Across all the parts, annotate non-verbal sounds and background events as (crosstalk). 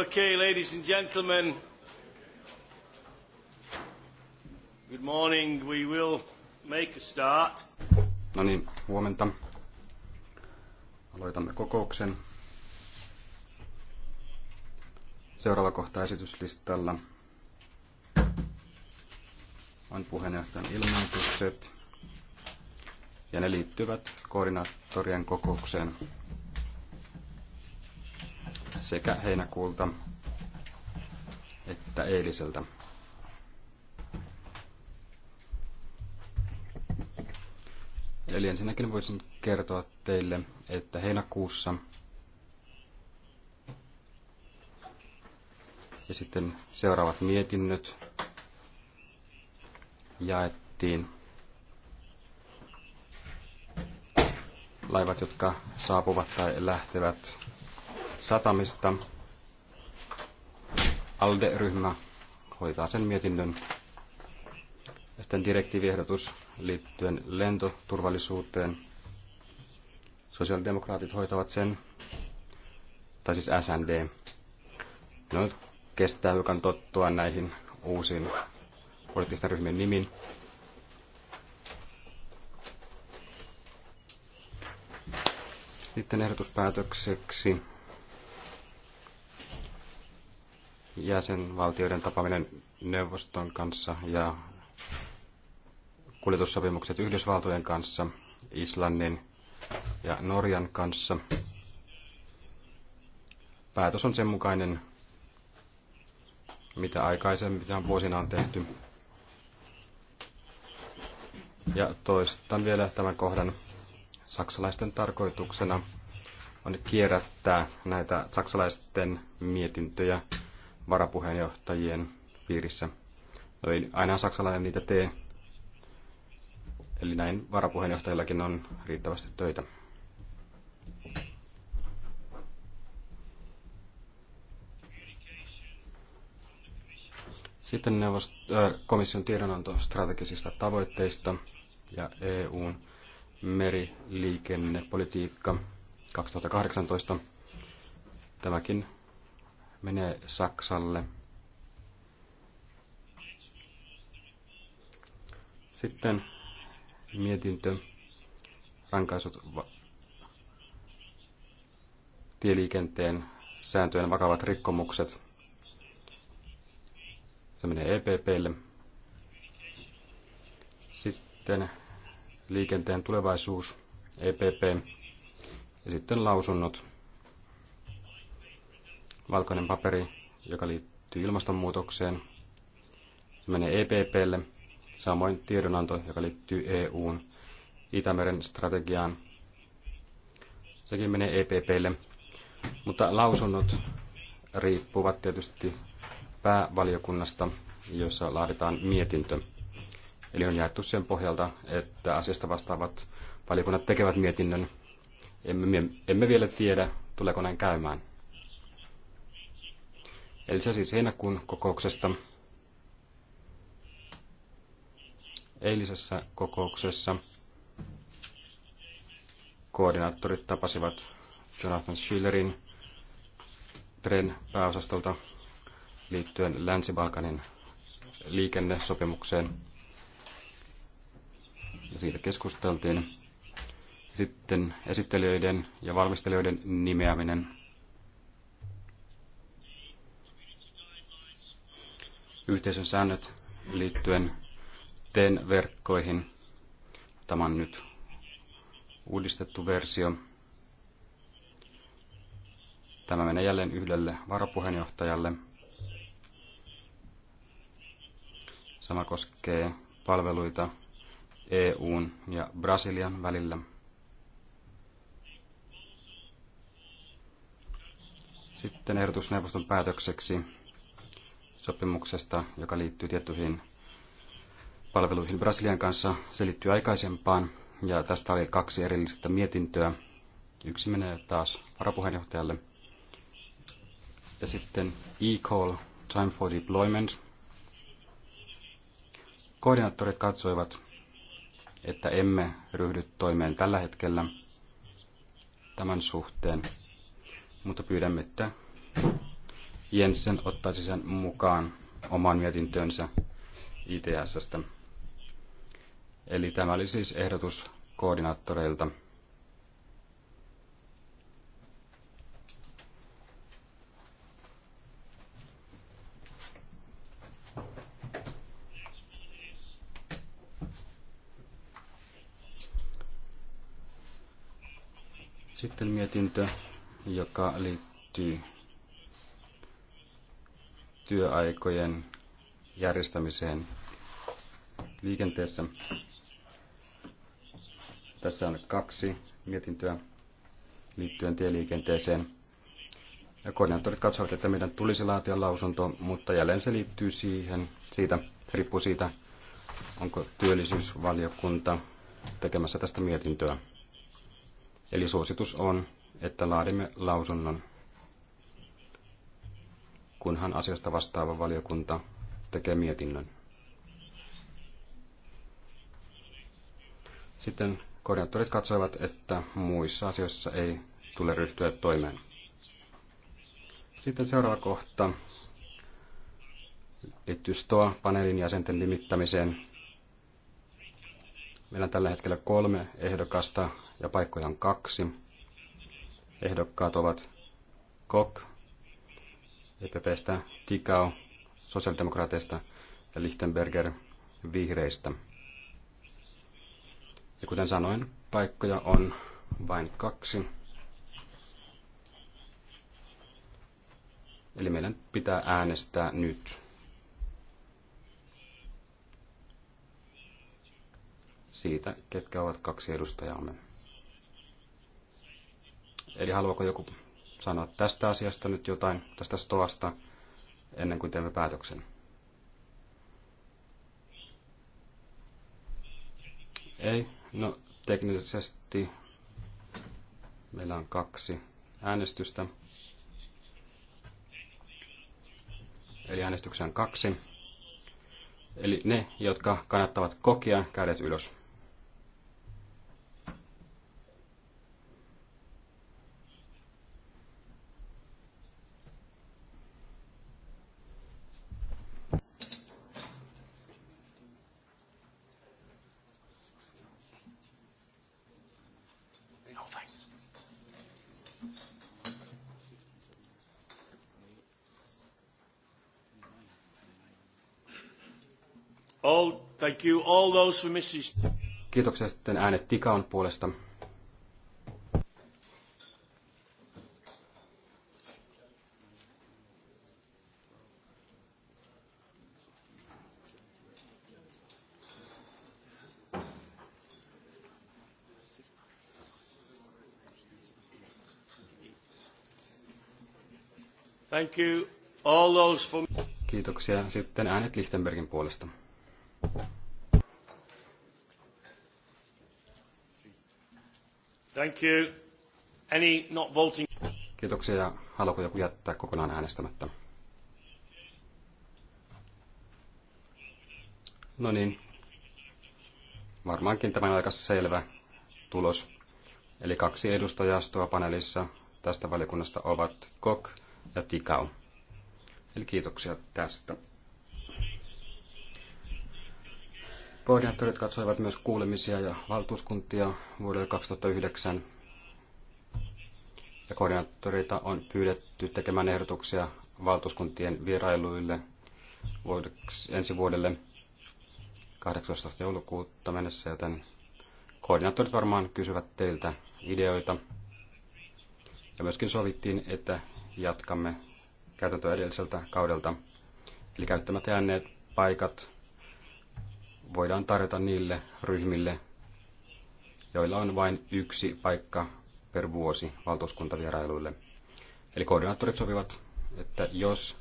Okay, ladies and gentlemen. Good morning. We will make a start. No niin, huomenta. Aloitamme kokouksen. Seuraava kohta esityslistalla on puheenjohtajan ilmoitukset, ja ne liittyvät koordinaattorien kokoukseen sekä heinäkuulta että eiliseltä. Eli ensinnäkin voisin kertoa teille, että heinäkuussa ja sitten seuraavat mietinnöt jaettiin. Laivat, jotka saapuvat tai lähtevät satamista. ALDE-ryhmä hoitaa sen mietinnön. Ja sitten direktiiviehdotus liittyen lentoturvallisuuteen. Sosiaalidemokraatit hoitavat sen, tai siis SND. No nyt kestää hiukan tottua näihin uusiin poliittisten ryhmien nimiin. Sitten ehdotuspäätökseksi jäsenvaltioiden tapaaminen neuvoston kanssa ja kuljetussopimukset Yhdysvaltojen kanssa, Islannin ja Norjan kanssa. Päätös on sen mukainen, mitä aikaisemmin vuosina on tehty. Ja toistan vielä tämän kohdan. Saksalaisten tarkoituksena on kierrättää näitä saksalaisten mietintöjä varapuheenjohtajien piirissä. No ei aina saksalainen niitä tee. Eli näin varapuheenjohtajillakin on riittävästi töitä. Sitten neuvost- äh, komission tiedonanto strategisista tavoitteista ja EUn meriliikennepolitiikka 2018. Tämäkin menee Saksalle. Sitten mietintö, rankaisut tieliikenteen sääntöjen vakavat rikkomukset. Se menee EPPlle. Sitten liikenteen tulevaisuus, EPP. Ja sitten lausunnot, valkoinen paperi, joka liittyy ilmastonmuutokseen. Se menee EPPlle, samoin tiedonanto, joka liittyy EUn Itämeren strategiaan. Sekin menee EPPlle, mutta lausunnot riippuvat tietysti päävaliokunnasta, jossa laaditaan mietintö. Eli on jaettu sen pohjalta, että asiasta vastaavat valiokunnat tekevät mietinnön. Emme, emme vielä tiedä, tuleeko näin käymään. Eli se siis heinäkuun kokouksesta. Eilisessä kokouksessa koordinaattorit tapasivat Jonathan Schillerin TREN pääosastolta liittyen Länsi-Balkanin liikennesopimukseen. Ja siitä keskusteltiin. Sitten esittelijöiden ja valmistelijoiden nimeäminen yhteisön säännöt liittyen TEN-verkkoihin. Tämä on nyt uudistettu versio. Tämä menee jälleen yhdelle varapuheenjohtajalle. Sama koskee palveluita EUn ja Brasilian välillä. Sitten ehdotusneuvoston päätökseksi sopimuksesta, joka liittyy tiettyihin palveluihin Brasilian kanssa. Se liittyy aikaisempaan ja tästä oli kaksi erillistä mietintöä. Yksi menee taas varapuheenjohtajalle. Ja sitten e-call, time for deployment. Koordinaattorit katsoivat, että emme ryhdy toimeen tällä hetkellä tämän suhteen, mutta pyydämme, että Jensen ottaisi sen mukaan oman mietintönsä ITSstä. Eli tämä oli siis ehdotus koordinaattoreilta. Sitten mietintö, joka liittyy työaikojen järjestämiseen liikenteessä. Tässä on kaksi mietintöä liittyen tieliikenteeseen. Ja koordinaattorit katsovat, että meidän tulisi laatia lausunto, mutta jälleen se liittyy siihen, siitä, se riippuu siitä, onko työllisyysvaliokunta tekemässä tästä mietintöä. Eli suositus on, että laadimme lausunnon kunhan asiasta vastaava valiokunta tekee mietinnön. Sitten koordinaattorit katsoivat, että muissa asioissa ei tule ryhtyä toimeen. Sitten seuraava kohta liittyy STOA-paneelin jäsenten nimittämiseen. Meillä on tällä hetkellä kolme ehdokasta ja paikkoja on kaksi. Ehdokkaat ovat Kok, EPPstä, Tikau sosiaalidemokraateista ja Lichtenberger vihreistä. Ja kuten sanoin, paikkoja on vain kaksi. Eli meidän pitää äänestää nyt. Siitä, ketkä ovat kaksi edustajaamme. Eli haluaako joku sanoa tästä asiasta nyt jotain, tästä stoasta, ennen kuin teemme päätöksen? Ei, no teknisesti meillä on kaksi äänestystä. Eli äänestyksen kaksi. Eli ne, jotka kannattavat kokia, kädet ylös. you all those for Mrs. Kiitoksia sitten äänet Tikaon puolesta. Thank you. All those for... Kiitoksia. Sitten äänet Lichtenbergin puolesta. Thank you. Any not voting? Kiitoksia ja haluaako joku jättää kokonaan äänestämättä? No niin, varmaankin tämä aika selvä tulos. Eli kaksi edustajastoa paneelissa tästä valikunnasta ovat Kok ja Tikau. Eli kiitoksia tästä. Koordinaattorit katsoivat myös kuulemisia ja valtuuskuntia vuodelle 2009. Ja koordinaattoreita on pyydetty tekemään ehdotuksia valtuuskuntien vierailuille vuodeksi, ensi vuodelle 18. joulukuutta mennessä, joten koordinaattorit varmaan kysyvät teiltä ideoita. Ja myöskin sovittiin, että jatkamme käytäntöä edelliseltä kaudelta, eli käyttämättä jääneet paikat voidaan tarjota niille ryhmille, joilla on vain yksi paikka per vuosi valtuuskuntavierailuille. Eli koordinaattorit sopivat, että jos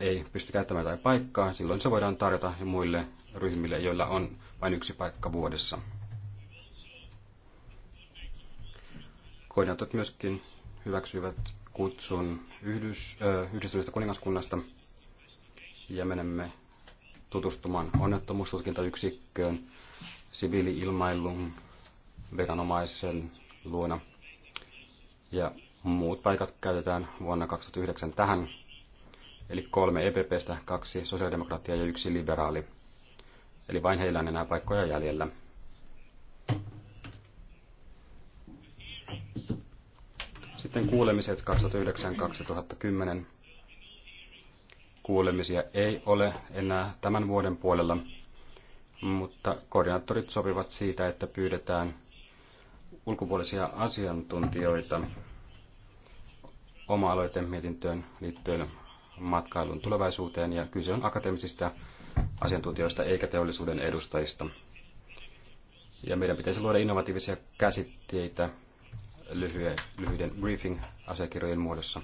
ei pysty käyttämään jotain paikkaa, silloin se voidaan tarjota muille ryhmille, joilla on vain yksi paikka vuodessa. Koordinaattorit myöskin hyväksyivät kutsun Yhdys, äh, yhdistyneestä kuningaskunnasta ja menemme tutustumaan onnettomuustutkintayksikköön, siviiliilmailun viranomaisen luona. Ja muut paikat käytetään vuonna 2009 tähän, eli kolme EPPstä, kaksi sosiaalidemokraattia ja yksi liberaali. Eli vain heillä on enää paikkoja jäljellä. Sitten kuulemiset 2009-2010 kuulemisia ei ole enää tämän vuoden puolella, mutta koordinaattorit sopivat siitä, että pyydetään ulkopuolisia asiantuntijoita oma mietintöön liittyen matkailun tulevaisuuteen, ja kyse on akateemisista asiantuntijoista eikä teollisuuden edustajista. Ja meidän pitäisi luoda innovatiivisia käsitteitä lyhyen, lyhyiden briefing-asiakirjojen muodossa.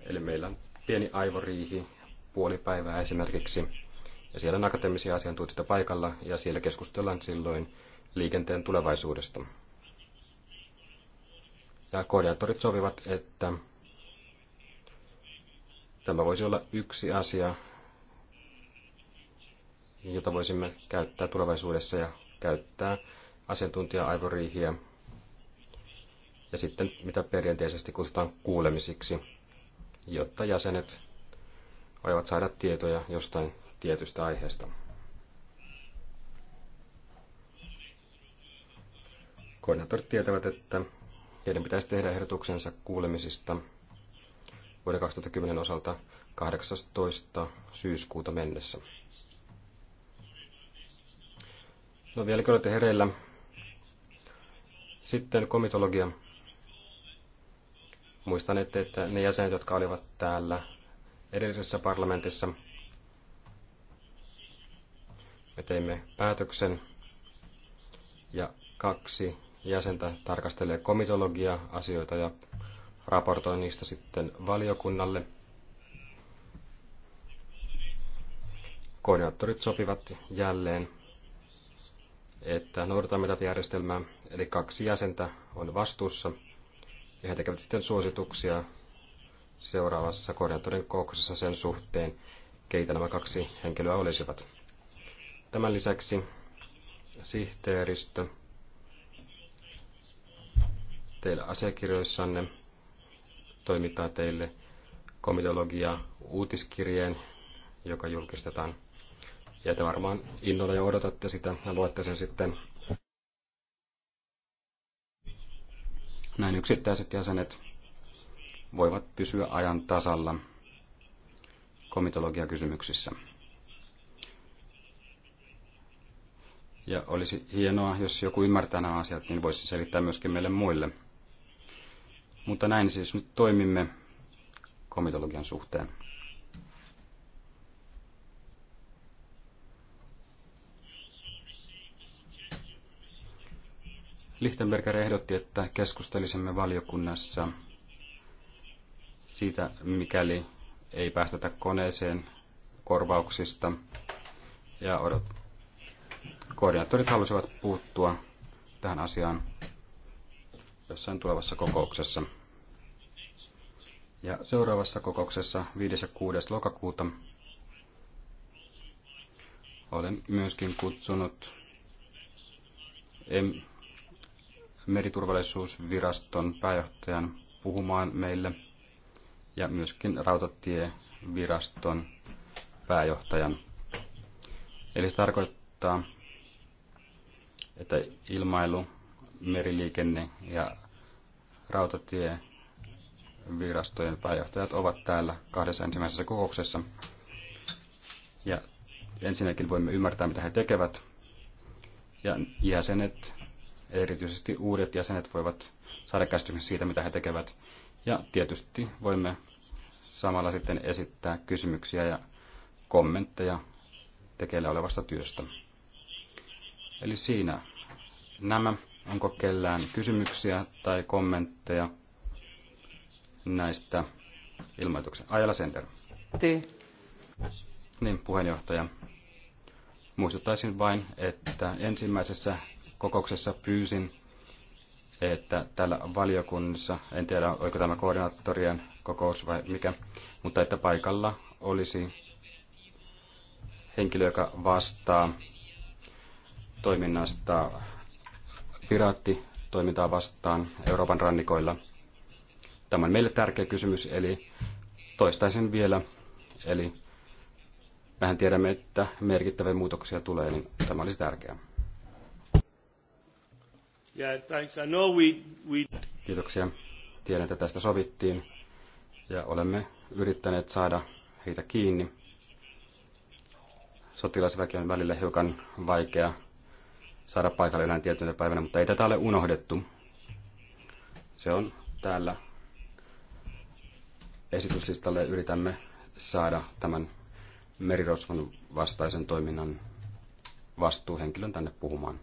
Eli meillä on pieni aivoriihi puoli päivää esimerkiksi. Ja siellä on akateemisia asiantuntijoita paikalla ja siellä keskustellaan silloin liikenteen tulevaisuudesta. Ja koordinaattorit sovivat, että tämä voisi olla yksi asia, jota voisimme käyttää tulevaisuudessa ja käyttää asiantuntija-aivoriihiä ja sitten mitä perinteisesti kutsutaan kuulemisiksi jotta jäsenet voivat saada tietoja jostain tietystä aiheesta. Koordinaattorit tietävät, että heidän pitäisi tehdä ehdotuksensa kuulemisista vuoden 2010 osalta 18. syyskuuta mennessä. No vieläkö olette hereillä? Sitten komitologia. Muistan, että, että ne jäsenet, jotka olivat täällä edellisessä parlamentissa, me teimme päätöksen ja kaksi jäsentä tarkastelee komitologia asioita ja raportoi niistä sitten valiokunnalle. Koordinaattorit sopivat jälleen, että noudatamme tätä järjestelmää, eli kaksi jäsentä on vastuussa – ja he tekevät sitten suosituksia seuraavassa koordinaattorin kokouksessa sen suhteen, keitä nämä kaksi henkilöä olisivat. Tämän lisäksi sihteeristö teillä asiakirjoissanne toimittaa teille komitologia uutiskirjeen, joka julkistetaan. Ja te varmaan innolla jo odotatte sitä ja luette sen sitten Näin yksittäiset jäsenet voivat pysyä ajan tasalla komitologiakysymyksissä. Ja olisi hienoa, jos joku ymmärtää nämä asiat, niin voisi selittää myöskin meille muille. Mutta näin siis nyt toimimme komitologian suhteen. Lichtenberger ehdotti, että keskustelisimme valiokunnassa siitä, mikäli ei päästetä koneeseen korvauksista. Ja odot. koordinaattorit halusivat puuttua tähän asiaan jossain tulevassa kokouksessa. Ja seuraavassa kokouksessa 5. ja 6. lokakuuta olen myöskin kutsunut meriturvallisuusviraston pääjohtajan puhumaan meille ja myöskin rautatieviraston pääjohtajan. Eli se tarkoittaa, että ilmailu, meriliikenne ja rautatievirastojen pääjohtajat ovat täällä kahdessa ensimmäisessä kokouksessa. Ja ensinnäkin voimme ymmärtää, mitä he tekevät. Ja jäsenet Erityisesti uudet jäsenet voivat saada käsityksen siitä, mitä he tekevät. Ja tietysti voimme samalla sitten esittää kysymyksiä ja kommentteja tekeillä olevasta työstä. Eli siinä nämä. Onko kellään kysymyksiä tai kommentteja näistä ilmoituksen? Ajala Center. Tii. Niin, puheenjohtaja. Muistuttaisin vain, että ensimmäisessä kokouksessa pyysin, että täällä valiokunnassa, en tiedä oliko tämä koordinaattorien kokous vai mikä, mutta että paikalla olisi henkilö, joka vastaa toiminnasta piraattitoimintaa vastaan Euroopan rannikoilla. Tämä on meille tärkeä kysymys, eli toistaisin vielä. Eli mehän tiedämme, että merkittäviä muutoksia tulee, niin tämä olisi tärkeää. Kiitoksia. Tiedän, että tästä sovittiin ja olemme yrittäneet saada heitä kiinni. Sotilasväki on välillä hiukan vaikea saada paikalle yhden tietynä päivänä, mutta ei tätä ole unohdettu. Se on täällä esityslistalle yritämme saada tämän merirosvon vastaisen toiminnan vastuuhenkilön tänne puhumaan.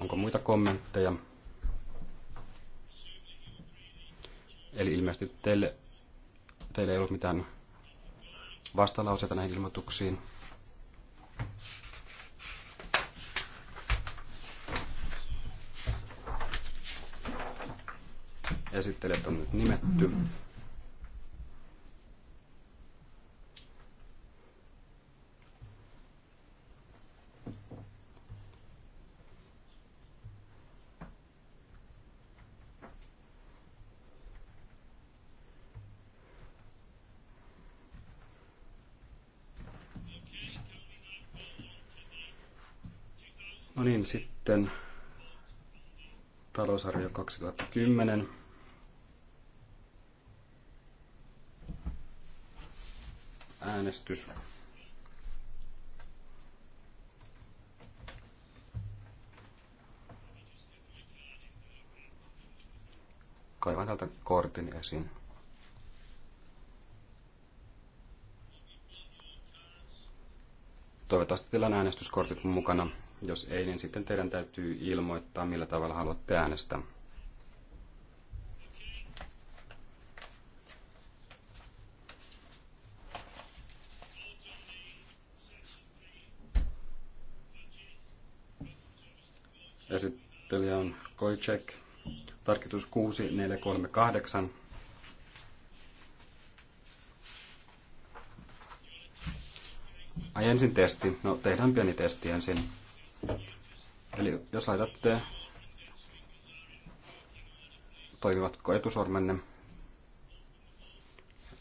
Onko muita kommentteja? Eli ilmeisesti teille, teille ei ollut mitään vastalauseita näihin ilmoituksiin. Esittelijät on nyt nimetty. Mm-hmm. Sitten talousarvio 2010. Äänestys. Kaivan täältä kortin esiin. Toivottavasti teillä on äänestyskortit mukana. Jos ei, niin sitten teidän täytyy ilmoittaa, millä tavalla haluatte äänestää. Esittelijä on Koicek. Tarkitus 6438. Ai ensin testi. No tehdään pieni testi ensin. Eli jos laitatte, toimivatko etusormenne,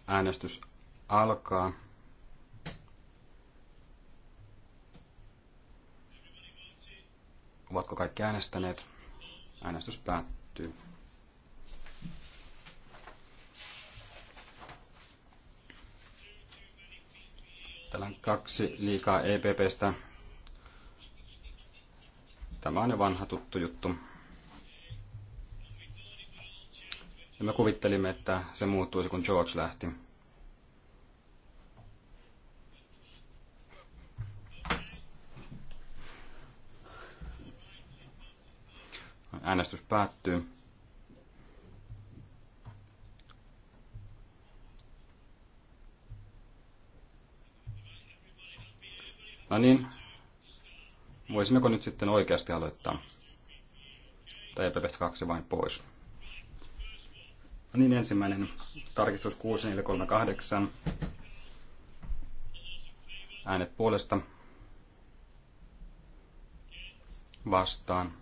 äänestys alkaa. Ovatko kaikki äänestäneet? Äänestys päättyy. Täällä on kaksi liikaa EPPstä. Tämä on jo vanha tuttu juttu. Ja me kuvittelimme, että se muuttuisi, kun George lähti. Äänestys päättyy. No niin, Voisimmeko nyt sitten oikeasti aloittaa? Tai pelkästään kaksi vain pois. No niin, ensimmäinen tarkistus 6438. Äänet puolesta. Vastaan.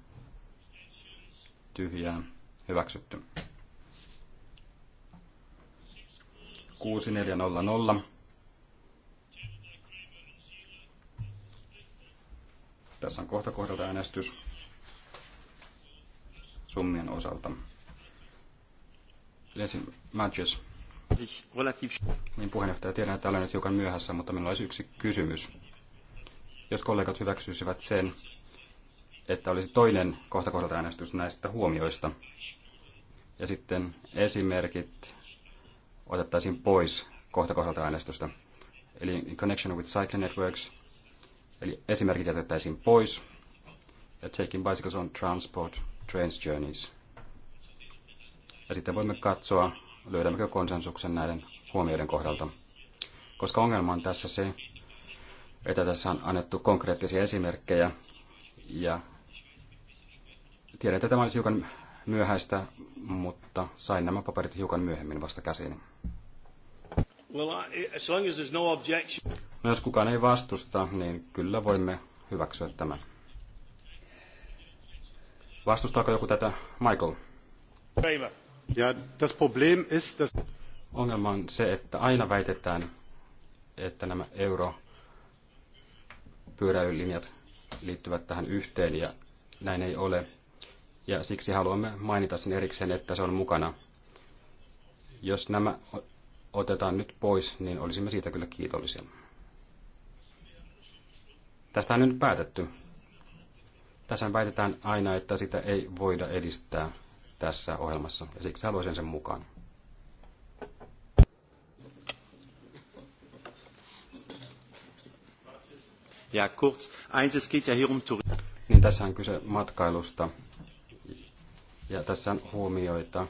Tyhjää. Hyväksytty. 6400. Tässä on kohta kohdalta äänestys summien osalta. Ensin matches. Niin puheenjohtaja, tiedän, että olen nyt hiukan myöhässä, mutta minulla olisi yksi kysymys. Jos kollegat hyväksyisivät sen, että olisi toinen kohta kohdalta äänestys näistä huomioista, ja sitten esimerkit otettaisiin pois kohta kohdalta äänestystä. Eli in connection with cycling networks – Eli esimerkit jätettäisiin pois. Ja taking bicycles on transport, trains, journeys. Ja sitten voimme katsoa, löydämmekö konsensuksen näiden huomioiden kohdalta. Koska ongelma on tässä se, että tässä on annettu konkreettisia esimerkkejä. Ja tiedän, että tämä olisi hiukan myöhäistä, mutta sain nämä paperit hiukan myöhemmin vasta käsiin. Well, as long as there's no objection. No jos kukaan ei vastusta, niin kyllä voimme hyväksyä tämän. Vastustaako joku tätä? Michael. Päivä. Ja das Problem ist, dass... Ongelma on se, että aina väitetään, että nämä euro pyöräilylinjat liittyvät tähän yhteen ja näin ei ole. Ja siksi haluamme mainita sen erikseen, että se on mukana. Jos nämä otetaan nyt pois, niin olisimme siitä kyllä kiitollisia. Tästä on nyt päätetty. Tässä väitetään aina, että sitä ei voida edistää tässä ohjelmassa, ja siksi haluaisin sen mukaan. Ja kurz, eins, es geht ja hier um Niin tässä on kyse matkailusta, ja tässä on huomioita,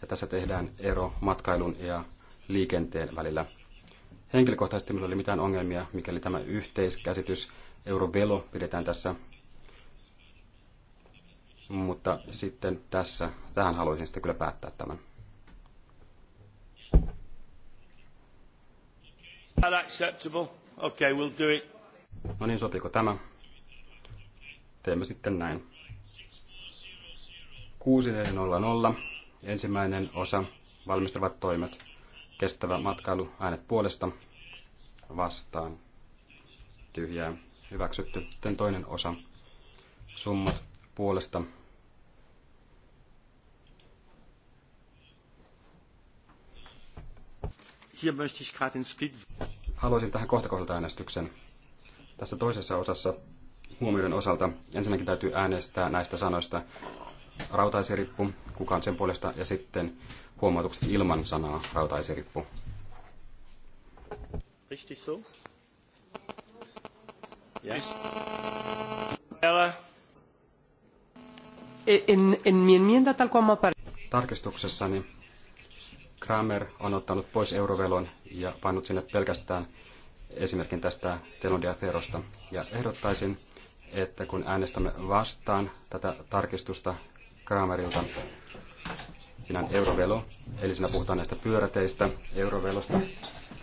ja tässä tehdään ero matkailun ja liikenteen välillä – Henkilökohtaisesti minulla oli mitään ongelmia, mikäli tämä yhteiskäsitys eurovelo pidetään tässä. Mutta sitten tässä, tähän haluaisin sitten kyllä päättää tämän. Unacceptable. Okay, we'll do it. No niin, sopiiko tämä? Teemme sitten näin. 6400. Ensimmäinen osa, valmistavat toimet. Kestävä matkailu, äänet puolesta, vastaan, tyhjää, hyväksytty. Sitten toinen osa, summat puolesta, Hier möchte ich gerade Split. Haluaisin tähän kohtakohdalta äänestyksen. Tässä toisessa osassa huomioiden osalta ensinnäkin täytyy äänestää näistä sanoista rautaisirippu, kuka on sen puolesta, ja sitten huomautukset ilman sanaa rautaisirippu. Richtig so? Yes. E, en, en mi tal Tarkistuksessani Kramer on ottanut pois eurovelon ja pannut sinne pelkästään esimerkin tästä telondiaferosta. Ja ehdottaisin, että kun äänestämme vastaan tätä tarkistusta Kramerilta, markkinan eurovelo. Eli siinä puhutaan näistä pyöräteistä, eurovelosta,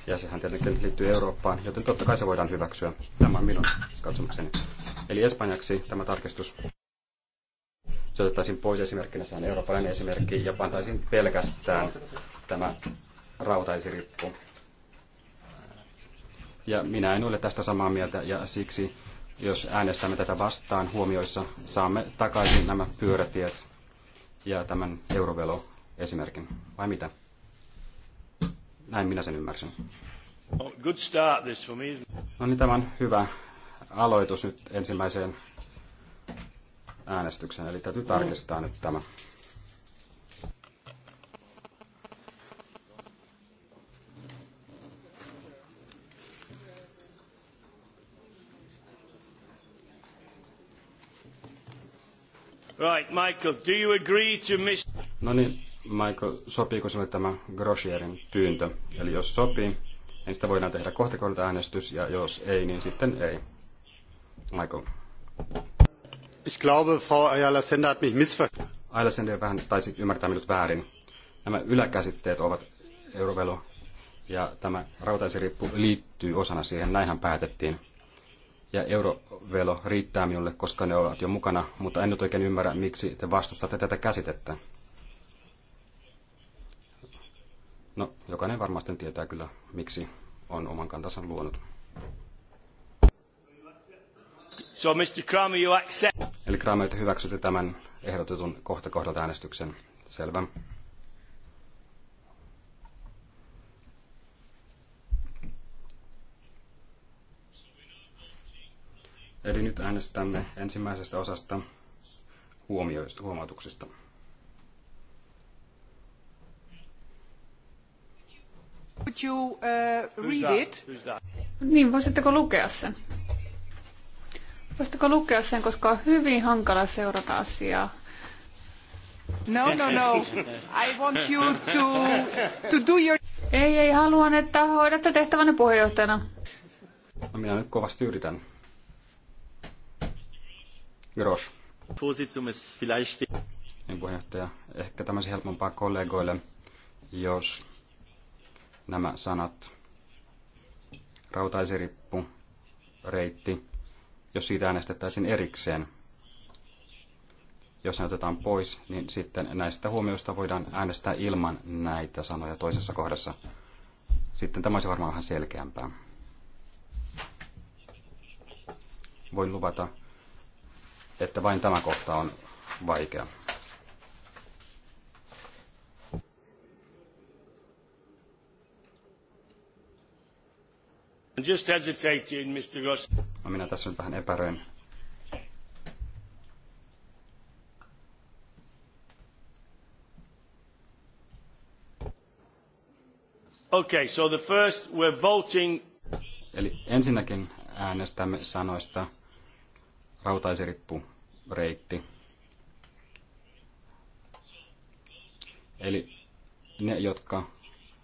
ja sehän tietenkin liittyy Eurooppaan, joten totta kai se voidaan hyväksyä. Tämä on minun katsomukseni. Eli espanjaksi tämä tarkistus se otettaisiin pois esimerkkinä, sehän eurooppalainen esimerkki, ja pantaisiin pelkästään tämä rautaisirippu. Ja minä en ole tästä samaa mieltä, ja siksi jos äänestämme tätä vastaan huomioissa, saamme takaisin nämä pyörätiet ja tämän eurovelo esimerkin, vai mitä? Näin minä sen ymmärsin. Good start this for me. No niin, tämä on hyvä aloitus nyt ensimmäiseen äänestykseen, eli täytyy tarkistaa nyt tämä. Right, Michael, do you agree to miss... No niin, Michael, sopiiko sinulle tämä Grosjerin pyyntö? Eli jos sopii, niin sitä voidaan tehdä kohtakohdalta äänestys, ja jos ei, niin sitten ei. Michael. Ich glaube, Frau Ayala-Sender hat mich missverstanden. Ayala-Sender vähän taisi ymmärtää minut väärin. Nämä yläkäsitteet ovat eurovelo ja tämä rautaisirippu liittyy osana siihen, näinhän päätettiin. Ja eurovelo riittää minulle, koska ne ovat jo mukana, mutta en nyt oikein ymmärrä, miksi te vastustatte tätä käsitettä. No, jokainen varmasti tietää kyllä, miksi on oman kantansa luonut. So Mr. Kramer, you accept... Eli Kramer, että hyväksytte tämän ehdotetun kohta kohdalta äänestyksen. Selvä. Eli nyt äänestämme ensimmäisestä osasta huomioista, huomautuksista. Could you uh, read it? Niin, voisitteko lukea sen? Voisitteko lukea sen, koska on hyvin hankala seurata asiaa. No, no, no. (laughs) I want you to, to do your... Ei, ei, haluan, että hoidatte tehtävänne puheenjohtajana. No, minä nyt kovasti yritän. Grosch. Niin puheenjohtaja, ehkä olisi helpompaa kollegoille, jos nämä sanat, rautaisirippu, reitti, jos siitä äänestettäisiin erikseen. Jos ne otetaan pois, niin sitten näistä huomioista voidaan äänestää ilman näitä sanoja toisessa kohdassa. Sitten tämä olisi varmaan vähän selkeämpää. Voin luvata, että vain tämä kohta on vaikea. No minä tässä nyt vähän epäröin. Okay, so the first we're voting. Eli ensinnäkin äänestämme sanoista rautaisirippu reitti. Eli ne, jotka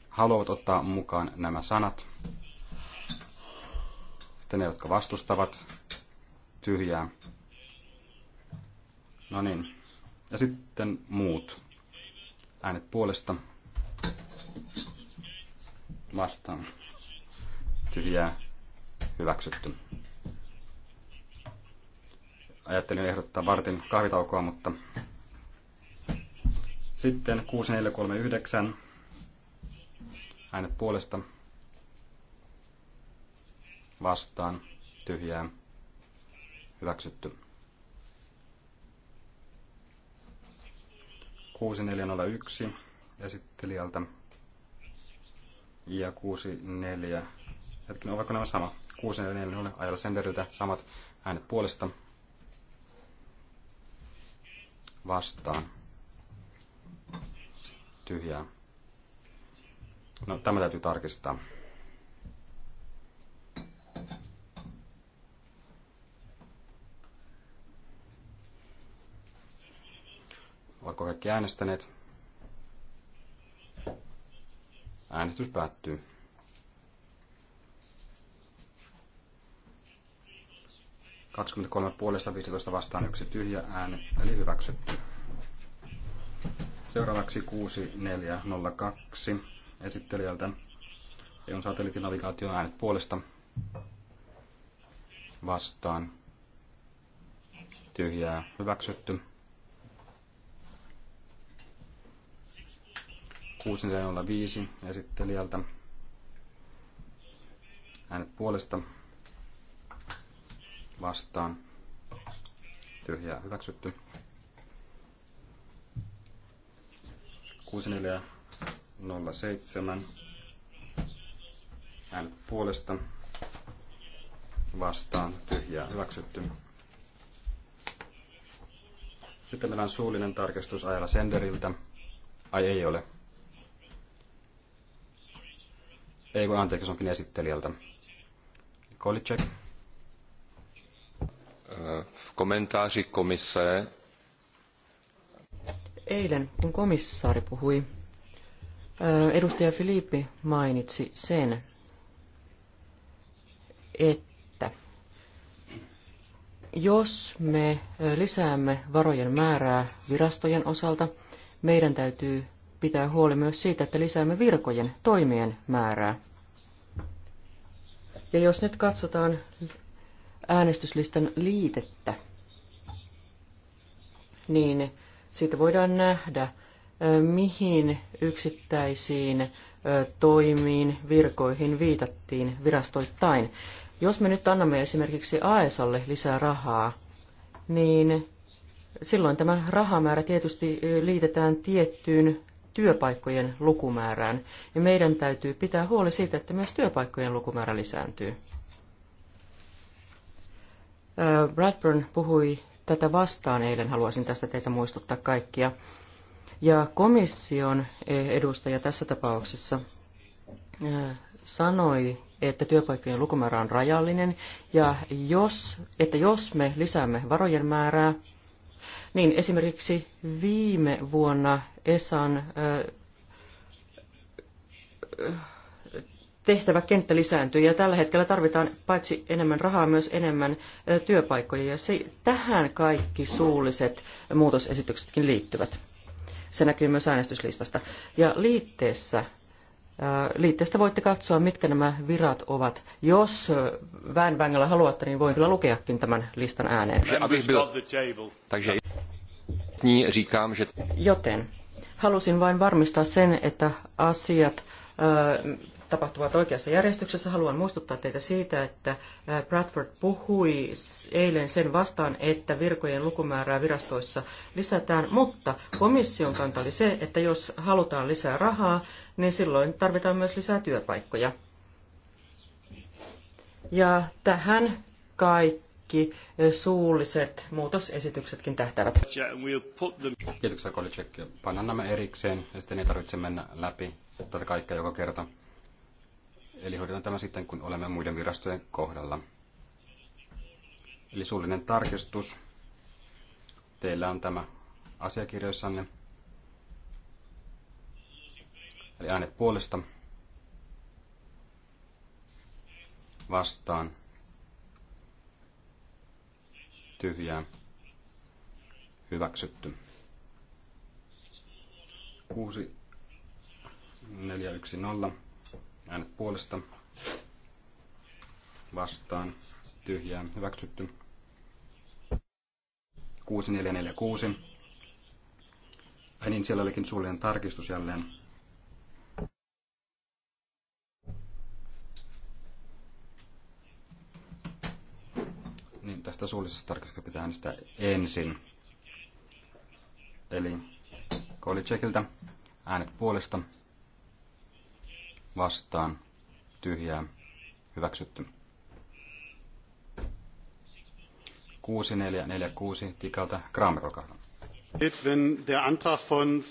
haluavat ottaa mukaan nämä sanat, sitten ne, jotka vastustavat. Tyhjää. No niin. Ja sitten muut. Äänet puolesta. Vastaan. Tyhjää. Hyväksytty. Ajattelin ehdottaa vartin kahvitaukoa, mutta sitten 6439. Äänet puolesta vastaan tyhjää hyväksytty. 6401 esittelijältä ja 64 Hetkinen, ovatko nämä sama? 6440 ajalla senderiltä samat äänet puolesta vastaan. Tyhjää. No, tämä täytyy tarkistaa. Oletko kaikki äänestäneet? Äänestys päättyy. puolesta 15 vastaan yksi tyhjä ääni, eli hyväksytty. Seuraavaksi 6402 esittelijältä on e satelliittinavigaatio äänet puolesta vastaan. Tyhjää hyväksytty. 605 esittelijältä. Äänet puolesta vastaan. Tyhjää hyväksytty. 6407. Äänet puolesta vastaan. Tyhjää hyväksytty. Sitten meillä on suullinen tarkistus Ajala Senderiltä. Ai ei ole. Ei kun anteeksi, se onkin esittelijältä. Kolicek. V komentáři Eilen, kun komissaari puhui, edustaja Filippi mainitsi sen, että jos me lisäämme varojen määrää virastojen osalta, meidän täytyy pitää huoli myös siitä, että lisäämme virkojen toimien määrää. Ja jos nyt katsotaan äänestyslistan liitettä, niin siitä voidaan nähdä, mihin yksittäisiin toimiin, virkoihin viitattiin virastoittain. Jos me nyt annamme esimerkiksi AESalle lisää rahaa, niin silloin tämä rahamäärä tietysti liitetään tiettyyn työpaikkojen lukumäärään, ja meidän täytyy pitää huoli siitä, että myös työpaikkojen lukumäärä lisääntyy. Bradburn puhui tätä vastaan eilen, haluaisin tästä teitä muistuttaa kaikkia. Ja komission e, edustaja tässä tapauksessa sanoi, että työpaikkojen lukumäärä on rajallinen, ja jos, että jos me lisäämme varojen määrää, niin esimerkiksi viime vuonna Esan tehtäväkenttä lisääntyi ja tällä hetkellä tarvitaan paitsi enemmän rahaa myös enemmän työpaikkoja ja se, tähän kaikki suulliset muutosesityksetkin liittyvät. Se näkyy myös äänestyslistasta. Ja liitteessä Liitteestä voitte katsoa, mitkä nämä virat ovat. Jos vään vängällä haluatte, niin voin kyllä lukeakin tämän listan ääneen. Joten halusin vain varmistaa sen, että asiat tapahtuvat oikeassa järjestyksessä. Haluan muistuttaa teitä siitä, että Bradford puhui eilen sen vastaan, että virkojen lukumäärää virastoissa lisätään, mutta komission kanta oli se, että jos halutaan lisää rahaa, niin silloin tarvitaan myös lisää työpaikkoja. Ja tähän kaikki eh, suulliset muutosesityksetkin tähtävät. Kiitoksia Kolicek. Pannaan nämä erikseen ja sitten ei tarvitse mennä läpi tätä kaikkea joka kerta. Eli hoidetaan tämä sitten, kun olemme muiden virastojen kohdalla. Eli suullinen tarkistus. Teillä on tämä asiakirjoissanne. Eli äänet puolesta vastaan tyhjää hyväksytty. 6 4 1 0 äänet puolesta vastaan tyhjää hyväksytty. 6446. Ai niin, siellä olikin suullinen tarkistus jälleen. Niin tästä suullisesta tarkistuksesta pitää äänestää ensin. Eli Kolitsekiltä äänet puolesta vastaan tyhjää hyväksytty. 6446 Tikalta Kramer, von...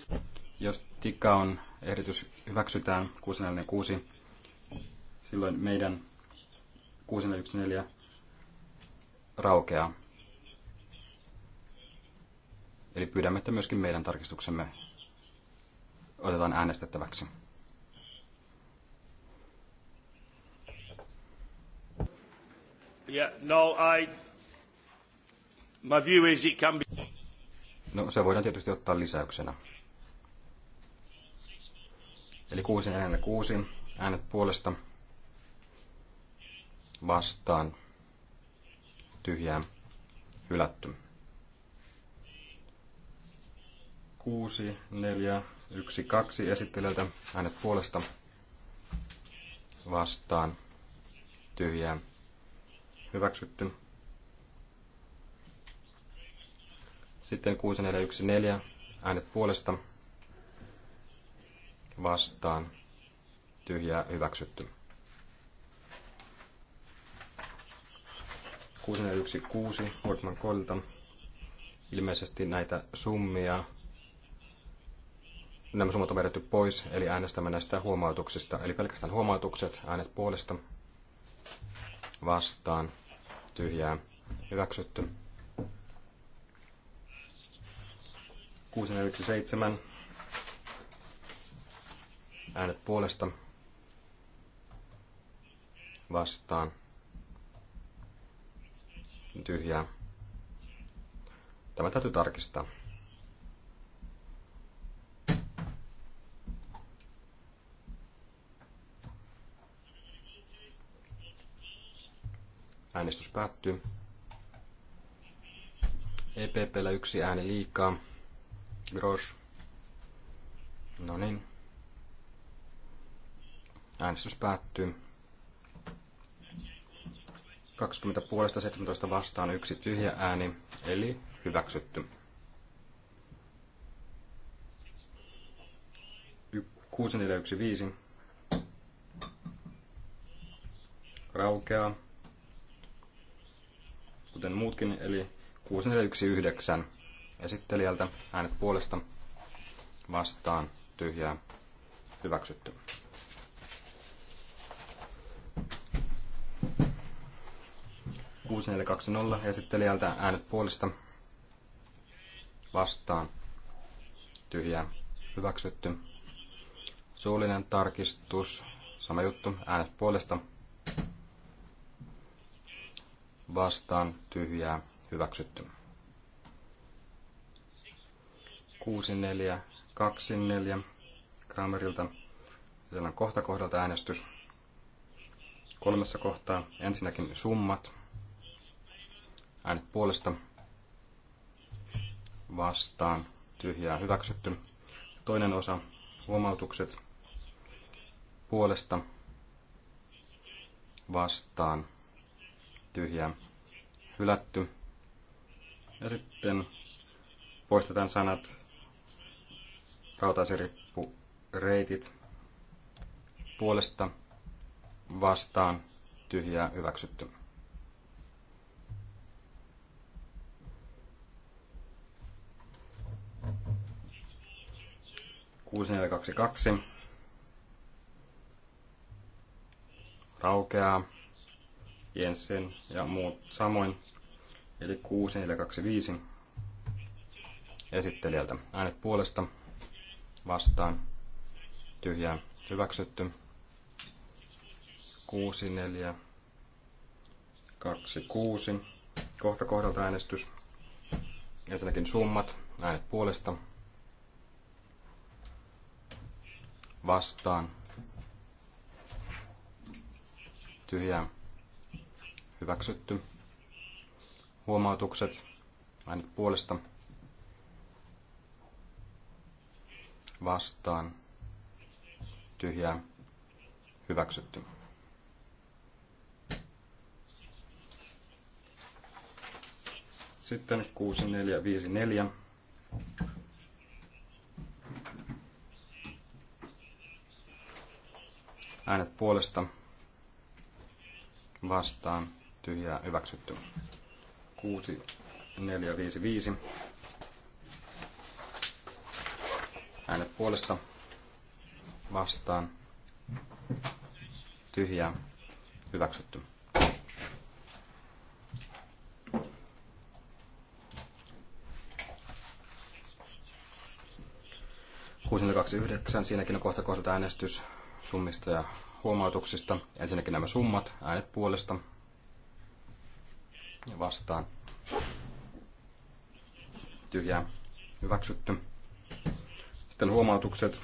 Jos Tikka on ehdotus hyväksytään 646, silloin meidän 6414 raukeaa. Eli pyydämme, että myöskin meidän tarkistuksemme otetaan äänestettäväksi. Yeah, no, I... My view is it can be... No, se voidaan tietysti ottaa lisäyksenä. Eli 6 äänellä 6 äänet puolesta vastaan tyhjää hylätty. 6, 4, 1, 2 esittelijältä äänet puolesta vastaan tyhjää hyväksytty. Sitten 6, 4, 1, 4 äänet puolesta vastaan tyhjää hyväksytty. 6416 Wortman Kolta. Ilmeisesti näitä summia, nämä summat on vedetty pois, eli äänestämme näistä huomautuksista. Eli pelkästään huomautukset, äänet puolesta, vastaan, tyhjää, hyväksytty. 6417 äänet puolesta, vastaan, tyhjää. Tämä täytyy tarkistaa. Äänestys päättyy. EPPllä yksi ääni liikaa. Grosh. No niin. Äänestys päättyy. 20 puolesta 17 vastaan yksi tyhjä ääni, eli hyväksytty. 6415 raukeaa, kuten muutkin, eli 6419 esittelijältä äänet puolesta vastaan tyhjää hyväksytty. 6420 esittelijältä äänet puolesta vastaan tyhjää hyväksytty. Suullinen tarkistus, sama juttu, äänet puolesta vastaan tyhjää hyväksytty. 6424 Kramerilta. Siellä on kohta kohdalta äänestys kolmessa kohtaa. Ensinnäkin summat Äänet puolesta vastaan tyhjää hyväksytty. Toinen osa huomautukset puolesta vastaan tyhjää hylätty. Ja sitten poistetaan sanat rautaisirippu reitit puolesta vastaan tyhjää hyväksytty. 6422 raukeaa. Jensen ja muut samoin. Eli 6425 esittelijältä. Äänet puolesta vastaan. Tyhjää hyväksytty. 6426. Kohta kohdalta äänestys. Ensinnäkin summat. Äänet puolesta vastaan tyhjää hyväksytty. Huomautukset äänet puolesta vastaan tyhjää hyväksytty. Sitten 6454 Äänet puolesta vastaan tyhjää hyväksytty. 6, 4, 5, 5. Äänet puolesta vastaan tyhjää hyväksytty. Kuusi kaksi yhdeksän, siinäkin on kohta kohdat äänestys summista ja huomautuksista. Ensinnäkin nämä summat, äänet puolesta ja vastaan. Tyhjää hyväksytty. Sitten huomautukset,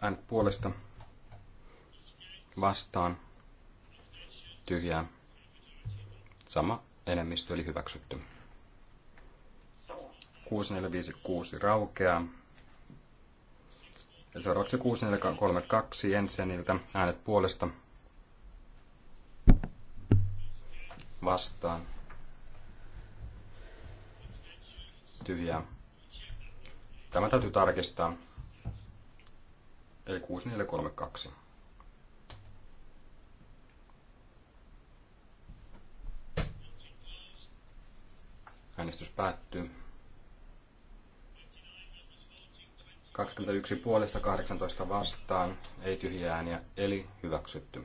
äänet puolesta vastaan. Tyhjää. Sama enemmistö eli hyväksytty. 6456 raukeaa. Eli seuraavaksi 6432 Jenseniltä äänet puolesta vastaan. Tyhjää. Tämä täytyy tarkistaa. Eli 6432. Äänestys päättyy. 21 puolesta 18 vastaan, ei tyhjiä ääniä, eli hyväksytty.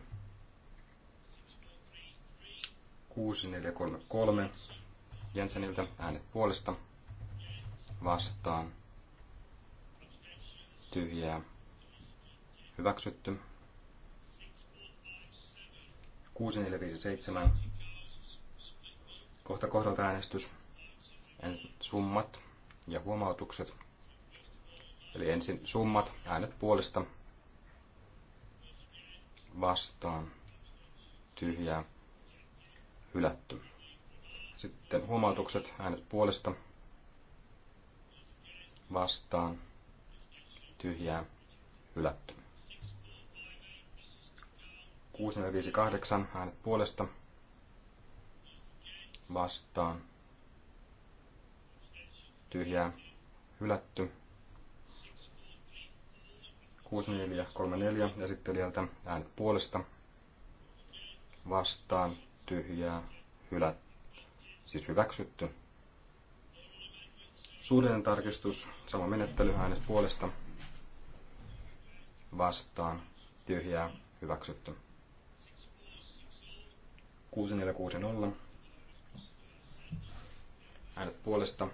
6433 Jenseniltä äänet puolesta vastaan, tyhjää, hyväksytty. 6457 kohta kohdalta äänestys, summat ja huomautukset. Eli ensin summat, äänet puolesta, vastaan, tyhjää, hylätty. Sitten huomautukset, äänet puolesta, vastaan, tyhjää, hylätty. 658, äänet puolesta, vastaan, tyhjää, hylätty. 6434 esittelijältä äänet puolesta vastaan tyhjää hylä, siis hyväksytty. Suullinen tarkistus, sama menettely äänet puolesta vastaan tyhjää hyväksytty. 6460 äänet puolesta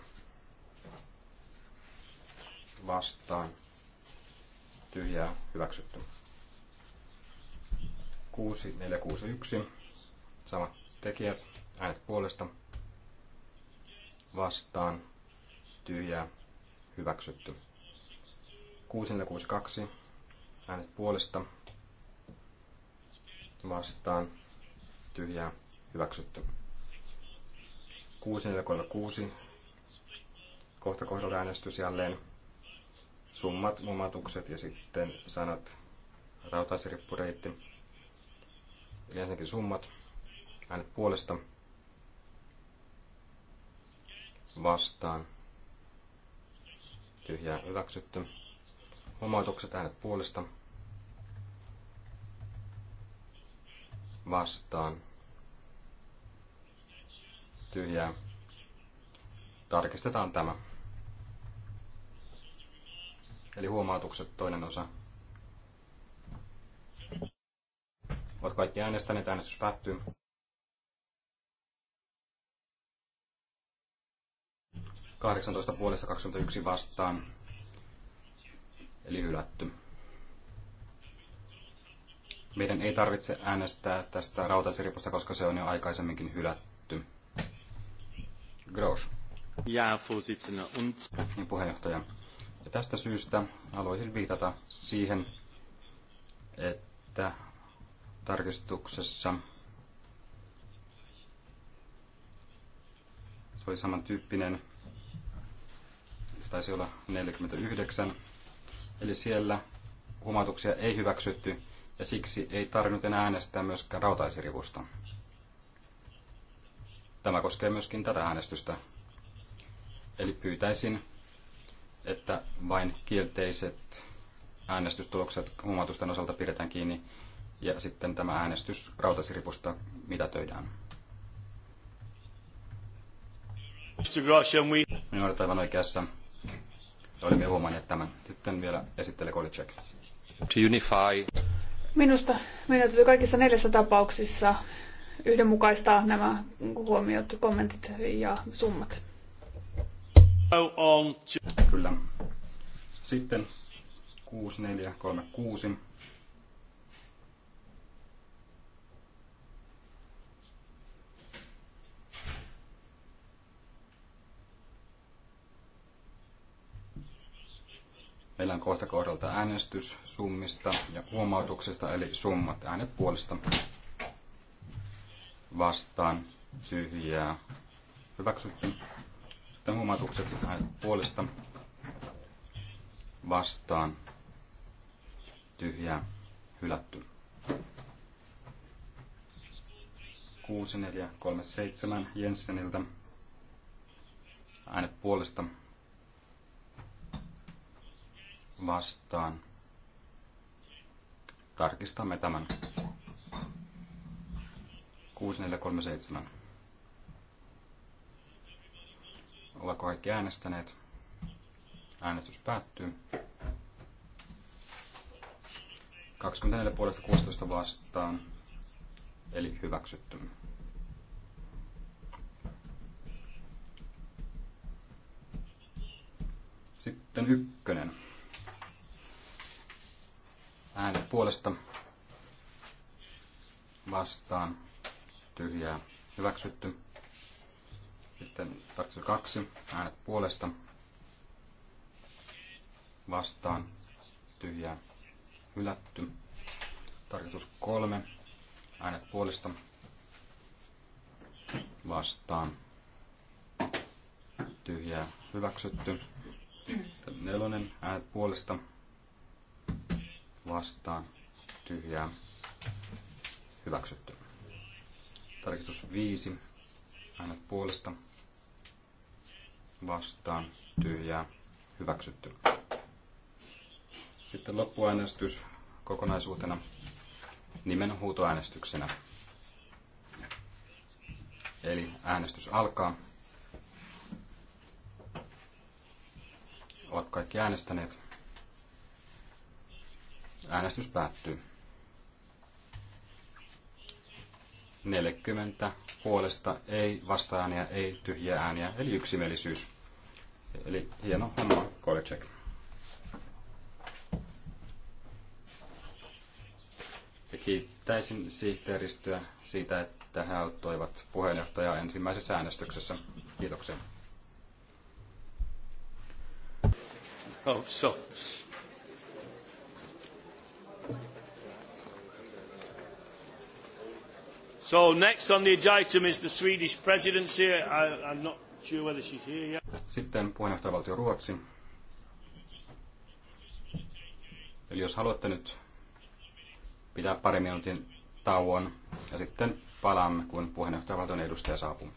vastaan tyhjää hyväksytty. 6461 samat tekijät, äänet puolesta vastaan tyhjää hyväksytty. 6462 äänet puolesta vastaan tyhjää hyväksytty. 6436 kohta kohdalla äänestys jälleen summat, lumatukset ja sitten sanat rautaisrippureitti. Eli ensinnäkin summat, äänet puolesta, vastaan, tyhjää hyväksytty. Huomautukset äänet puolesta, vastaan, tyhjää. Tarkistetaan tämä. Eli huomautukset toinen osa. Ovat kaikki äänestäneet, äänestys päättyy. puolesta 21 vastaan, eli hylätty. Meidän ei tarvitse äänestää tästä rautasiripusta, koska se on jo aikaisemminkin hylätty. Grosch. Ja, Vorsitzender. Und... Niin, puheenjohtaja ja tästä syystä haluaisin viitata siihen, että tarkistuksessa se oli samantyyppinen, se taisi olla 49, eli siellä huomautuksia ei hyväksytty ja siksi ei tarvinnut enää äänestää myöskään rautaisirivusta. Tämä koskee myöskin tätä äänestystä. Eli pyytäisin että vain kielteiset äänestystulokset huomautusten osalta pidetään kiinni ja sitten tämä äänestys rautasiripusta mitätöidään. Minä olet aivan oikeassa. Olemme huomanneet tämän. Sitten vielä esittele Kolicek. To unify. Minusta meidän täytyy kaikissa neljässä tapauksissa yhdenmukaistaa nämä huomiot, kommentit ja summat. Kyllä. Sitten 6436. Meillä on kohta kohdalta äänestys summista ja huomautuksesta, eli summat äänet puolesta vastaan tyhjää hyväksytty. Sitten humatukset äänet puolesta vastaan tyhjää hylätty. 6437 Jenseniltä äänet puolesta vastaan. Tarkistamme tämän. 6437. Ollaanko kaikki äänestäneet? Äänestys päättyy. 24 puolesta 16 vastaan, eli hyväksytty. Sitten ykkönen. Äänet puolesta vastaan, tyhjää, hyväksytty. Sitten tarkistus kaksi, äänet puolesta, vastaan, tyhjää, hylätty. Tarkistus kolme, äänet puolesta, vastaan, tyhjää, hyväksytty. Sitten nelonen, äänet puolesta, vastaan, tyhjää, hyväksytty. Tarkistus viisi, äänet puolesta, vastaan tyhjää hyväksytty. Sitten loppuäänestys kokonaisuutena nimen huutoäänestyksenä. Eli äänestys alkaa. Ovat kaikki äänestäneet. Äänestys päättyy. 40 puolesta, ei vastaääniä, ei tyhjiä ääniä, eli yksimielisyys. Eli hieno homma, Kolecek. Ja kiittäisin sihteeristöä siitä, että he auttoivat puheenjohtajaa ensimmäisessä äänestyksessä. Kiitoksia. Oh, so. So next on the item is the Swedish presidency. I, I'm not sure whether she's here yet. Sitten puheenjohtajavaltio Ruotsi. Eli jos haluatte nyt pitää pari minuutin tauon ja sitten palaamme, kun puheenjohtajavaltion edustaja saapuu.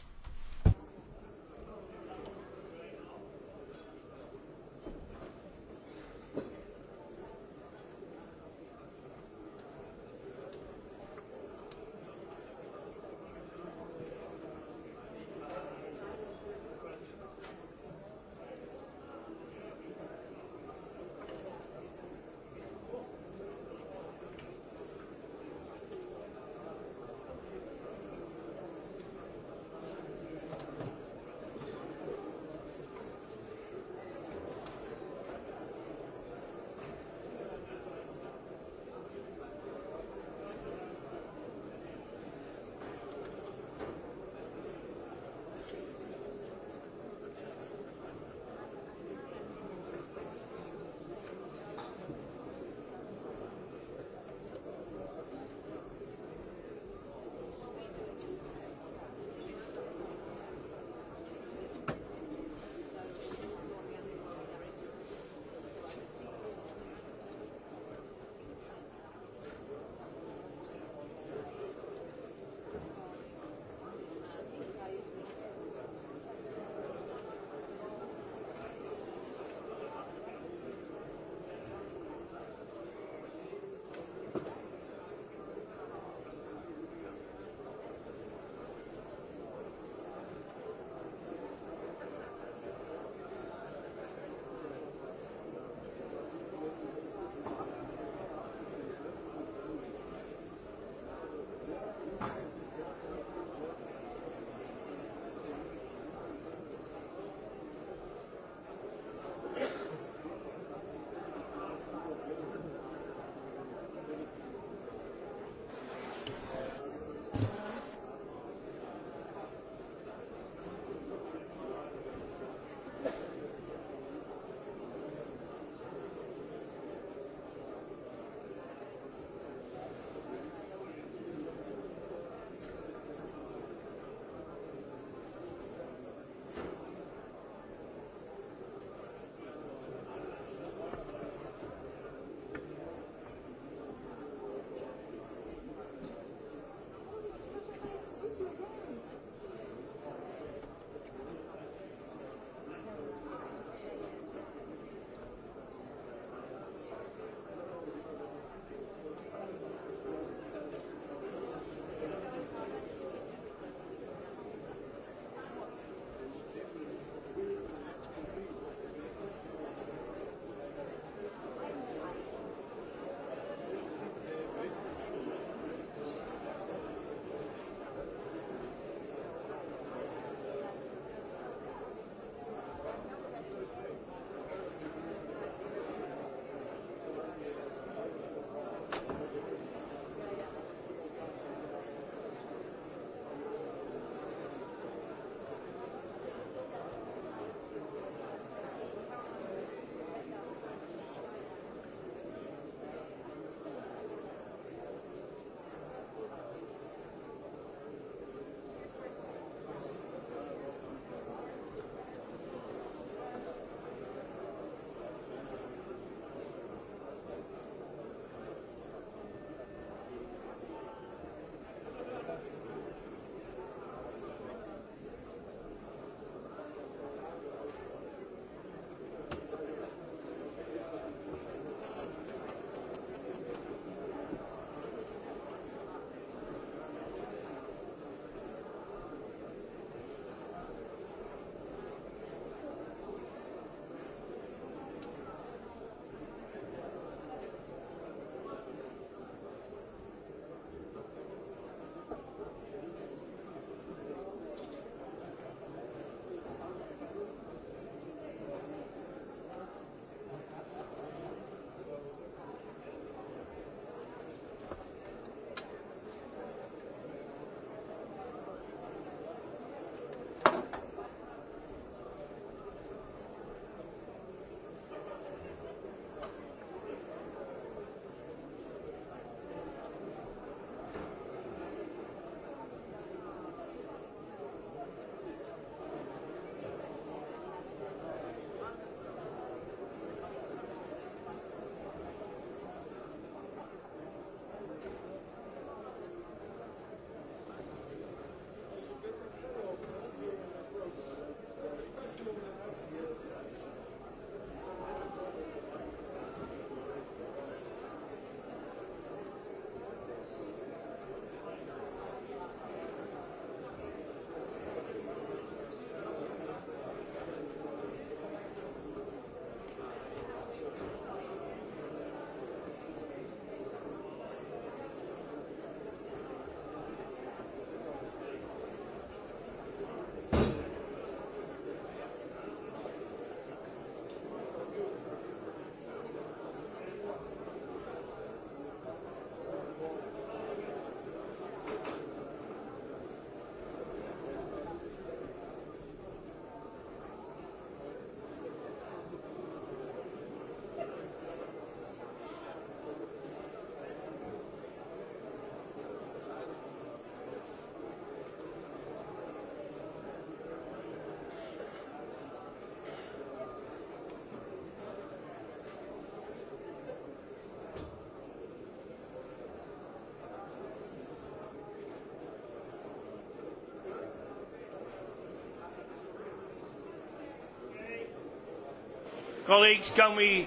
Colleagues, can we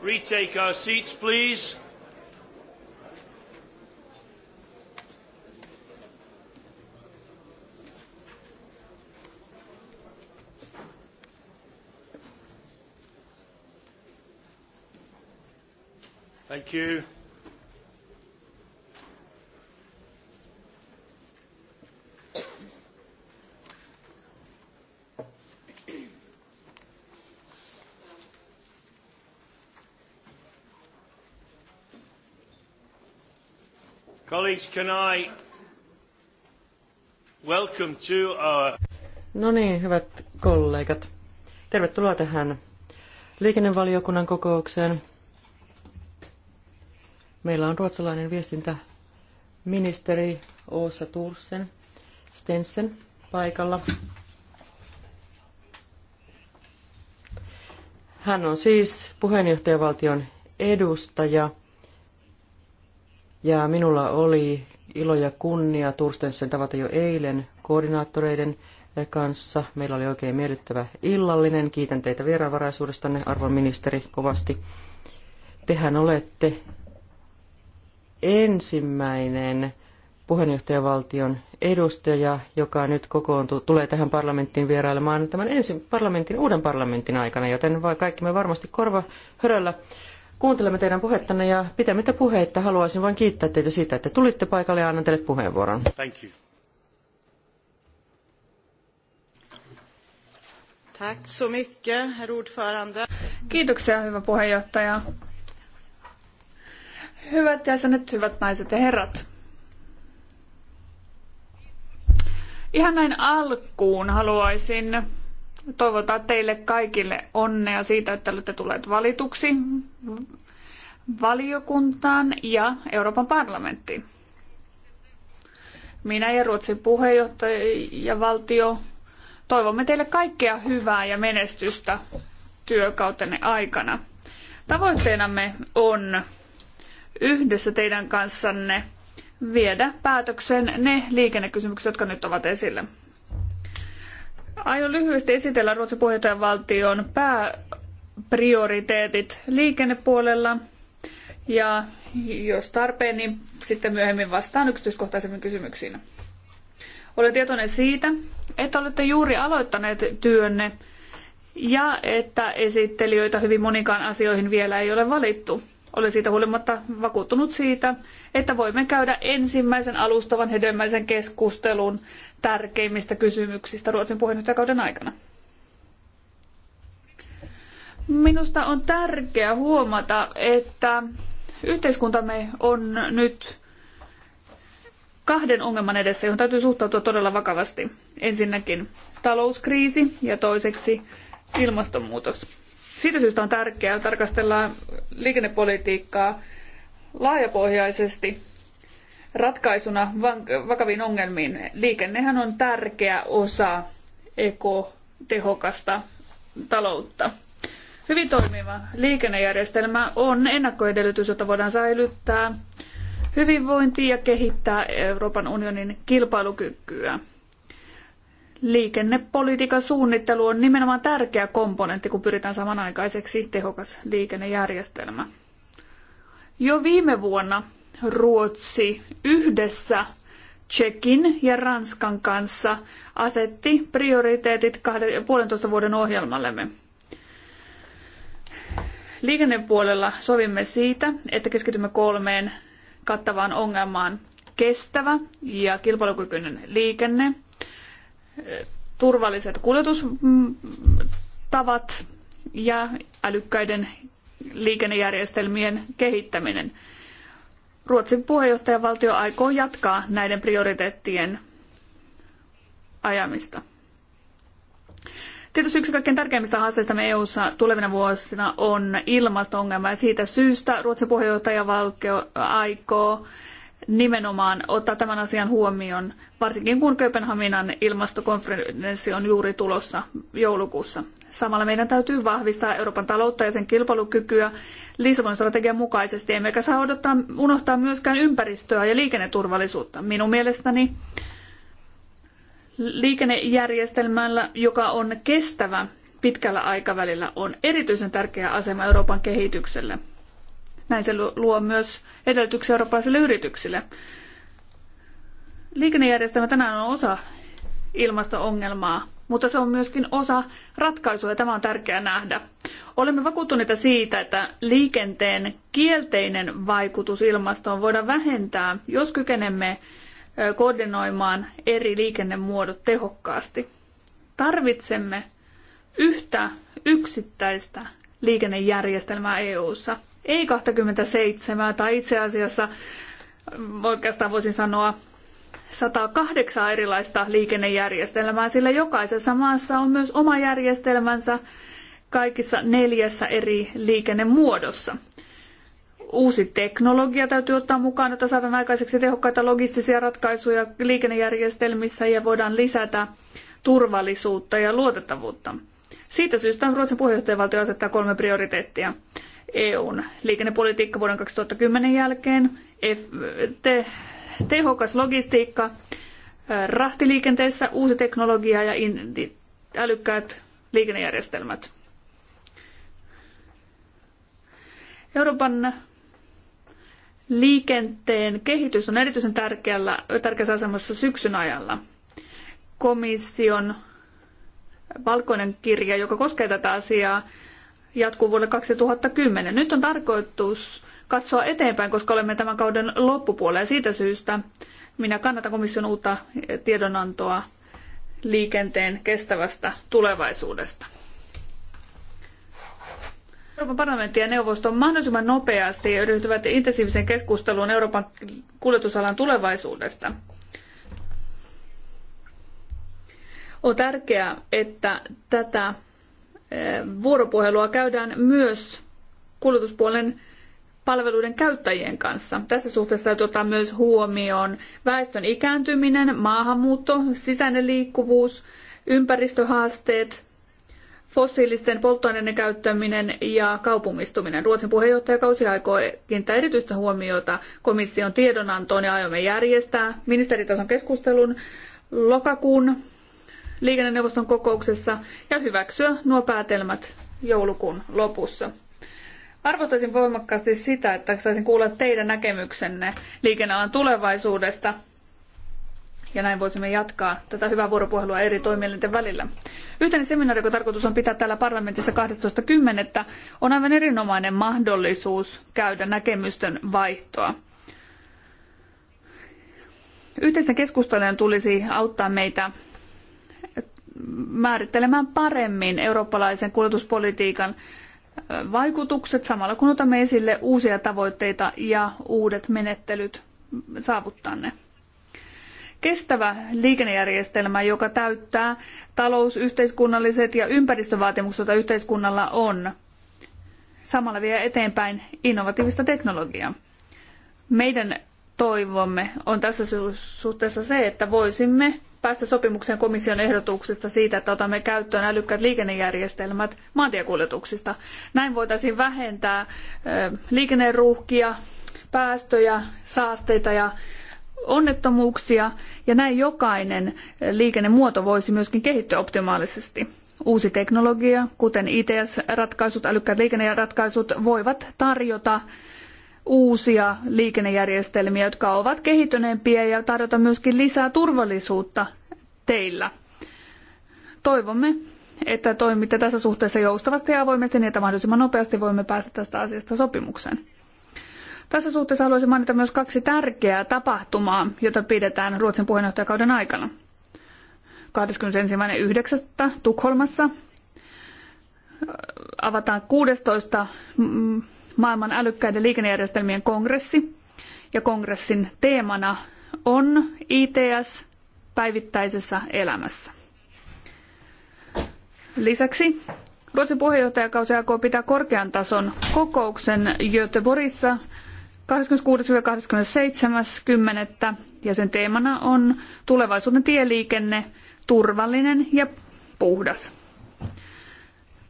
retake our seats, please? Thank you. Colleagues, can I welcome to our... No niin, hyvät kollegat. Tervetuloa tähän liikennevaliokunnan kokoukseen. Meillä on ruotsalainen viestintäministeri Åsa Tursen Stensen paikalla. Hän on siis puheenjohtajavaltion edustaja – ja minulla oli ilo ja kunnia Turstensen tavata jo eilen koordinaattoreiden eh, kanssa. Meillä oli oikein miellyttävä illallinen. Kiitän teitä vieraanvaraisuudestanne, arvon ministeri, kovasti. Tehän olette ensimmäinen puheenjohtajavaltion edustaja, joka nyt kokoontuu, tulee tähän parlamenttiin vierailemaan tämän ensin parlamentin, uuden parlamentin aikana, joten kaikki me varmasti korva höröllä kuuntelemme teidän puhettanne ja pitämättä puheitta haluaisin vain kiittää teitä siitä, että tulitte paikalle ja annan teille puheenvuoron. Thank you. Tack så mycket, herr ordförande. Kiitoksia, hyvä puheenjohtaja. Hyvät jäsenet, hyvät naiset ja herrat. Ihan näin alkuun haluaisin toivotan teille kaikille onnea siitä, että olette tulleet valituksi valiokuntaan ja Euroopan parlamenttiin. Minä ja Ruotsin puheenjohtaja valtio toivomme teille kaikkea hyvää ja menestystä työkautenne aikana. Tavoitteenamme on yhdessä teidän kanssanne viedä päätökseen ne liikennekysymykset, jotka nyt ovat esillä. Aion lyhyesti esitellä Ruotsin puheenjohtajavaltion pääprioriteetit liikennepuolella ja jos tarpeen, niin sitten myöhemmin vastaan yksityiskohtaisemmin kysymyksiin. Olen tietoinen siitä, että olette juuri aloittaneet työnne ja että esittelijöitä hyvin monikaan asioihin vielä ei ole valittu. Olen siitä huolimatta vakuuttunut siitä, että voimme käydä ensimmäisen alustavan hedelmäisen keskustelun tärkeimmistä kysymyksistä Ruotsin puheenjohtajakauden aikana. Minusta on tärkeää huomata, että yhteiskuntamme on nyt kahden ongelman edessä, johon täytyy suhtautua todella vakavasti. Ensinnäkin talouskriisi ja toiseksi ilmastonmuutos. Siitä syystä on tärkeää tarkastella liikennepolitiikkaa laajapohjaisesti ratkaisuna vakaviin ongelmiin. Liikennehän on tärkeä osa ekotehokasta taloutta. Hyvin toimiva liikennejärjestelmä on ennakkoedellytys, jota voidaan säilyttää hyvinvointia ja kehittää Euroopan unionin kilpailukykyä. Liikennepolitiikan suunnittelu on nimenomaan tärkeä komponentti, kun pyritään samanaikaiseksi tehokas liikennejärjestelmä. Jo viime vuonna Ruotsi yhdessä Tsekin ja Ranskan kanssa asetti prioriteetit puolentoista vuoden ohjelmallemme. Liikennepuolella sovimme siitä, että keskitymme kolmeen kattavaan ongelmaan kestävä ja kilpailukykyinen liikenne – turvalliset kuljetustavat ja älykkäiden liikennejärjestelmien kehittäminen. Ruotsin puheenjohtajavaltio aikoo jatkaa näiden prioriteettien ajamista. Tietysti yksi kaikkein tärkeimmistä haasteistamme EU:ssa tulevina vuosina on ilmasto-ongelma ja siitä syystä Ruotsin puheenjohtajavaltio aikoo nimenomaan ottaa tämän asian huomioon, varsinkin kun Kööpenhaminan ilmastokonferenssi on juuri tulossa joulukuussa. Samalla meidän täytyy vahvistaa Euroopan taloutta ja sen kilpailukykyä Lissabonin strategian mukaisesti, emmekä saa odottaa, unohtaa myöskään ympäristöä ja liikenneturvallisuutta. Minun mielestäni liikennejärjestelmällä, joka on kestävä pitkällä aikavälillä, on erityisen tärkeä asema Euroopan kehitykselle – näin se luo myös edellytyksiä eurooppalaisille yrityksille. Liikennejärjestelmä tänään on osa ilmasto-ongelmaa, mutta se on myöskin osa ratkaisua ja tämä on tärkeää nähdä. Olemme vakuuttuneita siitä, että liikenteen kielteinen vaikutus ilmastoon voidaan vähentää, jos kykenemme koordinoimaan eri liikennemuodot tehokkaasti. Tarvitsemme yhtä yksittäistä liikennejärjestelmää EU:ssa ei 27 tai itse asiassa mm, oikeastaan voisin sanoa 108 erilaista liikennejärjestelmää, sillä jokaisessa maassa on myös oma järjestelmänsä kaikissa neljässä eri liikennemuodossa. Uusi teknologia täytyy ottaa mukaan, että saadaan aikaiseksi tehokkaita logistisia ratkaisuja liikennejärjestelmissä ja voidaan lisätä turvallisuutta ja luotettavuutta. Siitä syystä Ruotsin puheenjohtajavaltio asettaa kolme prioriteettia. EUn liikennepolitiikka vuoden 2010 jälkeen, tehokas logistiikka, äh, rahtiliikenteessä uusi teknologia ja älykkäät liikennejärjestelmät. Euroopan liikenteen kehitys on erityisen tärkeällä, tärkeässä asemassa syksyn ajalla. Komission valkoinen kirja, joka koskee tätä asiaa, jatkuu vuonna 2010. Nyt on tarkoitus katsoa eteenpäin, koska olemme tämän kauden loppupuolella. Ja siitä syystä minä kannatan komission uutta tiedonantoa liikenteen kestävästä tulevaisuudesta. Euroopan parlamentti ja neuvosto on mahdollisimman nopeasti ryhtyvät intensiiviseen keskusteluun Euroopan kuljetusalan tulevaisuudesta. On tärkeää, että tätä vuoropuhelua käydään myös kulutuspuolen palveluiden käyttäjien kanssa. Tässä suhteessa täytyy ottaa myös huomioon väestön ikääntyminen, maahanmuutto, sisäinen liikkuvuus, ympäristöhaasteet, fossiilisten polttoaineiden käyttäminen ja kaupungistuminen. Ruotsin puheenjohtajakausi aikoo kiinnittää erityistä huomiota komission tiedonantoon ja aiomme järjestää ministeritason keskustelun lokakuun liikenneneuvoston kokouksessa ja hyväksyä nuo päätelmät joulukuun lopussa. Arvostaisin voimakkaasti sitä, että saisin kuulla teidän näkemyksenne liikennealan tulevaisuudesta ja näin voisimme jatkaa tätä hyvää vuoropuhelua eri toimielinten välillä. Yhteinen seminaari, joka tarkoitus on pitää täällä parlamentissa 12.10. on aivan erinomainen mahdollisuus käydä näkemysten vaihtoa. Yhteisten keskustelujen tulisi auttaa meitä määrittelemään paremmin eurooppalaisen kuljetuspolitiikan vaikutukset samalla kun otamme esille uusia tavoitteita ja uudet menettelyt saavuttaa ne. Kestävä liikennejärjestelmä, joka täyttää talous-, yhteiskunnalliset ja ympäristövaatimukset, joita yhteiskunnalla on, samalla vie eteenpäin innovatiivista teknologiaa. Meidän toivomme on tässä suhteessa se, että voisimme päästä sopimukseen komission ehdotuksesta siitä, että otamme käyttöön älykkäät liikennejärjestelmät maantiekuljetuksista. Näin voitaisiin vähentää liikenneruuhkia, päästöjä, saasteita ja onnettomuuksia ja näin jokainen liikennemuoto voisi myöskin kehittyä optimaalisesti. Uusi teknologia, kuten ITS-ratkaisut, älykkäät liikenneratkaisut, voivat tarjota uusia liikennejärjestelmiä, jotka ovat kehittyneempiä ja tarjota myöskin lisää turvallisuutta teillä. Toivomme, että toimitte tässä suhteessa joustavasti ja avoimesti niin, että mahdollisimman nopeasti voimme päästä tästä asiasta sopimukseen. Tässä suhteessa haluaisin mainita myös kaksi tärkeää tapahtumaa, jota pidetään Ruotsin puheenjohtajakauden aikana. 21.9. Tukholmassa äh, avataan 16 maailman älykkäiden liikennejärjestelmien kongressi. Ja kongressin teemana on ITS päivittäisessä elämässä. Lisäksi Ruotsin puheenjohtajakausi aikoo pitää korkean tason kokouksen Göteborgissa 26-27.10. ja sen teemana on tulevaisuuden tieliikenne, turvallinen ja puhdas.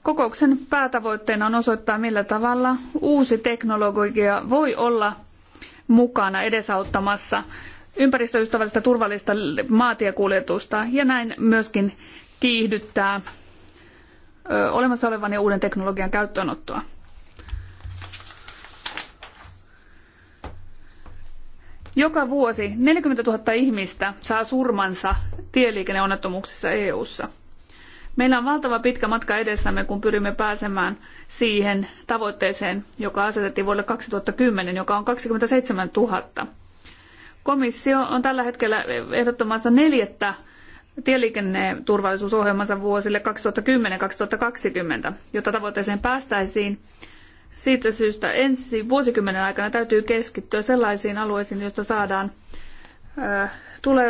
Kokouksen päätavoitteena on osoittaa, millä tavalla uusi teknologia voi olla mukana edesauttamassa ympäristöystävällistä turvallista maatiekuljetusta ja näin myöskin kiihdyttää olemassa olevan ja uuden teknologian käyttöönottoa. Joka vuosi 40 000 ihmistä saa surmansa tieliikenneonnettomuuksissa EU:ssa. Meillä on valtava pitkä matka edessämme, kun pyrimme pääsemään siihen tavoitteeseen, joka asetettiin vuodelle 2010, joka on 27 000. Komissio on tällä hetkellä ehdottamassa neljättä tieliikenneturvallisuusohjelmansa vuosille 2010-2020, jotta tavoitteeseen päästäisiin. Siitä syystä ensi vuosikymmenen aikana täytyy keskittyä sellaisiin alueisiin, joista saadaan tule,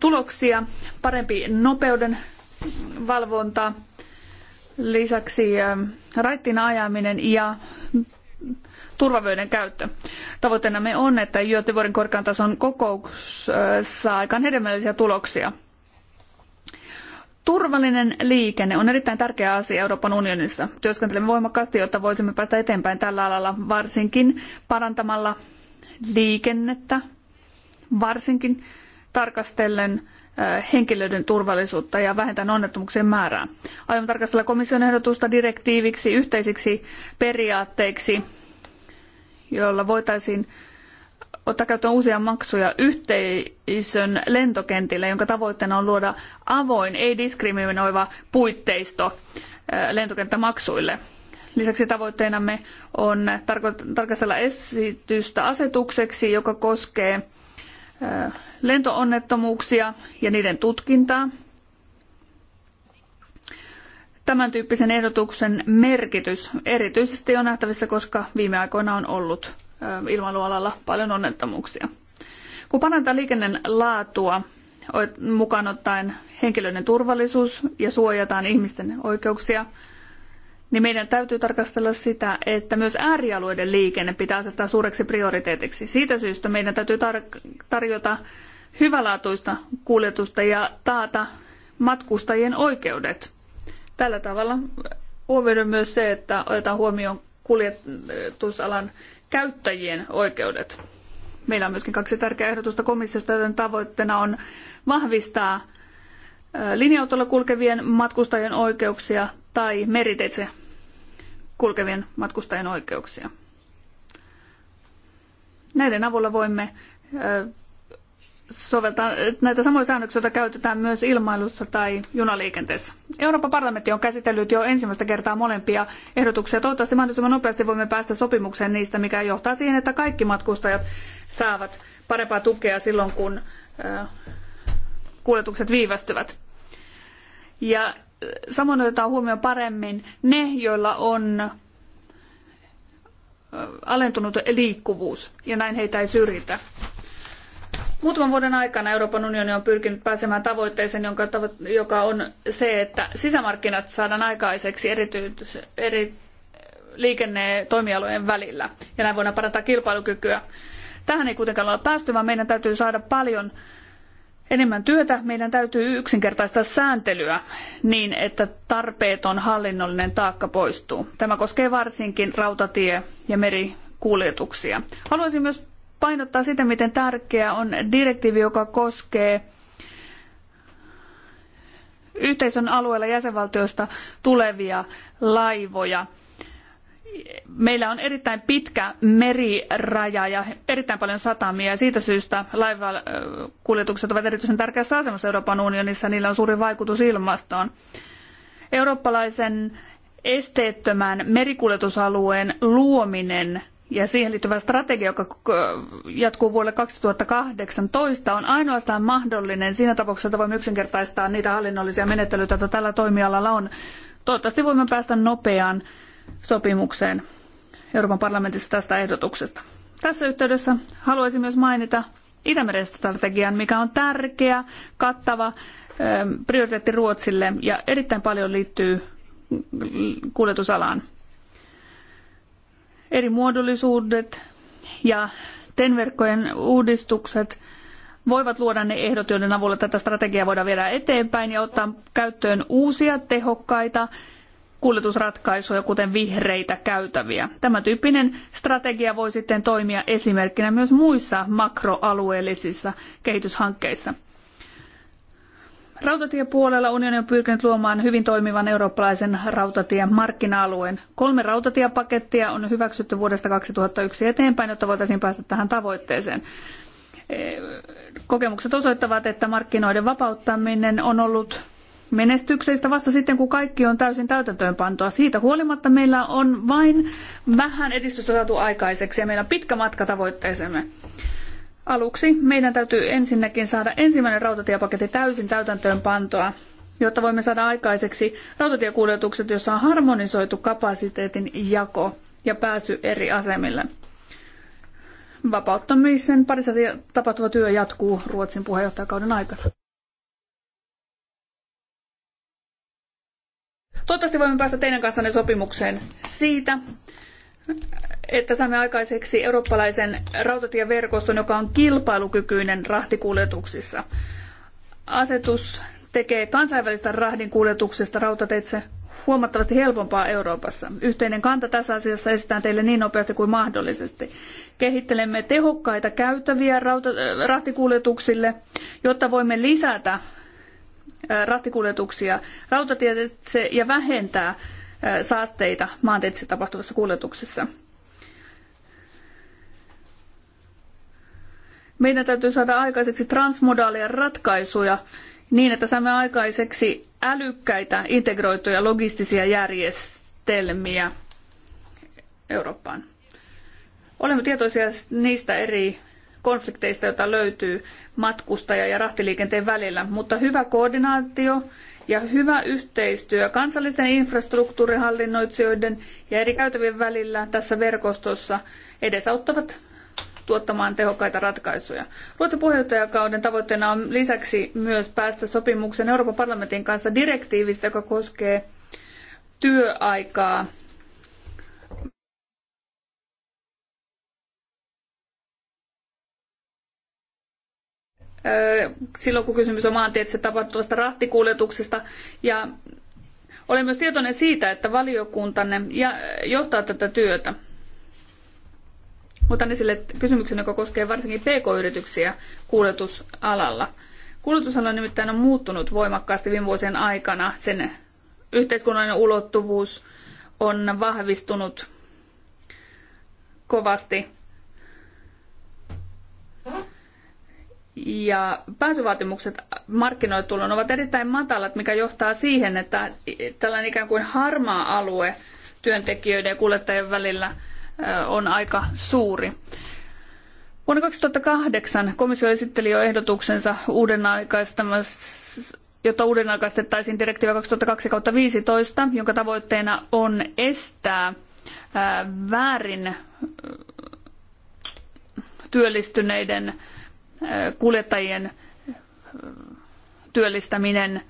tuloksia, parempi nopeuden valvonta, lisäksi raittiin ajaminen ja turvavöiden käyttö. Tavoitteenamme on, että Göteborgin korkean tason kokous saa aikaan hedelmällisiä tuloksia. Turvallinen liikenne on erittäin tärkeä asia Euroopan unionissa. Työskentelemme voimakkaasti, jotta voisimme päästä eteenpäin tällä alalla, varsinkin parantamalla liikennettä, varsinkin tarkastellen henkilöiden turvallisuutta ja vähentää onnettomuuksien määrää. Aion tarkastella komission ehdotusta direktiiviksi yhteisiksi periaatteiksi, joilla voitaisiin ottaa käyttöön uusia maksuja yhteisön lentokentille, jonka tavoitteena on luoda avoin, ei diskriminoiva puitteisto lentokenttämaksuille. Lisäksi tavoitteenamme on tarkastella esitystä asetukseksi, joka koskee lentoonnettomuuksia ja niiden tutkintaa. Tämän tyyppisen ehdotuksen merkitys erityisesti on nähtävissä, koska viime aikoina on ollut ilmailualalla paljon onnettomuuksia. Kun parantaa liikenteen laatua mukaan ottaen henkilöiden turvallisuus ja suojataan ihmisten oikeuksia, niin meidän täytyy tarkastella sitä, että myös äärialueiden liikenne pitää asettaa suureksi prioriteetiksi. Siitä syystä meidän täytyy tarjota hyvälaatuista kuljetusta ja taata matkustajien oikeudet. Tällä tavalla huomioidaan myös se, että otetaan huomioon kuljetusalan käyttäjien oikeudet. Meillä on myöskin kaksi tärkeää ehdotusta komissiosta, joiden tavoitteena on vahvistaa linja-autolla kulkevien matkustajien oikeuksia tai meriteitse kulkevien matkustajien oikeuksia. Näiden avulla voimme soveltaa näitä samoja säännöksiä, joita käytetään myös ilmailussa tai junaliikenteessä. Euroopan parlamentti on käsitellyt jo ensimmäistä kertaa molempia ehdotuksia. Toivottavasti mahdollisimman nopeasti voimme päästä sopimukseen niistä, mikä johtaa siihen, että kaikki matkustajat saavat parempaa tukea silloin, kun kuljetukset viivästyvät. Ja samoin otetaan huomioon paremmin ne, joilla on alentunut liikkuvuus, ja näin heitä ei syrjitä. Muutaman vuoden aikana Euroopan unioni on pyrkinyt pääsemään tavoitteeseen, jonka tavo- joka on se, että sisämarkkinat saadaan aikaiseksi erityis- eri liikennetoimialojen välillä, ja näin voidaan parantaa kilpailukykyä. Tähän ei kuitenkaan ole päästy, vaan meidän täytyy saada paljon enemmän työtä. Meidän täytyy yksinkertaistaa sääntelyä niin, että tarpeeton hallinnollinen taakka poistuu. Tämä koskee varsinkin rautatie- ja merikuljetuksia. Haluaisin myös painottaa sitä, miten tärkeää on direktiivi, joka koskee yhteisön alueella jäsenvaltioista tulevia laivoja meillä on erittäin pitkä meriraja ja erittäin paljon satamia ja siitä syystä laivakuljetukset ovat erityisen tärkeässä asemassa Euroopan unionissa, niillä on suuri vaikutus ilmastoon. Eurooppalaisen esteettömän merikuljetusalueen luominen ja siihen liittyvä strategia, joka jatkuu vuodelle 2018, on ainoastaan mahdollinen siinä tapauksessa, että voimme yksinkertaistaa niitä hallinnollisia menettelyitä, joita tällä toimialalla on. Toivottavasti voimme päästä nopeaan sopimukseen Euroopan parlamentissa tästä ehdotuksesta. Tässä yhteydessä haluaisin myös mainita Itämeren strategian, mikä on tärkeä, kattava prioriteetti Ruotsille ja erittäin paljon liittyy kuljetusalaan. Eri muodollisuudet ja TEN-verkkojen uudistukset voivat luoda ne ehdot, joiden avulla tätä strategiaa voidaan viedä eteenpäin ja ottaa käyttöön uusia, tehokkaita kuljetusratkaisuja, kuten vihreitä käytäviä. Tämä tyyppinen strategia voi sitten toimia esimerkkinä myös muissa makroalueellisissa kehityshankkeissa. Rautatiepuolella unioni on pyrkinyt luomaan hyvin toimivan eurooppalaisen rautatien markkina-alueen. Kolme rautatiepakettia on hyväksytty vuodesta 2001 eteenpäin, jotta voitaisiin päästä tähän tavoitteeseen. Eh, kokemukset osoittavat, että markkinoiden vapauttaminen on ollut menestyksestä vasta sitten, kun kaikki on täysin täytäntöönpantoa. Siitä huolimatta meillä on vain vähän edistystä saatu aikaiseksi ja meillä on pitkä matka tavoitteeseemme. Aluksi meidän täytyy ensinnäkin saada ensimmäinen rautatiepaketti täysin täytäntöönpantoa, jotta voimme saada aikaiseksi rautatiekuljetukset, joissa on harmonisoitu kapasiteetin jako ja pääsy eri asemille. Vapauttamisen parissa tapahtuva työ jatkuu Ruotsin puheenjohtajakauden aikana. Toivottavasti voimme päästä teidän kanssanne sopimukseen siitä, että saamme aikaiseksi eurooppalaisen rautatieverkoston, joka on kilpailukykyinen rahtikuljetuksissa. Asetus tekee kansainvälistä rahdin kuljetuksesta rautateitse huomattavasti helpompaa Euroopassa. Yhteinen kanta tässä asiassa esitään teille niin nopeasti kuin mahdollisesti. Kehittelemme tehokkaita käytäviä äh, rahtikuljetuksille, jotta voimme lisätä rattikuljetuksia rautatietse ja vähentää saasteita maanteitse tapahtuvassa kuljetuksessa. Meidän täytyy saada aikaiseksi transmodaalia ratkaisuja niin, että saamme aikaiseksi älykkäitä integroituja logistisia järjestelmiä Eurooppaan. Olemme tietoisia niistä eri konflikteista, joita löytyy matkustaja- ja rahtiliikenteen välillä. Mutta hyvä koordinaatio ja hyvä yhteistyö kansallisten infrastruktuurihallinnoitsijoiden ja eri käytävien välillä tässä verkostossa edesauttavat tuottamaan tehokkaita ratkaisuja. Ruotsin puheenjohtajakauden tavoitteena on lisäksi myös päästä sopimuksen Euroopan parlamentin kanssa direktiivistä, joka koskee työaikaa silloin kun kysymys on maantieteessä tapahtuvasta rahtikuljetuksesta. Ja olen myös tietoinen siitä, että valiokuntanne johtaa tätä työtä. Otan esille kysymyksen, joka koskee varsinkin pk-yrityksiä kuljetusalalla. Kuljetusala nimittäin on muuttunut voimakkaasti viime vuosien aikana. Sen yhteiskunnallinen ulottuvuus on vahvistunut kovasti ja pääsyvaatimukset markkinoille tulon ovat erittäin matalat, mikä johtaa siihen, että tällainen ikään kuin harmaa alue työntekijöiden ja kuljettajien välillä on aika suuri. Vuonna 2008 komissio esitteli jo ehdotuksensa uuden jotta uuden aikaistettaisiin direktiivi 2002-15, jonka tavoitteena on estää väärin työllistyneiden kuljettajien työllistäminen.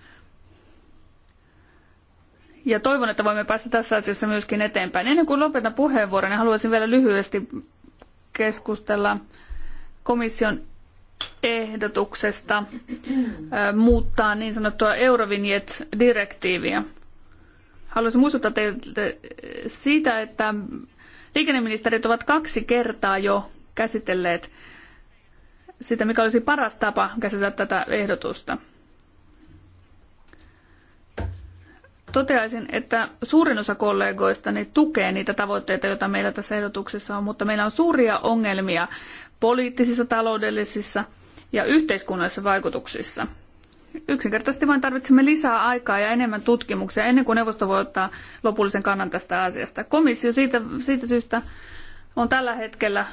Ja toivon, että voimme päästä tässä asiassa myöskin eteenpäin. Ennen kuin lopetan puheenvuoron, niin haluaisin vielä lyhyesti keskustella komission ehdotuksesta muuttaa niin sanottua Eurovignet-direktiiviä. Haluaisin muistuttaa teille siitä, että liikenneministerit ovat kaksi kertaa jo käsitelleet sitä, mikä olisi paras tapa käsitellä tätä ehdotusta. Toteaisin, että suurin osa kollegoistani tukee niitä tavoitteita, joita meillä tässä ehdotuksessa on, mutta meillä on suuria ongelmia poliittisissa, taloudellisissa ja yhteiskunnallisissa vaikutuksissa. Yksinkertaisesti vain tarvitsemme lisää aikaa ja enemmän tutkimuksia ennen kuin neuvosto voi ottaa lopullisen kannan tästä asiasta. Komissio siitä, siitä syystä on tällä hetkellä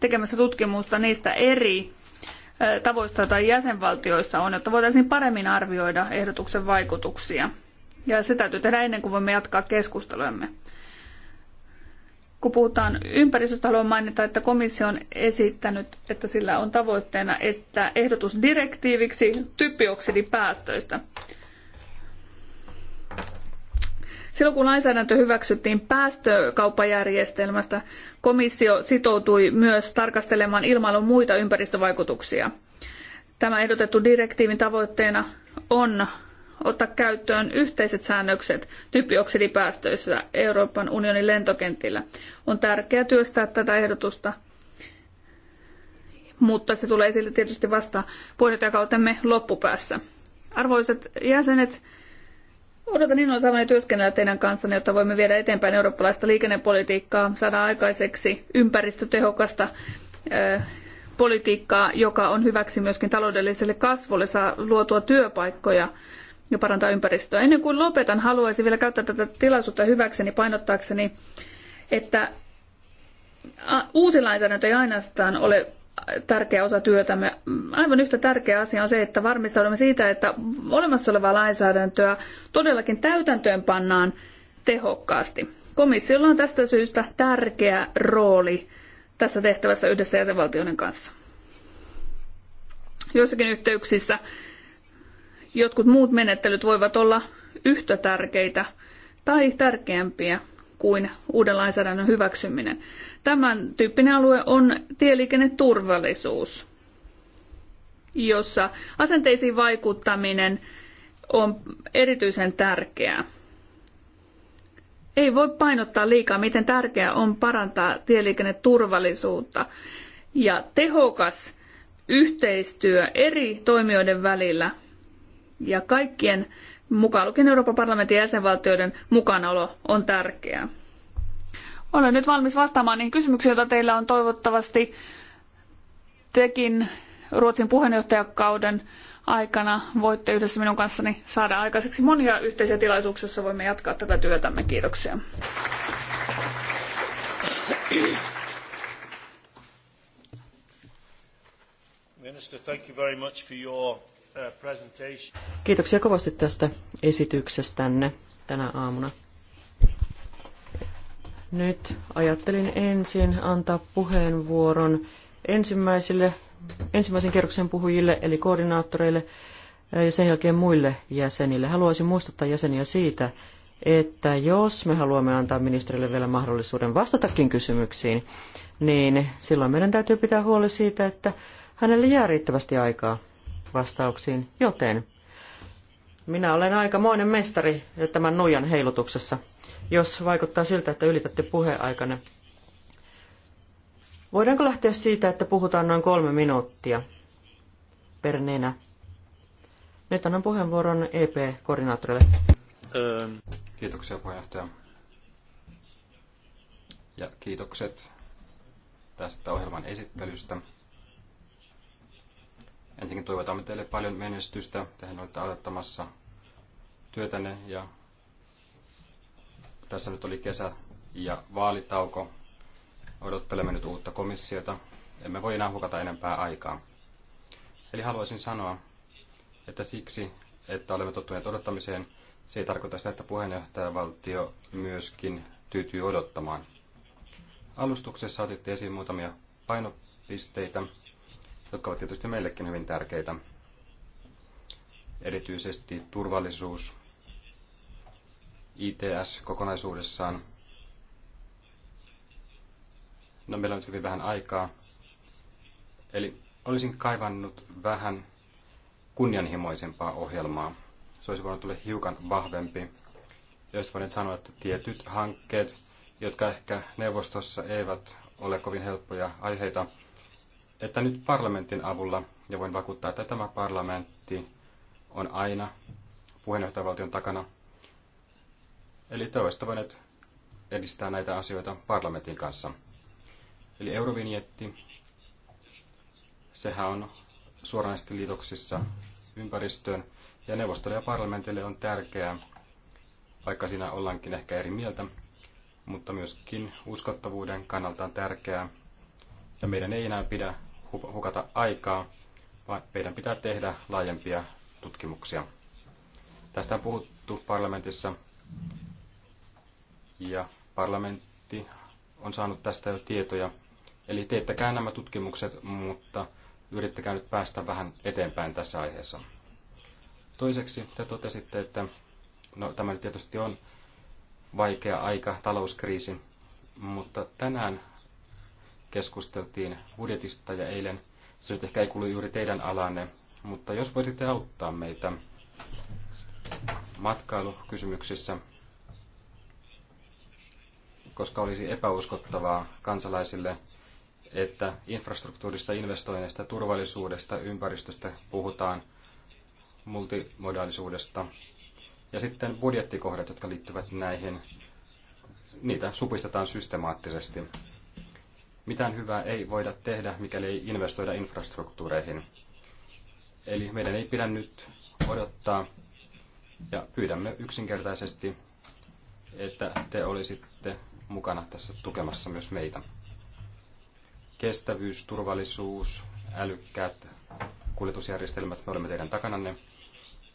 tekemässä tutkimusta niistä eri tavoista, tai jäsenvaltioissa on, jotta voitaisiin paremmin arvioida ehdotuksen vaikutuksia. Ja se täytyy tehdä ennen kuin voimme jatkaa keskustelujamme. Kun puhutaan ympäristöstä, haluan mainita, että komissio on esittänyt, että sillä on tavoitteena, että ehdotus direktiiviksi typioksidipäästöistä. päästöistä Silloin kun lainsäädäntö hyväksyttiin päästökauppajärjestelmästä, komissio sitoutui myös tarkastelemaan ilmailun muita ympäristövaikutuksia. Tämä ehdotettu direktiivin tavoitteena on ottaa käyttöön yhteiset säännökset typioksidipäästöissä Euroopan unionin lentokentillä. On tärkeää työstää tätä ehdotusta, mutta se tulee sille tietysti vasta puheenjohtajakautemme loppupäässä. Arvoisat jäsenet, Odotan innolla saamani työskennellä teidän kanssanne, jotta voimme viedä eteenpäin eurooppalaista liikennepolitiikkaa, saada aikaiseksi ympäristötehokasta politiikkaa, joka on hyväksi myöskin taloudelliselle kasvulle, saa luotua työpaikkoja ja parantaa ympäristöä. Ennen kuin lopetan, haluaisin vielä käyttää tätä tilaisuutta hyväkseni painottaakseni, että uusi lainsäädäntö ei ainoastaan ole tärkeä osa työtämme. Aivan yhtä tärkeä asia on se, että varmistaudumme siitä, että olemassa olevaa lainsäädäntöä todellakin täytäntöön pannaan tehokkaasti. Komissiolla on tästä syystä tärkeä rooli tässä tehtävässä yhdessä jäsenvaltioiden kanssa. Joissakin yhteyksissä jotkut muut menettelyt voivat olla yhtä tärkeitä tai tärkeämpiä kuin uuden lainsäädännön hyväksyminen. Tämän tyyppinen alue on tieliikenneturvallisuus, jossa asenteisiin vaikuttaminen on erityisen tärkeää. Ei voi painottaa liikaa, miten tärkeää on parantaa tieliikenneturvallisuutta. Ja tehokas yhteistyö eri toimijoiden välillä ja kaikkien mukaan lukien Euroopan parlamentin jäsenvaltioiden mukanaolo on tärkeää. Olen nyt valmis vastaamaan niihin kysymyksiin, joita teillä on toivottavasti tekin Ruotsin puheenjohtajakauden aikana. Voitte yhdessä minun kanssani saada aikaiseksi monia yhteisiä tilaisuuksia, joissa voimme jatkaa tätä työtämme. Kiitoksia. Minister, thank you very much for your Kiitoksia kovasti tästä esityksestänne tänä aamuna. Nyt ajattelin ensin antaa puheenvuoron ensimmäisille, ensimmäisen kerroksen puhujille, eli koordinaattoreille, eh, ja sen jälkeen muille jäsenille. Haluaisin muistuttaa jäseniä siitä, että jos me haluamme antaa ministerille vielä mahdollisuuden vastatakin kysymyksiin, niin silloin meidän täytyy pitää huoli siitä, että hänelle jää riittävästi aikaa vastauksiin, joten minä olen aikamoinen mestari tämän nuijan heilutuksessa, jos vaikuttaa siltä, että ylitätte puheaikanne. Voidaanko lähteä siitä, että puhutaan noin kolme minuuttia per nenä? Nyt annan puheenvuoron EP-koordinaattorille. Ähm. Kiitoksia puheenjohtaja. Ja kiitokset tästä ohjelman esittelystä. Ensinnäkin toivotamme teille paljon menestystä. Tehän olette aloittamassa työtänne ja tässä nyt oli kesä ja vaalitauko. Odottelemme nyt uutta komissiota. Emme voi enää hukata enempää aikaa. Eli haluaisin sanoa, että siksi, että olemme tottuneet odottamiseen, se ei tarkoita sitä, että puheenjohtajavaltio myöskin tyytyy odottamaan. Alustuksessa otitte esiin muutamia painopisteitä, jotka ovat tietysti meillekin hyvin tärkeitä. Erityisesti turvallisuus, ITS kokonaisuudessaan. No, meillä on nyt hyvin vähän aikaa. Eli olisin kaivannut vähän kunnianhimoisempaa ohjelmaa. Se olisi voinut tulla hiukan vahvempi. Jos voin sanoa, että tietyt hankkeet, jotka ehkä neuvostossa eivät ole kovin helppoja aiheita, että nyt parlamentin avulla, ja voin vakuuttaa, että tämä parlamentti on aina puheenjohtajavaltion takana. Eli te olisitte voineet edistää näitä asioita parlamentin kanssa. Eli eurovinjetti, sehän on suoranaisesti liitoksissa ympäristöön, ja neuvostolle ja parlamentille on tärkeää, vaikka siinä ollaankin ehkä eri mieltä, mutta myöskin uskottavuuden kannalta on tärkeää, ja meidän ei enää pidä hukata aikaa, vaan meidän pitää tehdä laajempia tutkimuksia. Tästä on puhuttu parlamentissa ja parlamentti on saanut tästä jo tietoja. Eli teettäkää nämä tutkimukset, mutta yrittäkää nyt päästä vähän eteenpäin tässä aiheessa. Toiseksi te totesitte, että no, tämä nyt tietysti on vaikea aika, talouskriisi, mutta tänään keskusteltiin budjetista ja eilen se nyt ehkä ei kuulu juuri teidän alanne, mutta jos voisitte auttaa meitä matkailukysymyksissä, koska olisi epäuskottavaa kansalaisille, että infrastruktuurista, investoinneista, turvallisuudesta, ympäristöstä puhutaan, multimodaalisuudesta. Ja sitten budjettikohdat, jotka liittyvät näihin, niitä supistetaan systemaattisesti. Mitään hyvää ei voida tehdä, mikäli ei investoida infrastruktuureihin. Eli meidän ei pidä nyt odottaa ja pyydämme yksinkertaisesti, että te olisitte mukana tässä tukemassa myös meitä. Kestävyys, turvallisuus, älykkäät kuljetusjärjestelmät, me olemme teidän takananne.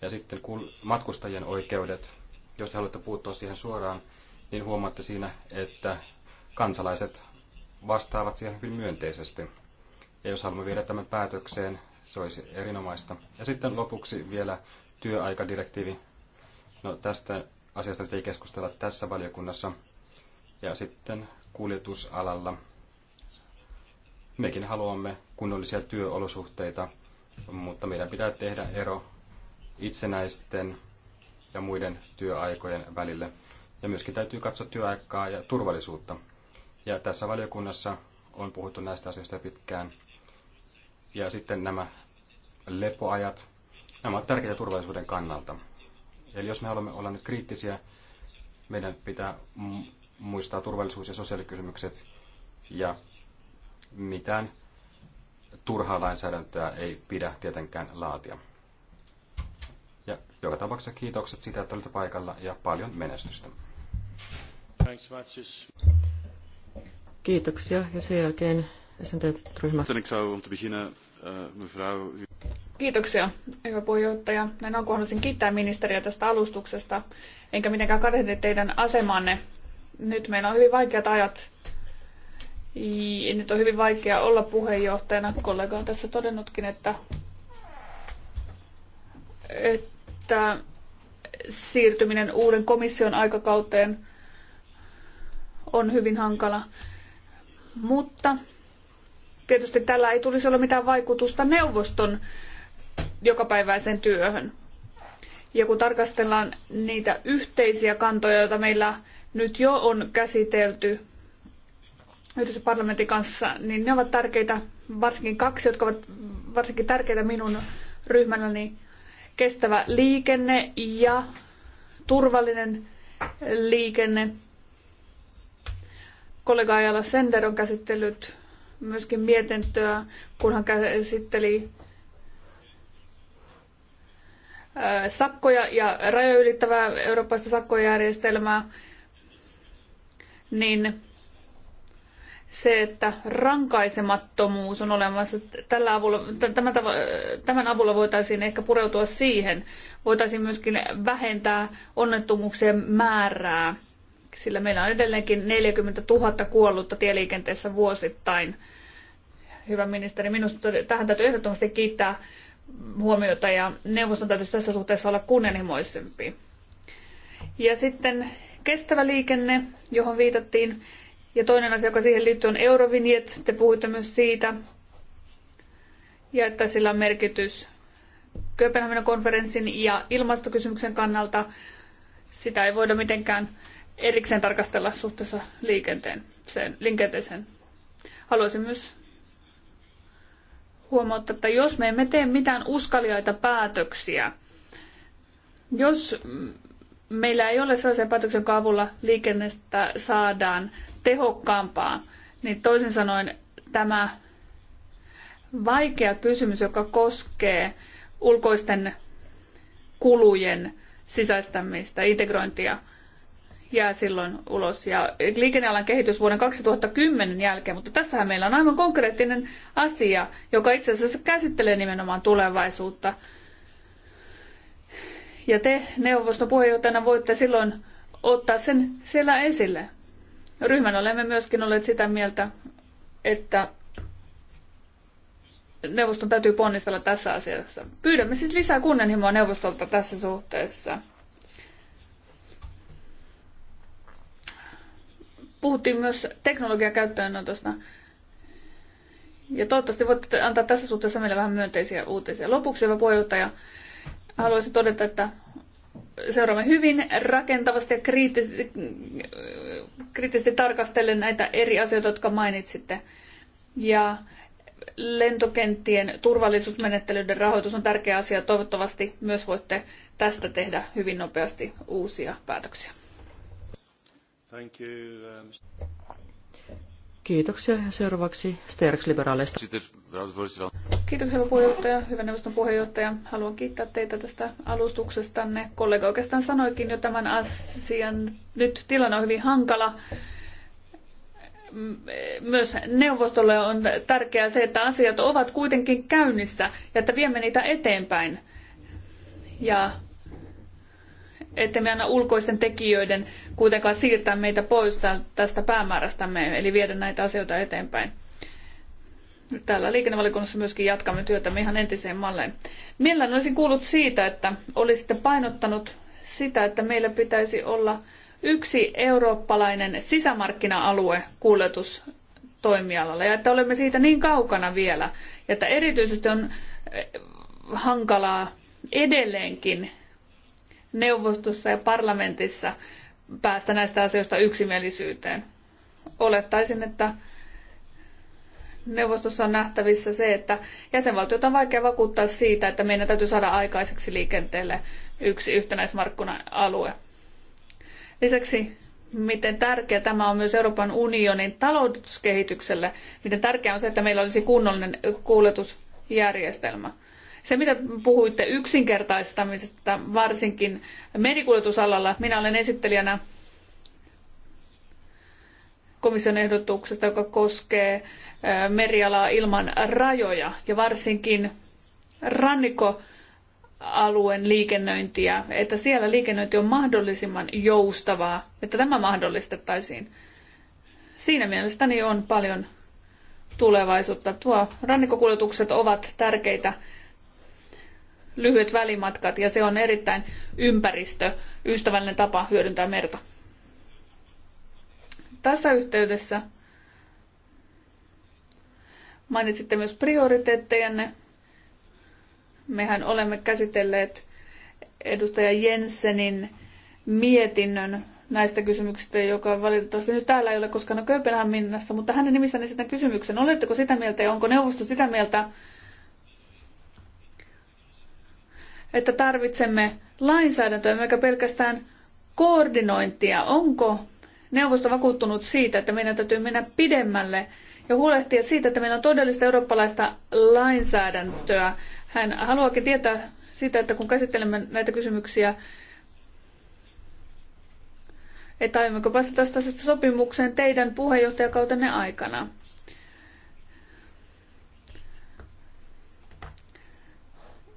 Ja sitten matkustajien oikeudet, jos te haluatte puuttua siihen suoraan, niin huomaatte siinä, että kansalaiset vastaavat siihen hyvin myönteisesti. Ja jos haluamme viedä tämän päätökseen, se olisi erinomaista. Ja sitten lopuksi vielä työaikadirektiivi. No tästä asiasta ei keskustella tässä valiokunnassa. Ja sitten kuljetusalalla. Mekin haluamme kunnollisia työolosuhteita, mutta meidän pitää tehdä ero itsenäisten ja muiden työaikojen välille. Ja myöskin täytyy katsoa työaikaa ja turvallisuutta. Ja tässä valiokunnassa on puhuttu näistä asioista pitkään. Ja sitten nämä lepoajat, nämä ovat tärkeitä turvallisuuden kannalta. Eli jos me haluamme olla nyt kriittisiä, meidän pitää muistaa turvallisuus- ja sosiaalikysymykset ja mitään turhaa lainsäädäntöä ei pidä tietenkään laatia. Ja joka tapauksessa kiitokset siitä, että olette paikalla ja paljon menestystä. Thanks, Kiitoksia ja sen jälkeen SNT-ryhmä. Eh, Kiitoksia, hyvä puheenjohtaja. Näin alkuun haluaisin kiittää ministeriä tästä alustuksesta, enkä mitenkään kadehdi teidän asemanne. Nyt meillä on hyvin vaikeat ajat. Nyt on hyvin vaikea olla puheenjohtajana. Kollega on tässä todennutkin, että, että siirtyminen uuden komission aikakauteen on hyvin hankala. Mutta tietysti tällä ei tulisi olla mitään vaikutusta neuvoston jokapäiväiseen työhön. Ja kun tarkastellaan niitä yhteisiä kantoja, joita meillä nyt jo on käsitelty yhdessä parlamentin kanssa, niin ne ovat tärkeitä, varsinkin kaksi, jotka ovat varsinkin tärkeitä minun ryhmälläni, kestävä liikenne ja turvallinen liikenne. Kollega Ajala Sender on käsitellyt myöskin mietintöä, kun hän käsitteli sakkoja ja rajoja ylittävää eurooppaista sakkojärjestelmää, niin se, että rankaisemattomuus on olemassa, tällä avulla, tämän, tämän avulla voitaisiin ehkä pureutua siihen. Voitaisiin myöskin vähentää onnettomuuksien määrää sillä meillä on edelleenkin 40 000 kuollutta tieliikenteessä vuosittain. Hyvä ministeri, minusta tähän täytyy ehdottomasti kiittää huomiota ja neuvoston täytyisi tässä suhteessa olla kunnianhimoisempi. Ja sitten kestävä liikenne, johon viitattiin. Ja toinen asia, joka siihen liittyy, on Eurovignet. Te puhuitte myös siitä. Ja että sillä on merkitys Kööpenhaminan konferenssin ja ilmastokysymyksen kannalta. Sitä ei voida mitenkään erikseen tarkastella suhteessa sen, liikenteeseen. Haluaisin myös huomauttaa, että jos me emme tee mitään uskaliaita päätöksiä, jos meillä ei ole sellaisia päätöksiä, jonka avulla liikennestä saadaan tehokkaampaa, niin toisin sanoen tämä vaikea kysymys, joka koskee ulkoisten kulujen sisäistämistä, integrointia – jää silloin ulos. Ja liikennealan kehitys vuoden 2010 jälkeen, mutta tässähän meillä on aivan konkreettinen asia, joka itse asiassa käsittelee nimenomaan tulevaisuutta. Ja te neuvoston puheenjohtajana voitte silloin ottaa sen siellä esille. Ryhmän olemme myöskin olleet sitä mieltä, että neuvoston täytyy ponnistella tässä asiassa. Pyydämme siis lisää kunnianhimoa neuvostolta tässä suhteessa. Puhuttiin myös teknologian käyttöönotosta. Ja toivottavasti voitte antaa tässä suhteessa meille vähän myönteisiä uutisia. Lopuksi, hyvä puheenjohtaja, haluaisin todeta, että seuraamme hyvin rakentavasti ja kriittisesti, kriittisesti tarkastellen näitä eri asioita, jotka mainitsitte. Ja lentokenttien turvallisuusmenettelyiden rahoitus on tärkeä asia. Toivottavasti myös voitte tästä tehdä hyvin nopeasti uusia päätöksiä. Thank you, um... Kiitoksia. Ja seuraavaksi Kiitoksia puheenjohtaja, hyvä neuvoston puheenjohtaja. Haluan kiittää teitä tästä alustuksestanne. Kollega oikeastaan sanoikin jo tämän asian. Nyt tilanne on hyvin hankala. Myös neuvostolle on tärkeää se, että asiat ovat kuitenkin käynnissä ja että viemme niitä eteenpäin. Ja että me anna ulkoisten tekijöiden kuitenkaan siirtää meitä pois tästä päämäärästämme, eli viedä näitä asioita eteenpäin. täällä liikennevalikunnassa myöskin jatkamme työtämme ihan entiseen malleen. Mielelläni olisin kuullut siitä, että olisitte painottanut sitä, että meillä pitäisi olla yksi eurooppalainen sisämarkkina-alue kuljetustoimialalla ja että olemme siitä niin kaukana vielä ja että erityisesti on eh, hankalaa edelleenkin neuvostossa ja parlamentissa päästä näistä asioista yksimielisyyteen. Olettaisin, että neuvostossa on nähtävissä se, että jäsenvaltiot on vaikea vakuuttaa siitä, että meidän täytyy saada aikaiseksi liikenteelle yksi yhtenäismarkkina-alue. Lisäksi miten tärkeä tämä on myös Euroopan unionin talouskehitykselle, miten tärkeää on se, että meillä olisi kunnollinen kuuletusjärjestelmä. Se, mitä puhuitte yksinkertaistamisesta, varsinkin merikuljetusalalla, minä olen esittelijänä komission ehdotuksesta, joka koskee merialaa ilman rajoja ja varsinkin rannikkoalueen liikennöintiä, että siellä liikennöinti on mahdollisimman joustavaa, että tämä mahdollistettaisiin. Siinä mielestäni on paljon tulevaisuutta. Tuo rannikkokuljetukset ovat tärkeitä lyhyet välimatkat ja se on erittäin ympäristöystävällinen tapa hyödyntää merta. Tässä yhteydessä mainitsitte myös prioriteettejanne. Mehän olemme käsitelleet edustaja Jensenin mietinnön näistä kysymyksistä, joka valitettavasti nyt täällä ei ole koskaan Kööpenhaminassa, mutta hänen nimissään esitän kysymyksen. Oletteko sitä mieltä ja onko neuvosto sitä mieltä, että tarvitsemme lainsäädäntöä, eikä pelkästään koordinointia. Onko neuvosto vakuuttunut siitä, että meidän täytyy mennä pidemmälle ja huolehtia siitä, että meillä on todellista eurooppalaista lainsäädäntöä. Hän haluakin tietää sitä, että kun käsittelemme näitä kysymyksiä, että aiommeko päästä tästä sopimukseen teidän puheenjohtajakautenne aikana.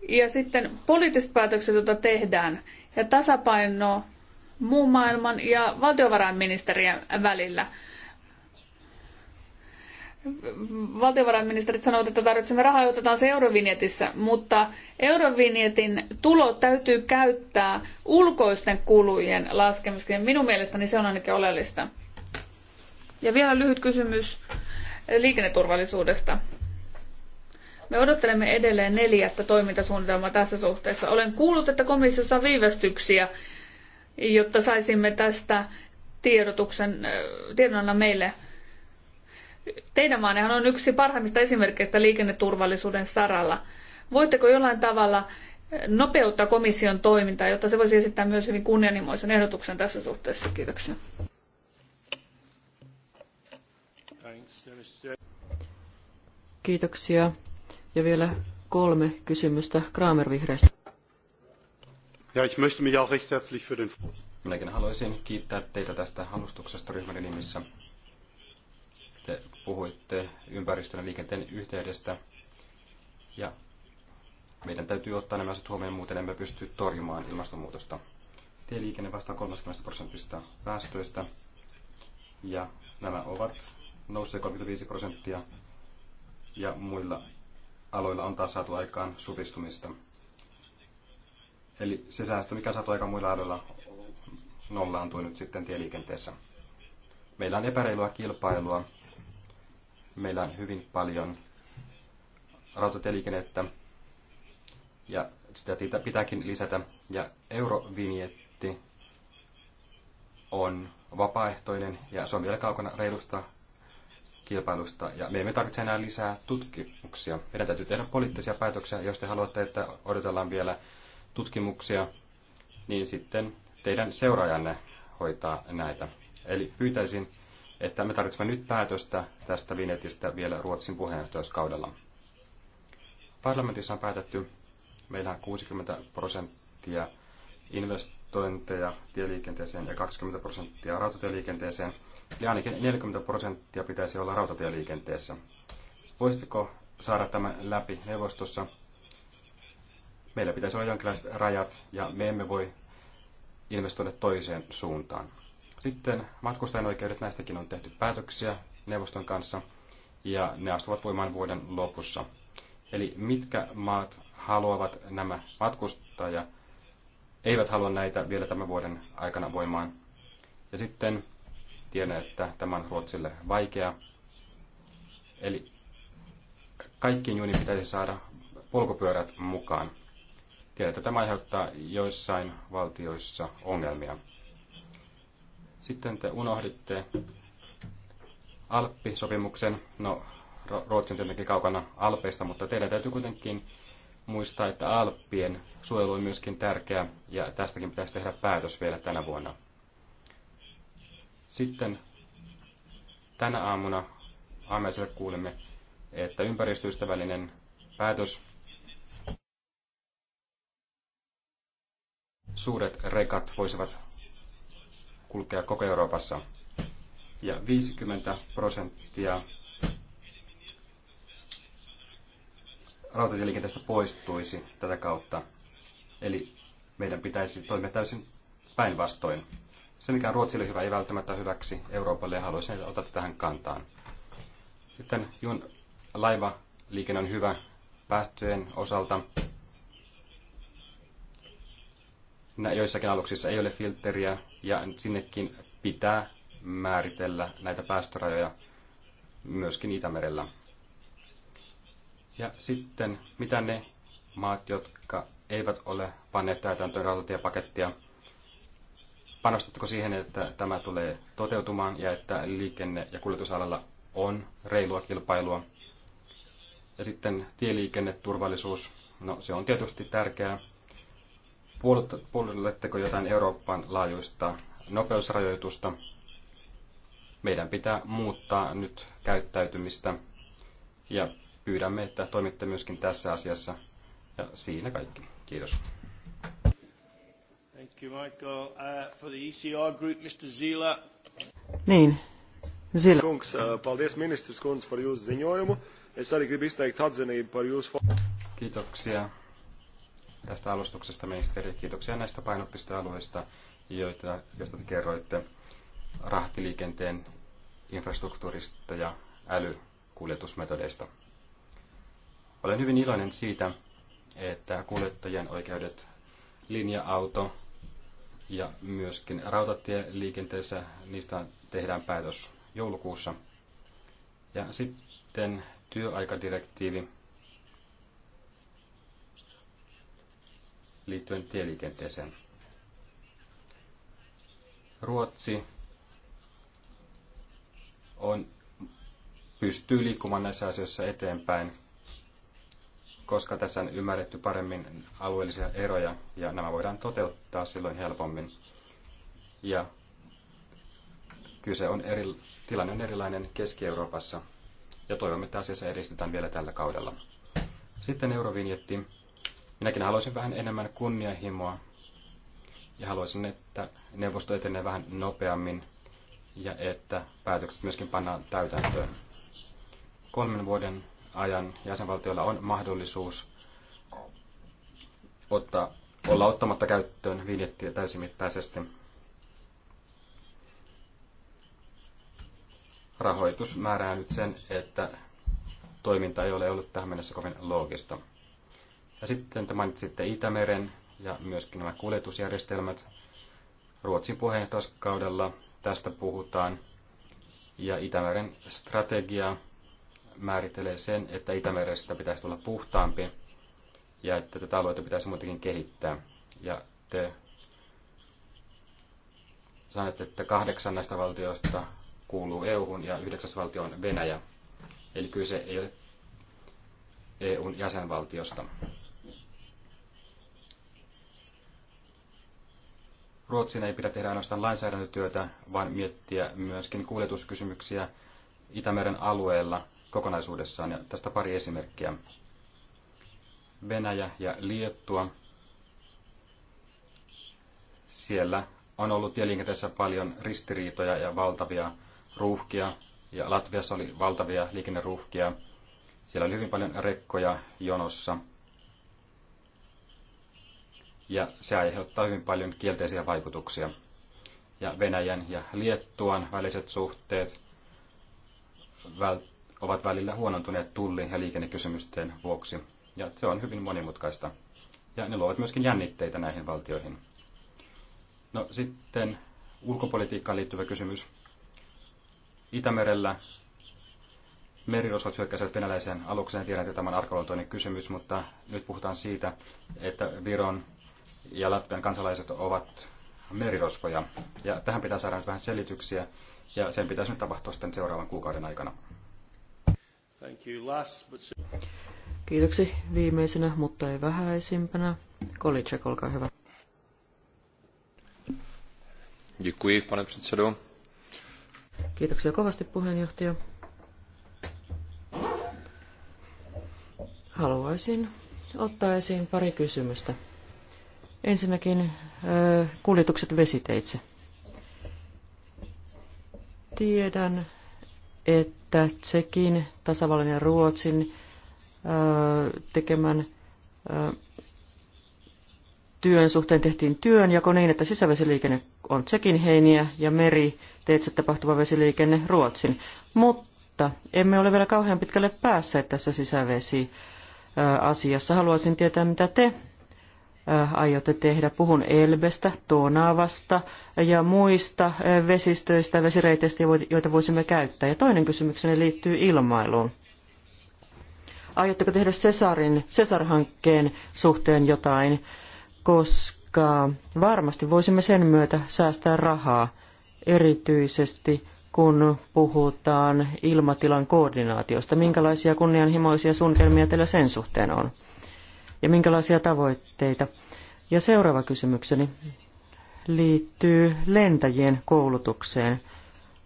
ja sitten poliittiset päätökset, joita tehdään, ja tasapaino muun maailman ja valtiovarainministerien välillä. Valtiovarainministerit sanovat, että tarvitsemme rahaa, otetaan se eurovinjetissä, mutta eurovinjetin tulo täytyy käyttää ulkoisten kulujen laskemiseen. Minun mielestäni se on ainakin oleellista. Ja vielä lyhyt kysymys liikenneturvallisuudesta. Me odottelemme edelleen neljättä toimintasuunnitelmaa tässä suhteessa. Olen kuullut, että komissiossa on viivästyksiä, jotta saisimme tästä tiedotuksen, äh, tiedonanna meille. Teidän maanehan on yksi parhaimmista esimerkkeistä liikenneturvallisuuden saralla. Voitteko jollain tavalla äh, nopeuttaa komission toimintaa, jotta se voisi esittää myös hyvin kunnianhimoisen ehdotuksen tässä suhteessa? Kiitoksia. Kiitoksia. Ja vielä kolme kysymystä Kramer vihreistä. Ja, ich möchte mich auch recht herzlich für den... Minäkin haluaisin kiittää teitä tästä alustuksesta ryhmän nimissä. Te puhuitte ympäristön ja liikenteen yhteydestä ja meidän täytyy ottaa nämä asiat huomioon, muuten emme pysty torjumaan ilmastonmuutosta. Tieliikenne vastaa 30 prosentista päästöistä ja nämä ovat nousseet 35 prosenttia ja muilla aloilla on taas saatu aikaan supistumista. Eli se säästö, mikä saatu aikaan muilla aloilla, nollaantui nyt sitten tieliikenteessä. Meillä on epäreilua kilpailua. Meillä on hyvin paljon rautatieliikennettä ja sitä pitääkin lisätä. Ja eurovinjetti on vapaaehtoinen ja se on vielä kaukana reilusta kilpailusta. Ja me emme tarvitse enää lisää tutkimuksia. Meidän täytyy tehdä poliittisia päätöksiä. Jos te haluatte, että odotellaan vielä tutkimuksia, niin sitten teidän seuraajanne hoitaa näitä. Eli pyytäisin, että me tarvitsemme nyt päätöstä tästä vinetistä vielä Ruotsin puheenjohtajuuskaudella. Parlamentissa on päätetty, meillä on 60 prosenttia invest- investointeja tieliikenteeseen ja 20 prosenttia rautatieliikenteeseen. Eli ainakin 40 prosenttia pitäisi olla rautatieliikenteessä. Voisitko saada tämän läpi neuvostossa? Meillä pitäisi olla jonkinlaiset rajat ja me emme voi investoida toiseen suuntaan. Sitten matkustajan oikeudet, näistäkin on tehty päätöksiä neuvoston kanssa ja ne astuvat voimaan vuoden lopussa. Eli mitkä maat haluavat nämä matkustaja eivät halua näitä vielä tämän vuoden aikana voimaan. Ja sitten tiedän, että tämä on Ruotsille vaikea. Eli kaikkiin juuniin pitäisi saada polkupyörät mukaan. Tiedän, että tämä aiheuttaa joissain valtioissa ongelmia. Sitten te unohditte Alppi-sopimuksen. No, Ruotsi on tietenkin kaukana Alpeista, mutta teidän täytyy kuitenkin muistaa, että Alppien suojelu on myöskin tärkeä ja tästäkin pitäisi tehdä päätös vielä tänä vuonna. Sitten tänä aamuna aamiaiselle kuulimme, että ympäristöystävällinen päätös suuret rekat voisivat kulkea koko Euroopassa. Ja 50 prosenttia rautatieliikenteestä poistuisi tätä kautta. Eli meidän pitäisi toimia täysin päinvastoin. Se, mikä on Ruotsille hyvä, ei välttämättä hyväksi Euroopalle ja haluaisin ottaa tähän kantaan. Sitten jun laivaliikenne on hyvä päästöjen osalta. Joissakin aluksissa ei ole filteriä ja sinnekin pitää määritellä näitä päästörajoja myöskin Itämerellä. Ja sitten, mitä ne maat, jotka eivät ole panneet täytäntöön rautatiepakettia, panostatteko siihen, että tämä tulee toteutumaan ja että liikenne- ja kuljetusalalla on reilua kilpailua? Ja sitten tieliikenneturvallisuus, no se on tietysti tärkeää. Puolustatteko jotain Euroopan laajuista nopeusrajoitusta? Meidän pitää muuttaa nyt käyttäytymistä ja pyydämme, että toimitte myöskin tässä asiassa. Ja siinä kaikki. Kiitos. Thank you, Michael. Uh, for the ECR group, Mr. Zila. Niin. Zila. Kungs, uh, paldies ministeris kundz par jūsu ziņojumu. Es arī gribu izteikt atzinību par jūsu... Kiitoksia tästä alustuksesta, ministeri. Kiitoksia näistä painopistealueista, joita, joista te kerroitte rahtiliikenteen infrastruktuurista ja älykuljetusmetodeista. Olen hyvin iloinen siitä, että kuljettajien oikeudet linja-auto ja myöskin rautatieliikenteessä niistä tehdään päätös joulukuussa. Ja sitten työaikadirektiivi liittyen tieliikenteeseen. Ruotsi on, pystyy liikkumaan näissä asioissa eteenpäin koska tässä on ymmärretty paremmin alueellisia eroja ja nämä voidaan toteuttaa silloin helpommin. Ja kyse on eri, tilanne on erilainen Keski-Euroopassa ja toivomme, että asiassa edistytään vielä tällä kaudella. Sitten eurovinjetti. Minäkin haluaisin vähän enemmän kunnianhimoa ja haluaisin, että neuvosto etenee vähän nopeammin ja että päätökset myöskin pannaan täytäntöön. Kolmen vuoden ajan jäsenvaltioilla on mahdollisuus ottaa, olla ottamatta käyttöön vinjettiä täysimittaisesti. Rahoitus määrää nyt sen, että toiminta ei ole ollut tähän mennessä kovin loogista. Ja sitten te mainitsitte Itämeren ja myöskin nämä kuljetusjärjestelmät. Ruotsin puheenjohtajuuskaudella tästä puhutaan. Ja Itämeren strategia määrittelee sen, että Itämerestä pitäisi tulla puhtaampi ja että tätä aluetta pitäisi muutenkin kehittää. Ja te sanotte, että kahdeksan näistä valtioista kuuluu EUhun ja yhdeksäs valtio on Venäjä. Eli kyse ei ole EUn jäsenvaltiosta. Ruotsin ei pidä tehdä ainoastaan lainsäädäntötyötä, vaan miettiä myöskin kuljetuskysymyksiä Itämeren alueella kokonaisuudessaan. Ja tästä pari esimerkkiä. Venäjä ja Liettua. Siellä on ollut tieliikenteessä paljon ristiriitoja ja valtavia ruuhkia. Ja Latviassa oli valtavia liikenneruuhkia. Siellä oli hyvin paljon rekkoja jonossa. Ja se aiheuttaa hyvin paljon kielteisiä vaikutuksia. Ja Venäjän ja Liettuan väliset suhteet ovat välillä huonontuneet tulli- ja liikennekysymysten vuoksi, ja se on hyvin monimutkaista. Ja ne luovat myöskin jännitteitä näihin valtioihin. No sitten ulkopolitiikkaan liittyvä kysymys. Itämerellä merirosvot hyökkäsivät venäläiseen alukseen. Tiedän, että tämä on arkaluontoinen kysymys, mutta nyt puhutaan siitä, että Viron ja Latvian kansalaiset ovat merirosvoja. Ja tähän pitää saada nyt vähän selityksiä, ja sen pitäisi nyt tapahtua sitten seuraavan kuukauden aikana. Thank you. Last, but... Kiitoksi viimeisenä, mutta ei vähäisimpänä. Kolicek, olkaa hyvä. Děkuji, pane předsedo. Kiitoksia kovasti puheenjohtaja. Haluaisin ottaa esiin pari kysymystä. Ensinnäkin kuljetukset vesiteitse. Tiedän, että Tsekin, tasavallan ja Ruotsin tekemän työn suhteen tehtiin jako niin, että sisävesiliikenne on Tsekin heiniä ja meri teitse tapahtuva vesiliikenne Ruotsin. Mutta emme ole vielä kauhean pitkälle päässeet tässä sisävesi asiassa Haluaisin tietää, mitä te aiotte tehdä. Puhun Elbestä, Tonavasta, ja muista eh, vesistöistä ja vesireiteistä, joita voisimme käyttää. Ja toinen kysymykseni liittyy ilmailuun. Aiotteko tehdä Cesarin, Cesar-hankkeen suhteen jotain, koska varmasti voisimme sen myötä säästää rahaa, erityisesti kun puhutaan ilmatilan koordinaatiosta. Minkälaisia kunnianhimoisia suunnitelmia teillä sen suhteen on? Ja minkälaisia tavoitteita? Ja seuraava kysymykseni liittyy lentäjien koulutukseen.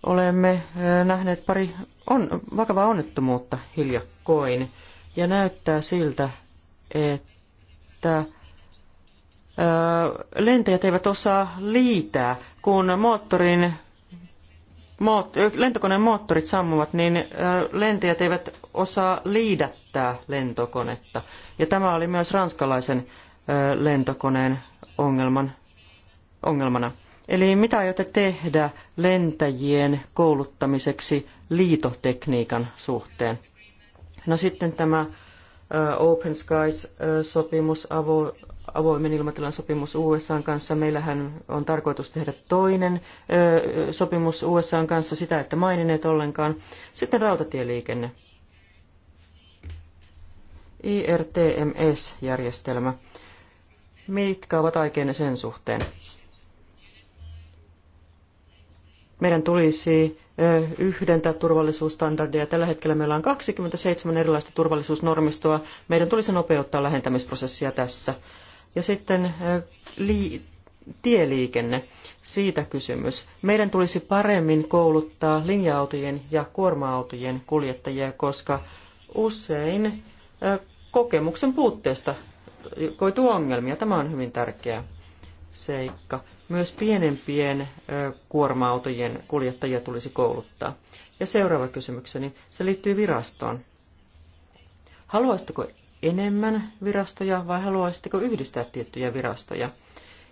Olemme eh, nähneet pari on, vakavaa onnettomuutta hiljakkoin ja näyttää siltä, että eh, lentäjät eivät osaa liitää. Kun moottorin, moot, eh, lentokoneen moottorit sammuvat, niin lentäjät eivät osaa liidättää lentokonetta. Ja tämä oli myös ranskalaisen lentokoneen ongelman ongelmana. Eli mitä aiotte tehdä lentäjien kouluttamiseksi liitotekniikan suhteen? No sitten tämä Open Skies-sopimus, avoimen ilmatilan sopimus USAn kanssa. Meillähän on tarkoitus tehdä toinen sopimus USAn kanssa, sitä ette maininneet ollenkaan. Sitten rautatieliikenne. IRTMS-järjestelmä. Mitkä ovat aikeenne sen suhteen? Meidän tulisi yhdentää turvallisuusstandardeja. Tällä hetkellä meillä on 27 erilaista turvallisuusnormistoa. Meidän tulisi nopeuttaa lähentämisprosessia tässä. Ja sitten li- tieliikenne, siitä kysymys. Meidän tulisi paremmin kouluttaa linja-autojen ja kuorma-autojen kuljettajia, koska usein kokemuksen puutteesta koituu ongelmia. Tämä on hyvin tärkeä seikka. Myös pienempien kuorma-autojen kuljettajia tulisi kouluttaa. Ja seuraava kysymykseni, se liittyy virastoon. Haluaisitko enemmän virastoja vai haluaisitteko yhdistää tiettyjä virastoja?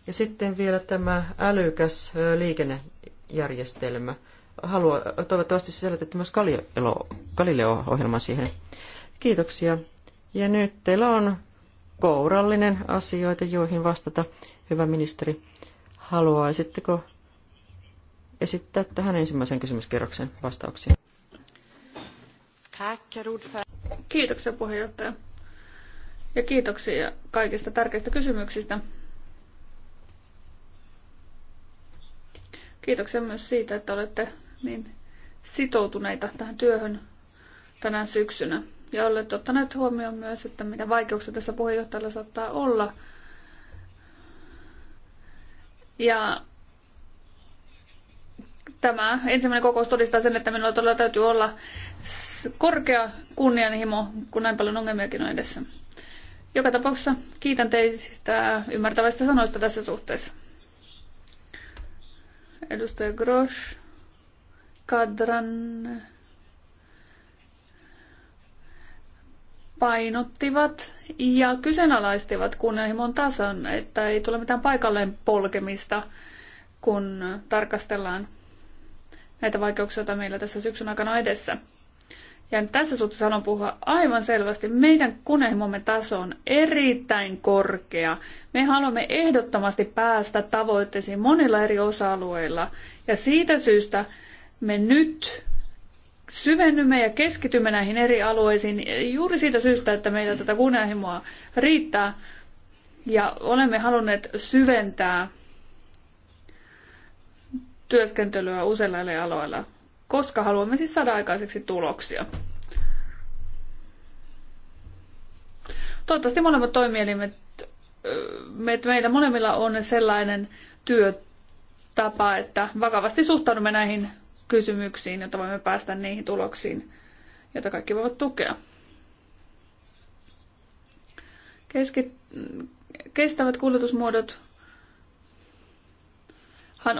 Ja sitten vielä tämä älykäs liikennejärjestelmä. Haluan, toivottavasti sisällytätte myös Galileo-ohjelman siihen. Kiitoksia. Ja nyt teillä on kourallinen asioita, joihin vastata, hyvä ministeri. Haluaisitteko esittää tähän ensimmäisen kysymyskierroksen vastauksia? Kiitoksia puheenjohtaja. Ja kiitoksia kaikista tärkeistä kysymyksistä. Kiitoksia myös siitä, että olette niin sitoutuneita tähän työhön tänä syksynä. Ja olette ottaneet huomioon myös, että mitä vaikeuksia tässä puheenjohtajalla saattaa olla – ja tämä ensimmäinen kokous todistaa sen, että minulla todella täytyy olla korkea kunnianhimo, kun näin paljon ongelmiakin on edessä. Joka tapauksessa kiitän teistä ymmärtävästä sanoista tässä suhteessa. Edustaja Grosch, Kadran, painottivat ja kyseenalaistivat kunnianhimon tason, että ei tule mitään paikalleen polkemista, kun tarkastellaan näitä vaikeuksia, joita meillä tässä syksyn aikana edessä. Ja tässä suhteessa haluan puhua aivan selvästi. Meidän kunnianhimomme taso on erittäin korkea. Me haluamme ehdottomasti päästä tavoitteisiin monilla eri osa-alueilla. Ja siitä syystä me nyt syvennymme ja keskitymme näihin eri alueisiin juuri siitä syystä, että meillä tätä kunnianhimoa riittää ja olemme halunneet syventää työskentelyä useilla eri aloilla, koska haluamme siis saada aikaiseksi tuloksia. Toivottavasti molemmat toimielimet, että meillä molemmilla on sellainen työtapa, että vakavasti suhtaudumme näihin kysymyksiin, jotta voimme päästä niihin tuloksiin, joita kaikki voivat tukea. Keski, kestävät kuljetusmuodot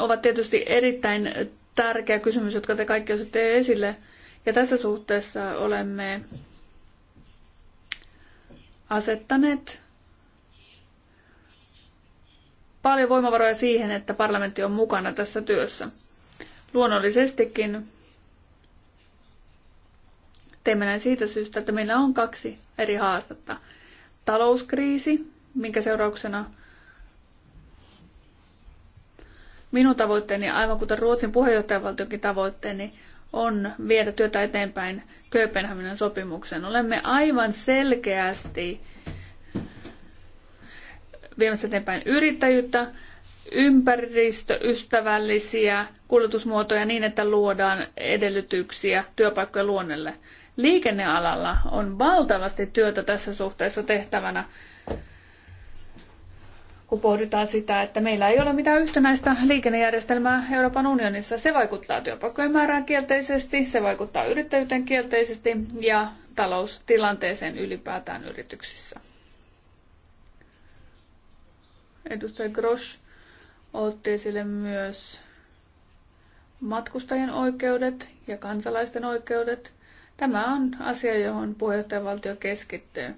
ovat tietysti erittäin tärkeä kysymys, jotka te kaikki osatte esille. Ja tässä suhteessa olemme asettaneet paljon voimavaroja siihen, että parlamentti on mukana tässä työssä. Luonnollisestikin teemme näin siitä syystä, että meillä on kaksi eri haastetta. Talouskriisi, minkä seurauksena minun tavoitteeni, aivan kuten Ruotsin puheenjohtajavaltionkin tavoitteeni, on viedä työtä eteenpäin Kööpenhaminan sopimukseen. Olemme aivan selkeästi viemässä eteenpäin yrittäjyyttä, ympäristöystävällisiä kuljetusmuotoja niin, että luodaan edellytyksiä työpaikkojen luonnelle. Liikennealalla on valtavasti työtä tässä suhteessa tehtävänä, kun pohditaan sitä, että meillä ei ole mitään yhtenäistä liikennejärjestelmää Euroopan unionissa. Se vaikuttaa työpaikkojen määrään kielteisesti, se vaikuttaa yrittäjyyteen kielteisesti ja taloustilanteeseen ylipäätään yrityksissä. Edustaja Grosch otti esille myös matkustajien oikeudet ja kansalaisten oikeudet. Tämä on asia, johon puheenjohtajavaltio keskittyy.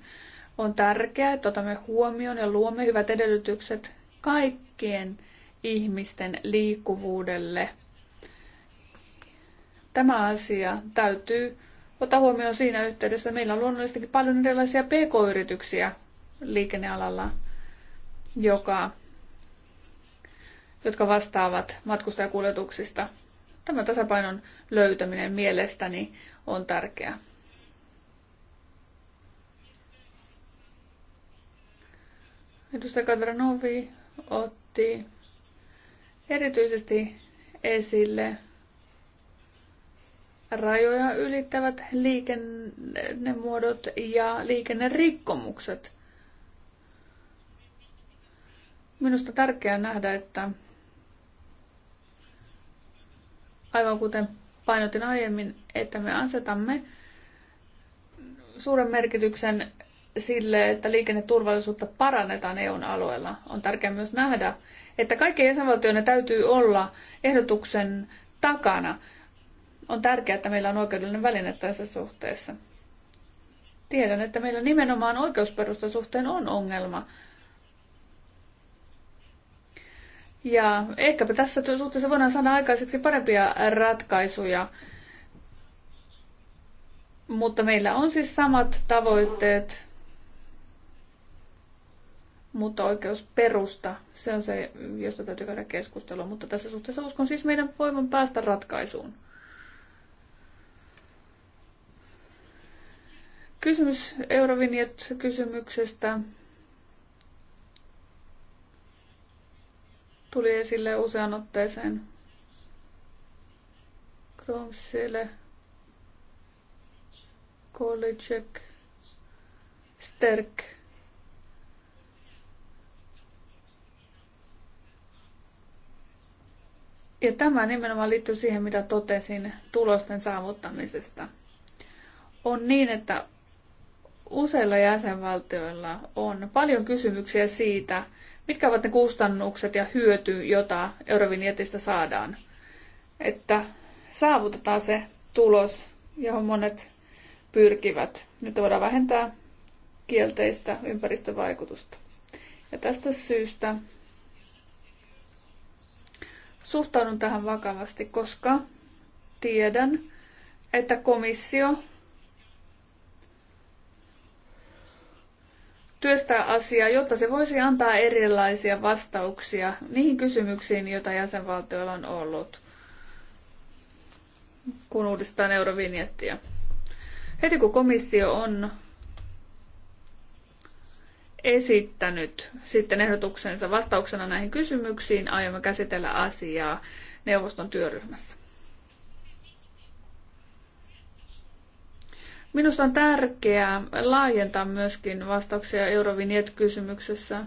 On tärkeää, että otamme huomioon ja luomme hyvät edellytykset kaikkien ihmisten liikkuvuudelle. Tämä asia täytyy ottaa huomioon siinä yhteydessä, että meillä on luonnollisestikin paljon erilaisia pk-yrityksiä liikennealalla, joka, jotka vastaavat matkustajakuljetuksista – Tämä tasapainon löytäminen mielestäni on tärkeää. Edustaja Katranovi otti erityisesti esille rajoja ylittävät liikennemuodot ja liikennerikkomukset. Minusta tärkeää nähdä, että aivan kuten painotin aiemmin, että me asetamme suuren merkityksen sille, että liikenneturvallisuutta parannetaan EUn alueella. On tärkeää myös nähdä, että kaikkien jäsenvaltioiden täytyy olla ehdotuksen takana. On tärkeää, että meillä on oikeudellinen väline tässä suhteessa. Tiedän, että meillä nimenomaan oikeusperustasuhteen on ongelma. Ja ehkäpä tässä suhteessa voidaan saada aikaiseksi parempia ratkaisuja. Mutta meillä on siis samat tavoitteet, mutta oikeusperusta, se on se, josta täytyy käydä keskustelua. Mutta tässä suhteessa uskon siis meidän voiman päästä ratkaisuun. Kysymys Eurovinjet-kysymyksestä. tuli esille usean otteeseen Kromsille, Kolicek, Sterk. Ja tämä nimenomaan liittyy siihen, mitä totesin tulosten saavuttamisesta. On niin, että useilla jäsenvaltioilla on paljon kysymyksiä siitä, mitkä ovat ne kustannukset ja hyöty, jota Eurovinjetistä saadaan. Että saavutetaan se tulos, johon monet pyrkivät. Nyt voidaan vähentää kielteistä ympäristövaikutusta. Ja tästä syystä suhtaudun tähän vakavasti, koska tiedän, että komissio työstää asiaa, jotta se voisi antaa erilaisia vastauksia niihin kysymyksiin, joita jäsenvaltioilla on ollut, kun uudistetaan eurovinjettiä. Heti kun komissio on esittänyt sitten ehdotuksensa vastauksena näihin kysymyksiin, aiomme käsitellä asiaa neuvoston työryhmässä. Minusta on tärkeää laajentaa myöskin vastauksia Eurovignet-kysymyksessä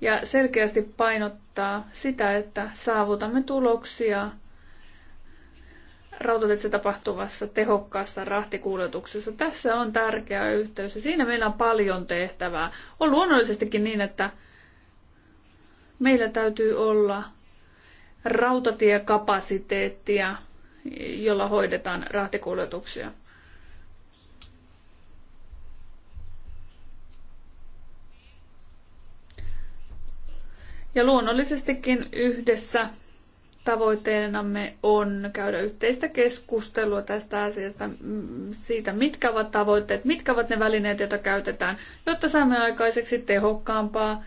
ja selkeästi painottaa sitä, että saavutamme tuloksia rautateitse tapahtuvassa tehokkaassa rahtikuljetuksessa. Tässä on tärkeä yhteys ja siinä meillä on paljon tehtävää. On luonnollisestikin niin, että meillä täytyy olla rautatiekapasiteettia, jolla hoidetaan rahtikuljetuksia. Ja luonnollisestikin yhdessä tavoitteenamme on käydä yhteistä keskustelua tästä asiasta, mm, siitä mitkä ovat tavoitteet, mitkä ovat ne välineet, joita käytetään, jotta saamme aikaiseksi tehokkaampaa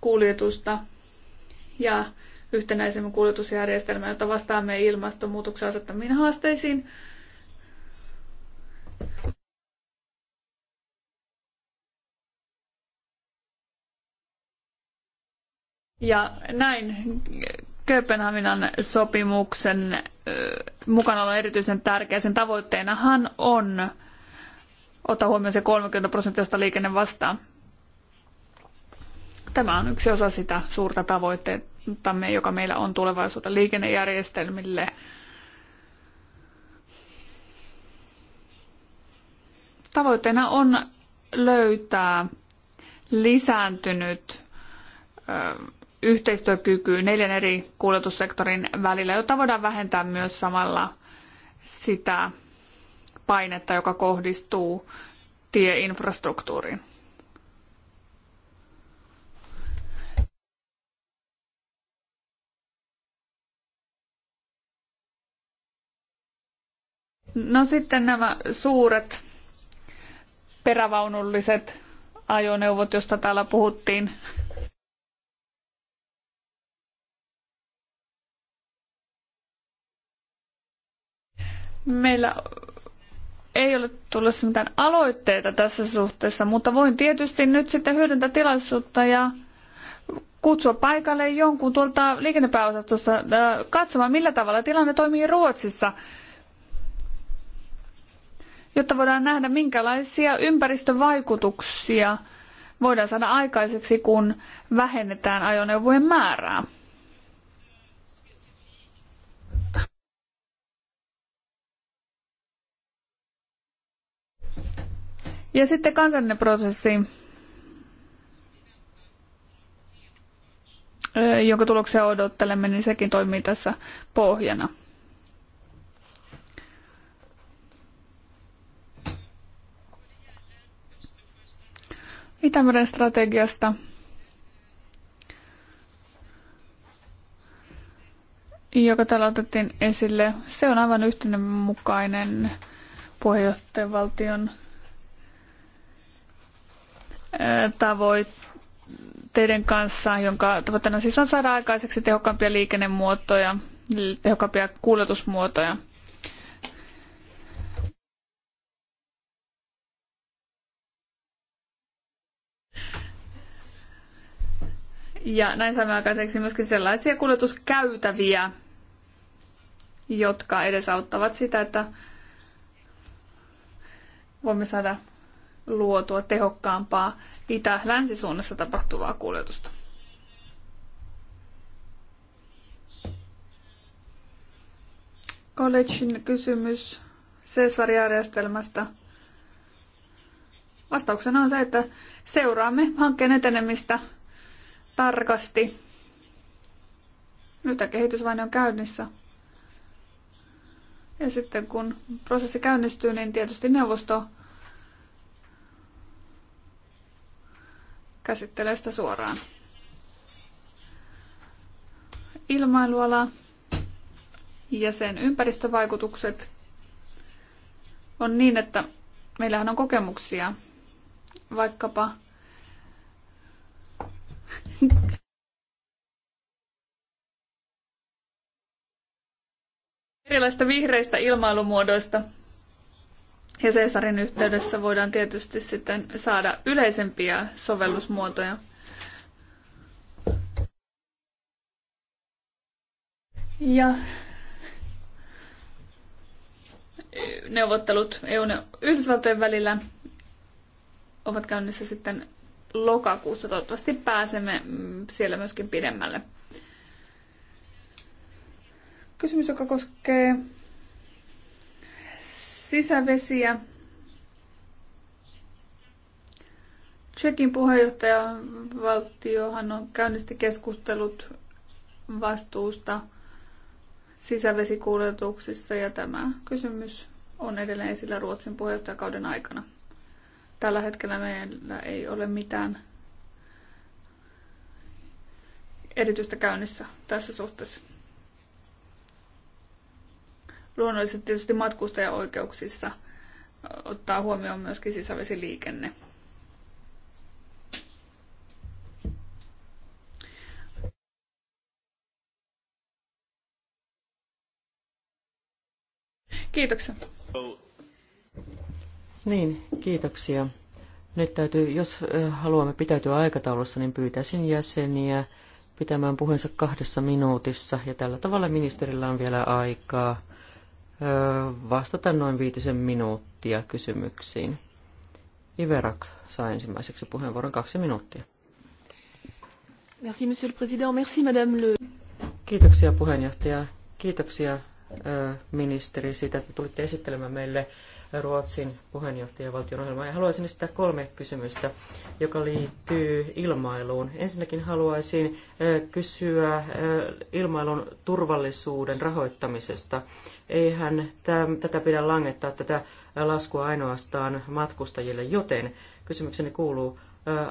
kuljetusta ja yhtenäisemmän kuljetusjärjestelmän, jota vastaamme ilmastonmuutoksen asettamiin haasteisiin, Ja näin Kööpenhaminan sopimuksen mukana on erityisen tärkeä. Sen tavoitteenahan on ottaa huomioon se 30 prosenttia, josta liikenne vastaa. Tämä on yksi osa sitä suurta tavoitteettamme, joka meillä on tulevaisuuden liikennejärjestelmille. Tavoitteena on löytää lisääntynyt yhteistyökyky neljän eri kuljetussektorin välillä, jotta voidaan vähentää myös samalla sitä painetta, joka kohdistuu tieinfrastruktuuriin. No sitten nämä suuret perävaunulliset ajoneuvot, joista täällä puhuttiin. Meillä ei ole tulossa mitään aloitteita tässä suhteessa, mutta voin tietysti nyt sitten hyödyntää tilaisuutta ja kutsua paikalle jonkun tuolta liikennepääosastosta äh, katsomaan, millä tavalla tilanne toimii Ruotsissa, jotta voidaan nähdä, minkälaisia ympäristövaikutuksia voidaan saada aikaiseksi, kun vähennetään ajoneuvojen määrää. Ja sitten kansallinen prosessi, jonka tuloksia odottelemme, niin sekin toimii tässä pohjana. Itämeren strategiasta. joka täällä otettiin esille, se on aivan yhtenämukainen puheenjohtajavaltion tavoitteiden kanssa, jonka tavoitteena siis on saada aikaiseksi tehokkaampia liikennemuotoja, tehokkaampia kuljetusmuotoja. Ja näin saamme aikaiseksi myöskin sellaisia kuljetuskäytäviä, jotka edesauttavat sitä, että voimme saada luotua tehokkaampaa itä-länsisuunnassa tapahtuvaa kuljetusta. Collegein kysymys Cesar-järjestelmästä. Vastauksena on se, että seuraamme hankkeen etenemistä tarkasti. Nyt tämä kehitysvaine on käynnissä. Ja sitten kun prosessi käynnistyy, niin tietysti neuvosto käsittelee sitä suoraan. Ilmailuala ja sen ympäristövaikutukset on niin, että meillähän on kokemuksia vaikkapa erilaisista vihreistä ilmailumuodoista – ja Cesarin yhteydessä voidaan tietysti sitten saada yleisempiä sovellusmuotoja. Ja neuvottelut EUn ja e Yhdysvaltojen välillä ovat käynnissä sitten lokakuussa. Toivottavasti pääsemme siellä myöskin pidemmälle. Kysymys, joka koskee sisävesiä. Tsekin puheenjohtajavaltiohan on käynnisti keskustelut vastuusta sisävesikuljetuksissa ja tämä kysymys on edelleen esillä Ruotsin puheenjohtajakauden aikana. Tällä hetkellä meillä ei ole mitään erityistä käynnissä tässä suhteessa luonnollisesti tietysti matkustajaoikeuksissa ottaa huomioon myöskin sisävesiliikenne. Kiitoksia. Niin, kiitoksia. Nyt täytyy, jos haluamme pitäytyä aikataulussa, niin pyytäisin jäseniä pitämään puheensa kahdessa minuutissa. Ja tällä tavalla ministerillä on vielä aikaa vastata noin viitisen minuuttia kysymyksiin. Iverak saa ensimmäiseksi puheenvuoron kaksi minuuttia. Merci, monsieur le président. Merci, madame le... Kiitoksia puheenjohtaja. Kiitoksia ministeri siitä, että tulitte esittelemään meille Ruotsin puheenjohtajavaltion ohjelmaa. Ja haluaisin esittää kolme kysymystä, joka liittyy ilmailuun. Ensinnäkin haluaisin kysyä ilmailun turvallisuuden rahoittamisesta. Eihän täm, tätä pidä langettaa tätä laskua ainoastaan matkustajille, joten kysymykseni kuuluu,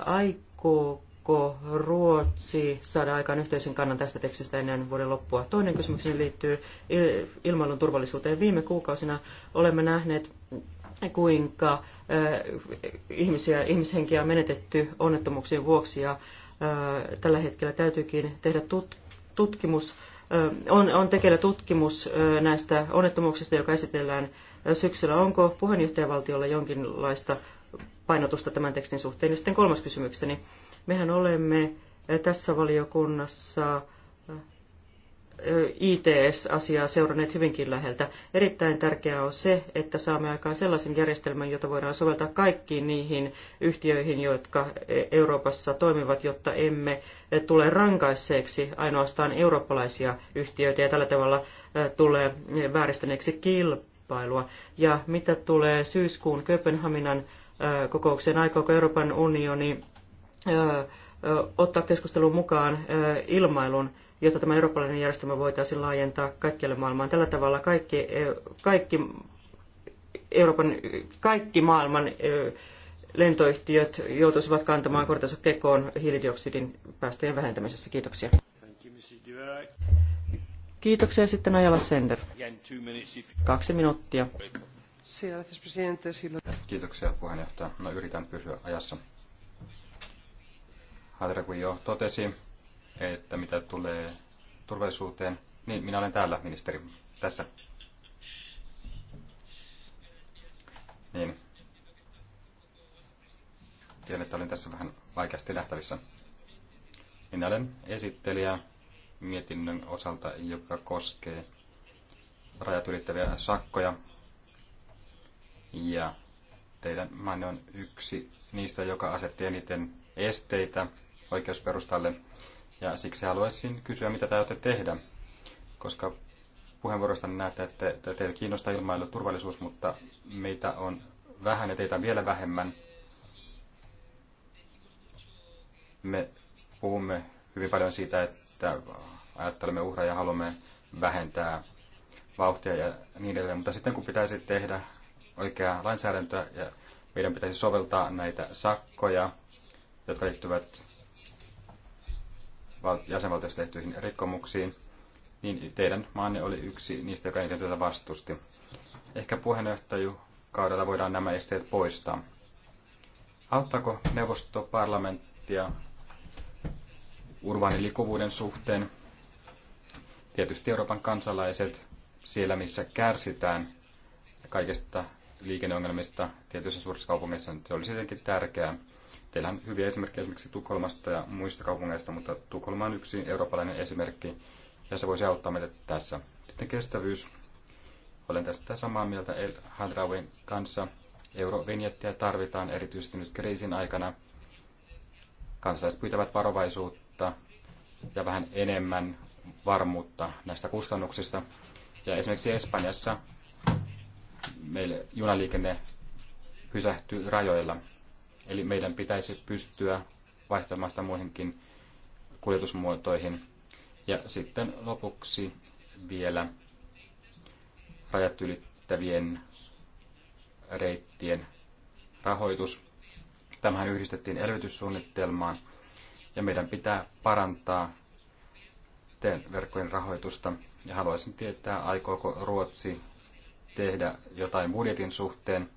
aikooko Voiko Ruotsi saada aikaan yhteisen kannan tästä tekstistä ennen vuoden loppua? Toinen kysymykseni liittyy ilmailun turvallisuuteen. Viime kuukausina olemme nähneet, kuinka äh, ihmisiä, ihmishenkiä on menetetty onnettomuuksien vuoksi ja äh, tällä hetkellä täytyykin tehdä tutkimus, äh, on, on tekeillä tutkimus näistä onnettomuuksista, joka esitellään syksyllä. Onko puheenjohtajavaltiolla jonkinlaista painotusta tämän tekstin suhteen. Ja sitten kolmas kysymykseni. Mehän olemme eh, tässä valiokunnassa eh, ITS-asiaa seuranneet hyvinkin läheltä. Erittäin tärkeää on se, että saamme aikaan sellaisen järjestelmän, jota voidaan soveltaa kaikkiin niihin yhtiöihin, jotka eh, Euroopassa toimivat, jotta emme tule rankaisseeksi ainoastaan eurooppalaisia yhtiöitä ja tällä tavalla tulee vääristäneeksi kilpailua. Ja mitä tulee syyskuun Kööpenhaminan kokoukseen. Aikooko Euroopan unioni ottaa keskustelun mukaan ilmailun, jotta tämä eurooppalainen järjestelmä voitaisiin laajentaa kaikkialle maailmaan. Tällä tavalla kaikki, kaikki, Euroopan, kaikki maailman lentoyhtiöt joutuisivat kantamaan kortensa kekoon hiilidioksidin päästöjen vähentämisessä. Kiitoksia. Kiitoksia sitten Ajala Sender. Kaksi minuuttia. Kiitoksia puheenjohtaja. No yritän pysyä ajassa. Hadrakun jo totesi, että mitä tulee turvallisuuteen, niin minä olen täällä, ministeri, tässä. Niin. Tiedän, että olin tässä vähän vaikeasti nähtävissä. Minä olen esittelijä mietinnön osalta, joka koskee rajat ylittäviä sakkoja ja teidän maine on yksi niistä, joka asetti eniten esteitä oikeusperustalle. Ja siksi haluaisin kysyä, mitä te olette tehdä, koska puheenvuorosta näette, että, että teitä kiinnostaa ilmailu turvallisuus, mutta meitä on vähän ja teitä vielä vähemmän. Me puhumme hyvin paljon siitä, että ajattelemme uhraa ja haluamme vähentää vauhtia ja niin edelleen, mutta sitten kun pitäisi tehdä oikeaa lainsäädäntöä ja meidän pitäisi soveltaa näitä sakkoja, jotka liittyvät jäsenvaltiossa tehtyihin rikkomuksiin, niin teidän maanne oli yksi niistä, joka eniten tätä vastusti. Ehkä puheenjohtajukaudella voidaan nämä esteet poistaa. Auttaako neuvosto parlamenttia urbaaniliikkuvuuden suhteen? Tietysti Euroopan kansalaiset siellä, missä kärsitään kaikesta liikenneongelmista tietyissä suurissa kaupungeissa, niin se olisi jotenkin tärkeää. Teillä on hyviä esimerkkejä esimerkiksi Tukholmasta ja muista kaupungeista, mutta Tukholma on yksi eurooppalainen esimerkki, ja se voisi auttaa meitä tässä. Sitten kestävyys. Olen tästä samaa mieltä El Hadrawin kanssa. Eurovinjettiä tarvitaan erityisesti nyt kriisin aikana. Kansalaiset pyytävät varovaisuutta ja vähän enemmän varmuutta näistä kustannuksista. Ja esimerkiksi Espanjassa meille junaliikenne pysähtyy rajoilla. Eli meidän pitäisi pystyä vaihtamaan sitä muihinkin kuljetusmuotoihin. Ja sitten lopuksi vielä rajat ylittävien reittien rahoitus. Tämähän yhdistettiin elvytyssuunnitelmaan ja meidän pitää parantaa verkkojen rahoitusta. Ja haluaisin tietää, aikooko Ruotsi tehdä jotain budjetin suhteen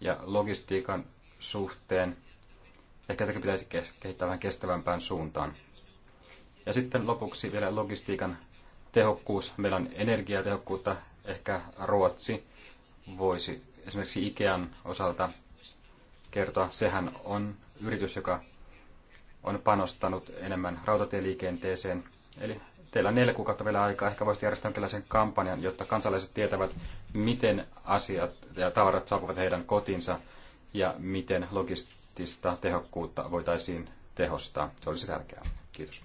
ja logistiikan suhteen. Ehkä tätä pitäisi kehittää vähän kestävämpään suuntaan. Ja sitten lopuksi vielä logistiikan tehokkuus. Meillä on energiatehokkuutta. Ehkä Ruotsi voisi esimerkiksi Ikean osalta kertoa. Sehän on yritys, joka on panostanut enemmän rautatieliikenteeseen. Eli teillä on neljä kuukautta vielä aikaa, ehkä voisit järjestää tällaisen kampanjan, jotta kansalaiset tietävät, miten asiat ja tavarat saapuvat heidän kotinsa ja miten logistista tehokkuutta voitaisiin tehostaa. Se olisi tärkeää. Kiitos.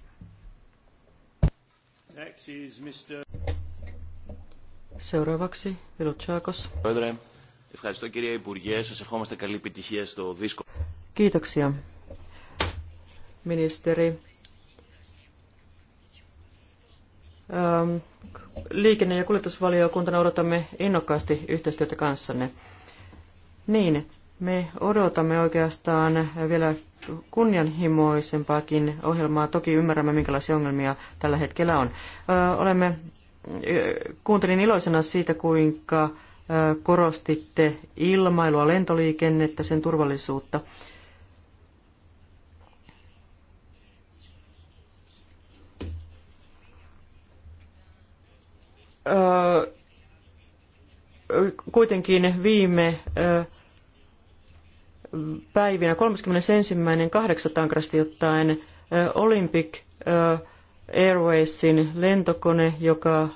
Seuraavaksi Vilutsaakos. Ευχαριστώ κύριε Υπουργέ, σας ευχόμαστε καλή επιτυχία στο δύσκολο. Kiitoksia, ministeri. Ähm, liikenne- ja kuljetusvaliokuntana odotamme innokkaasti yhteistyötä kanssanne. Niin, me odotamme oikeastaan vielä kunnianhimoisempaakin ohjelmaa. Toki ymmärrämme, minkälaisia ongelmia tällä hetkellä on. olemme, kuuntelin iloisena siitä, kuinka korostitte ilmailua, lentoliikennettä, sen turvallisuutta. kuitenkin viime päivinä 31.8. ankrasti ottaen Olympic Airwaysin lentokone, joka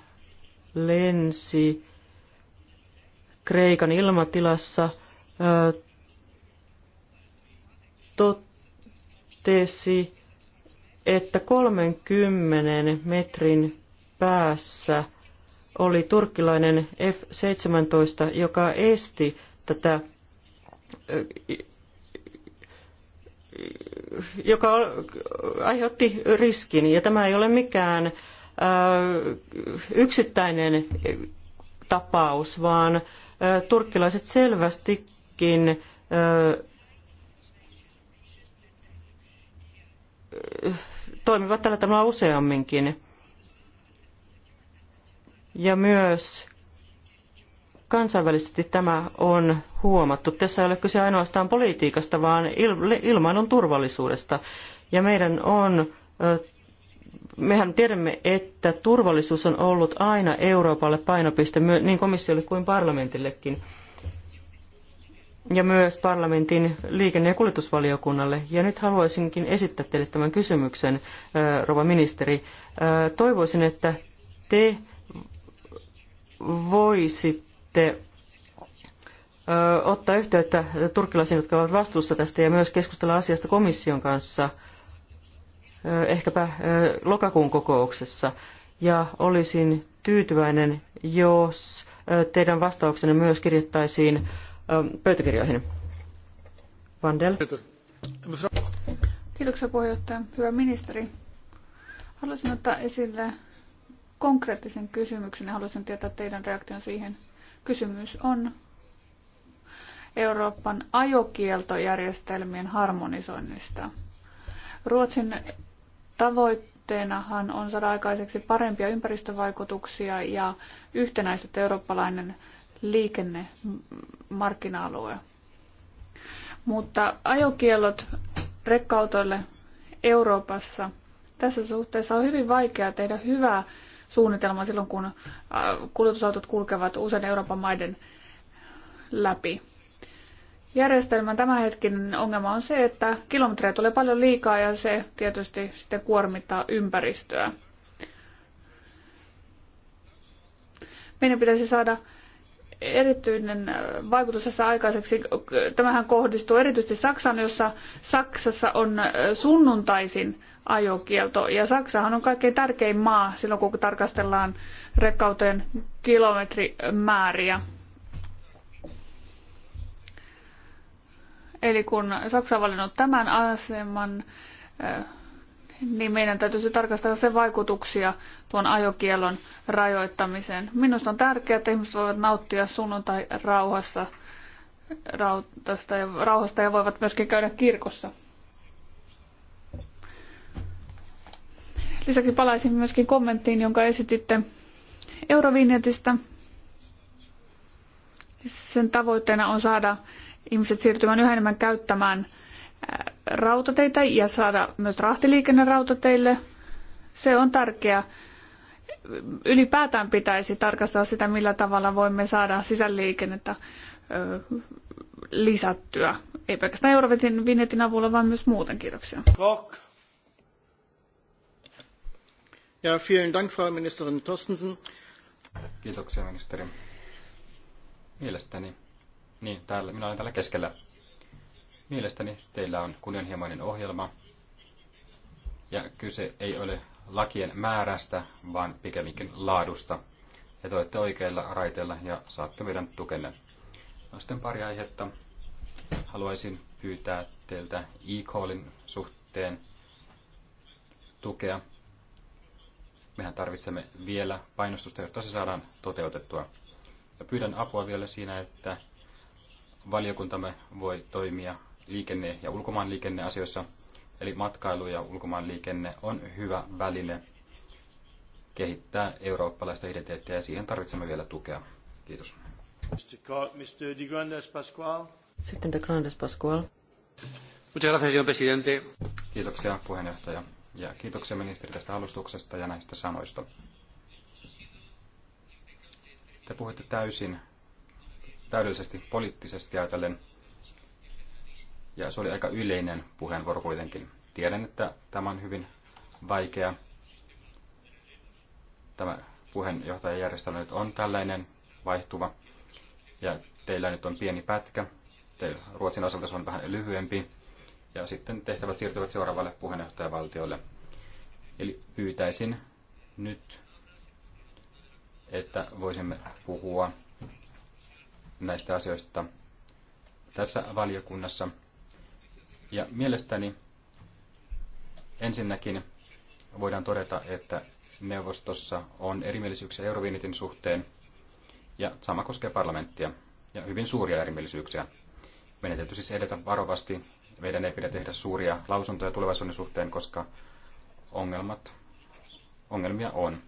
lensi Kreikan ilmatilassa, totesi, että 30 metrin päässä – oli turkkilainen F-17, joka esti tätä, joka aiheutti riskin. Ja tämä ei ole mikään äh, yksittäinen tapaus, vaan äh, turkkilaiset selvästikin äh, toimivat tällä tavalla useamminkin. Ja myös kansainvälisesti tämä on huomattu. Tässä ei ole kyse ainoastaan politiikasta, vaan ilmailun turvallisuudesta. Ja meidän on, mehän tiedämme, että turvallisuus on ollut aina Euroopalle painopiste, niin komissiolle kuin parlamentillekin. Ja myös parlamentin liikenne- ja kuljetusvaliokunnalle. Ja nyt haluaisinkin esittää teille tämän kysymyksen, rova ministeri. Toivoisin, että te voisitte ottaa yhteyttä turkkilaisiin, jotka ovat vastuussa tästä, ja myös keskustella asiasta komission kanssa ehkäpä lokakuun kokouksessa. Ja olisin tyytyväinen, jos teidän vastauksenne myös kirjattaisiin pöytäkirjoihin. Vandel. Kiitoksia puheenjohtaja. Hyvä ministeri. Haluaisin ottaa esille konkreettisen kysymyksen ja haluaisin tietää teidän reaktion siihen. Kysymys on Euroopan ajokieltojärjestelmien harmonisoinnista. Ruotsin tavoitteenahan on saada aikaiseksi parempia ympäristövaikutuksia ja yhtenäistä eurooppalainen liikennemarkkina-alue. Mutta ajokiellot rekkautoille Euroopassa tässä suhteessa on hyvin vaikea tehdä hyvää Suunnitelma silloin, kun äh, kuljetusautot kulkevat usein Euroopan maiden läpi. Järjestelmän tämänhetkinen ongelma on se, että kilometrejä tulee paljon liikaa ja se tietysti sitten kuormittaa ympäristöä. Meidän pitäisi saada erityinen äh, vaikutus tässä aikaiseksi. Tämähän kohdistuu erityisesti Saksaan, jossa Saksassa on äh, sunnuntaisin ajokielto. Ja Saksahan on kaikkein tärkein maa silloin, kun tarkastellaan rekkauteen kilometrimääriä. Eli kun Saksa on valinnut tämän aseman, äh, niin meidän täytyisi tarkastella sen vaikutuksia tuon ajokielon rajoittamiseen. Minusta on tärkeää, että ihmiset voivat nauttia sunnuntai rauhassa, rauhasta ja, rauhasta ja voivat myöskin käydä kirkossa. Lisäksi palaisin myöskin kommenttiin, jonka esititte Eurovinjetistä. Sen tavoitteena on saada ihmiset siirtymään yhä enemmän käyttämään rautateitä ja saada myös rahtiliikenne rautateille. Se on tärkeää. Ylipäätään pitäisi tarkastaa sitä, millä tavalla voimme saada sisäliikennettä lisättyä. Ei pelkästään Eurovetin vinjetin avulla, vaan myös muuten. Kiitoksia. Ja, vielen Dank, Frau Ministerin Kiitoksia, ministeri. Mielestäni. Niin, täällä. Minä olen täällä keskellä. Mielestäni teillä on kunnianhimoinen ohjelma ja kyse ei ole lakien määrästä, vaan pikemminkin laadusta. Ja te olette oikeilla raiteilla ja saatte meidän tukenne. No sitten pari aihetta. Haluaisin pyytää teiltä e-callin suhteen tukea. Mehän tarvitsemme vielä painostusta, jotta se saadaan toteutettua. Ja pyydän apua vielä siinä, että valiokuntamme voi toimia liikenne- ja ulkomaanliikenneasioissa. Eli matkailu ja ulkomaanliikenne on hyvä väline kehittää eurooppalaista identiteettiä ja siihen tarvitsemme vielä tukea. Kiitos. Mr. de Grandes Pasqual. Sitten de Grandes Pascual. Muchas gracias, señor presidente. Kiitoksia puheenjohtaja ja kiitoksia ministeri tästä alustuksesta ja näistä sanoista. Te puhuitte täysin täydellisesti poliittisesti ajatellen ja se oli aika yleinen puheenvuoro kuitenkin. Tiedän, että tämä on hyvin vaikea. Tämä puheenjohtajajärjestelmä nyt on tällainen vaihtuva. Ja teillä nyt on pieni pätkä. Teillä Ruotsin osalta se on vähän lyhyempi. Ja sitten tehtävät siirtyvät seuraavalle puheenjohtajavaltiolle. Eli pyytäisin nyt, että voisimme puhua näistä asioista tässä valiokunnassa. Ja mielestäni ensinnäkin voidaan todeta, että neuvostossa on erimielisyyksiä Eurovinitin suhteen, ja sama koskee parlamenttia, ja hyvin suuria erimielisyyksiä. Meidän täytyy siis edetä varovasti. Meidän ei pidä tehdä suuria lausuntoja tulevaisuuden suhteen, koska ongelmat, ongelmia on.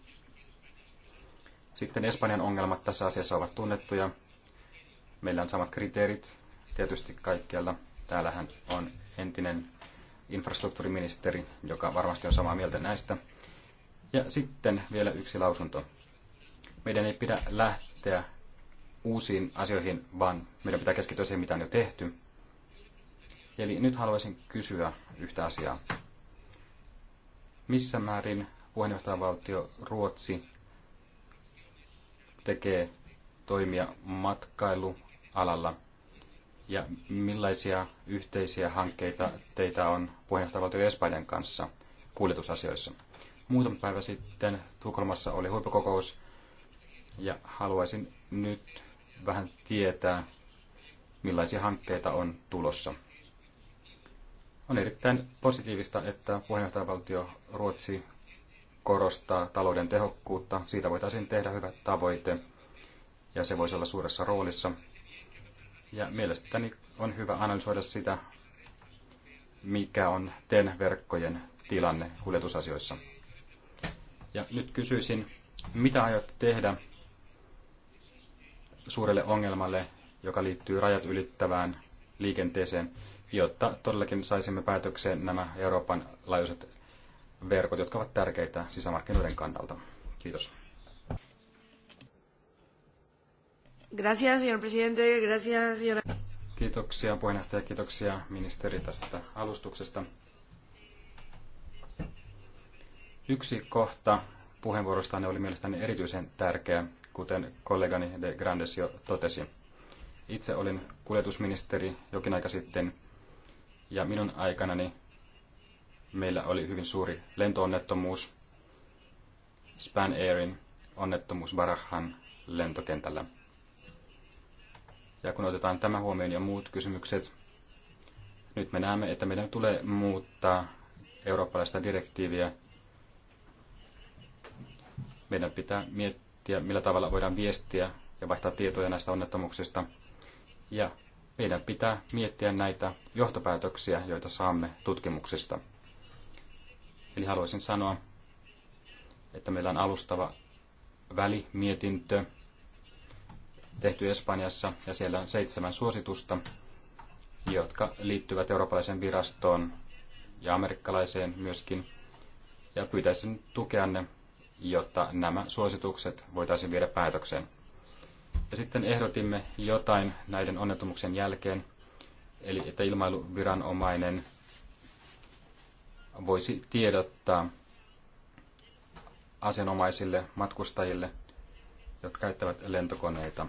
Sitten Espanjan ongelmat tässä asiassa ovat tunnettuja. Meillä on samat kriteerit tietysti kaikkialla Täällähän on entinen infrastruktuuriministeri, joka varmasti on samaa mieltä näistä. Ja sitten vielä yksi lausunto. Meidän ei pidä lähteä uusiin asioihin, vaan meidän pitää keskittyä siihen, mitä on jo tehty. Eli nyt haluaisin kysyä yhtä asiaa. Missä määrin puheenjohtajavaltio Ruotsi tekee toimia matkailualalla ja millaisia yhteisiä hankkeita teitä on puheenjohtajavaltio Espanjan kanssa kuljetusasioissa? Muutama päivä sitten Tukholmassa oli huippukokous ja haluaisin nyt vähän tietää, millaisia hankkeita on tulossa. On erittäin positiivista, että puheenjohtajavaltio Ruotsi korostaa talouden tehokkuutta. Siitä voitaisiin tehdä hyvä tavoite ja se voisi olla suuressa roolissa – ja mielestäni on hyvä analysoida sitä, mikä on TEN-verkkojen tilanne kuljetusasioissa. Ja nyt kysyisin, mitä aiot tehdä suurelle ongelmalle, joka liittyy rajat ylittävään liikenteeseen, jotta todellakin saisimme päätökseen nämä Euroopan laajuiset verkot, jotka ovat tärkeitä sisämarkkinoiden kannalta. Kiitos. Gracias, señor presidente. Gracias, señora. Kiitoksia puheenjohtaja, kiitoksia ministeri tästä alustuksesta. Yksi kohta puheenvuorostanne oli mielestäni erityisen tärkeä, kuten kollegani de Grandes jo totesi. Itse olin kuljetusministeri jokin aika sitten, ja minun aikanani meillä oli hyvin suuri lentoonnettomuus, Span Airin onnettomuus Barahan lentokentällä. Ja kun otetaan tämä huomioon ja muut kysymykset, nyt me näemme, että meidän tulee muuttaa eurooppalaista direktiiviä. Meidän pitää miettiä, millä tavalla voidaan viestiä ja vaihtaa tietoja näistä onnettomuuksista. Ja meidän pitää miettiä näitä johtopäätöksiä, joita saamme tutkimuksista. Eli haluaisin sanoa, että meillä on alustava välimietintö tehty Espanjassa ja siellä on seitsemän suositusta, jotka liittyvät eurooppalaiseen virastoon ja amerikkalaiseen myöskin. Ja pyytäisin tukeanne, jotta nämä suositukset voitaisiin viedä päätökseen. Ja sitten ehdotimme jotain näiden onnettomuuksien jälkeen, eli että ilmailuviranomainen voisi tiedottaa asianomaisille matkustajille jotka käyttävät lentokoneita.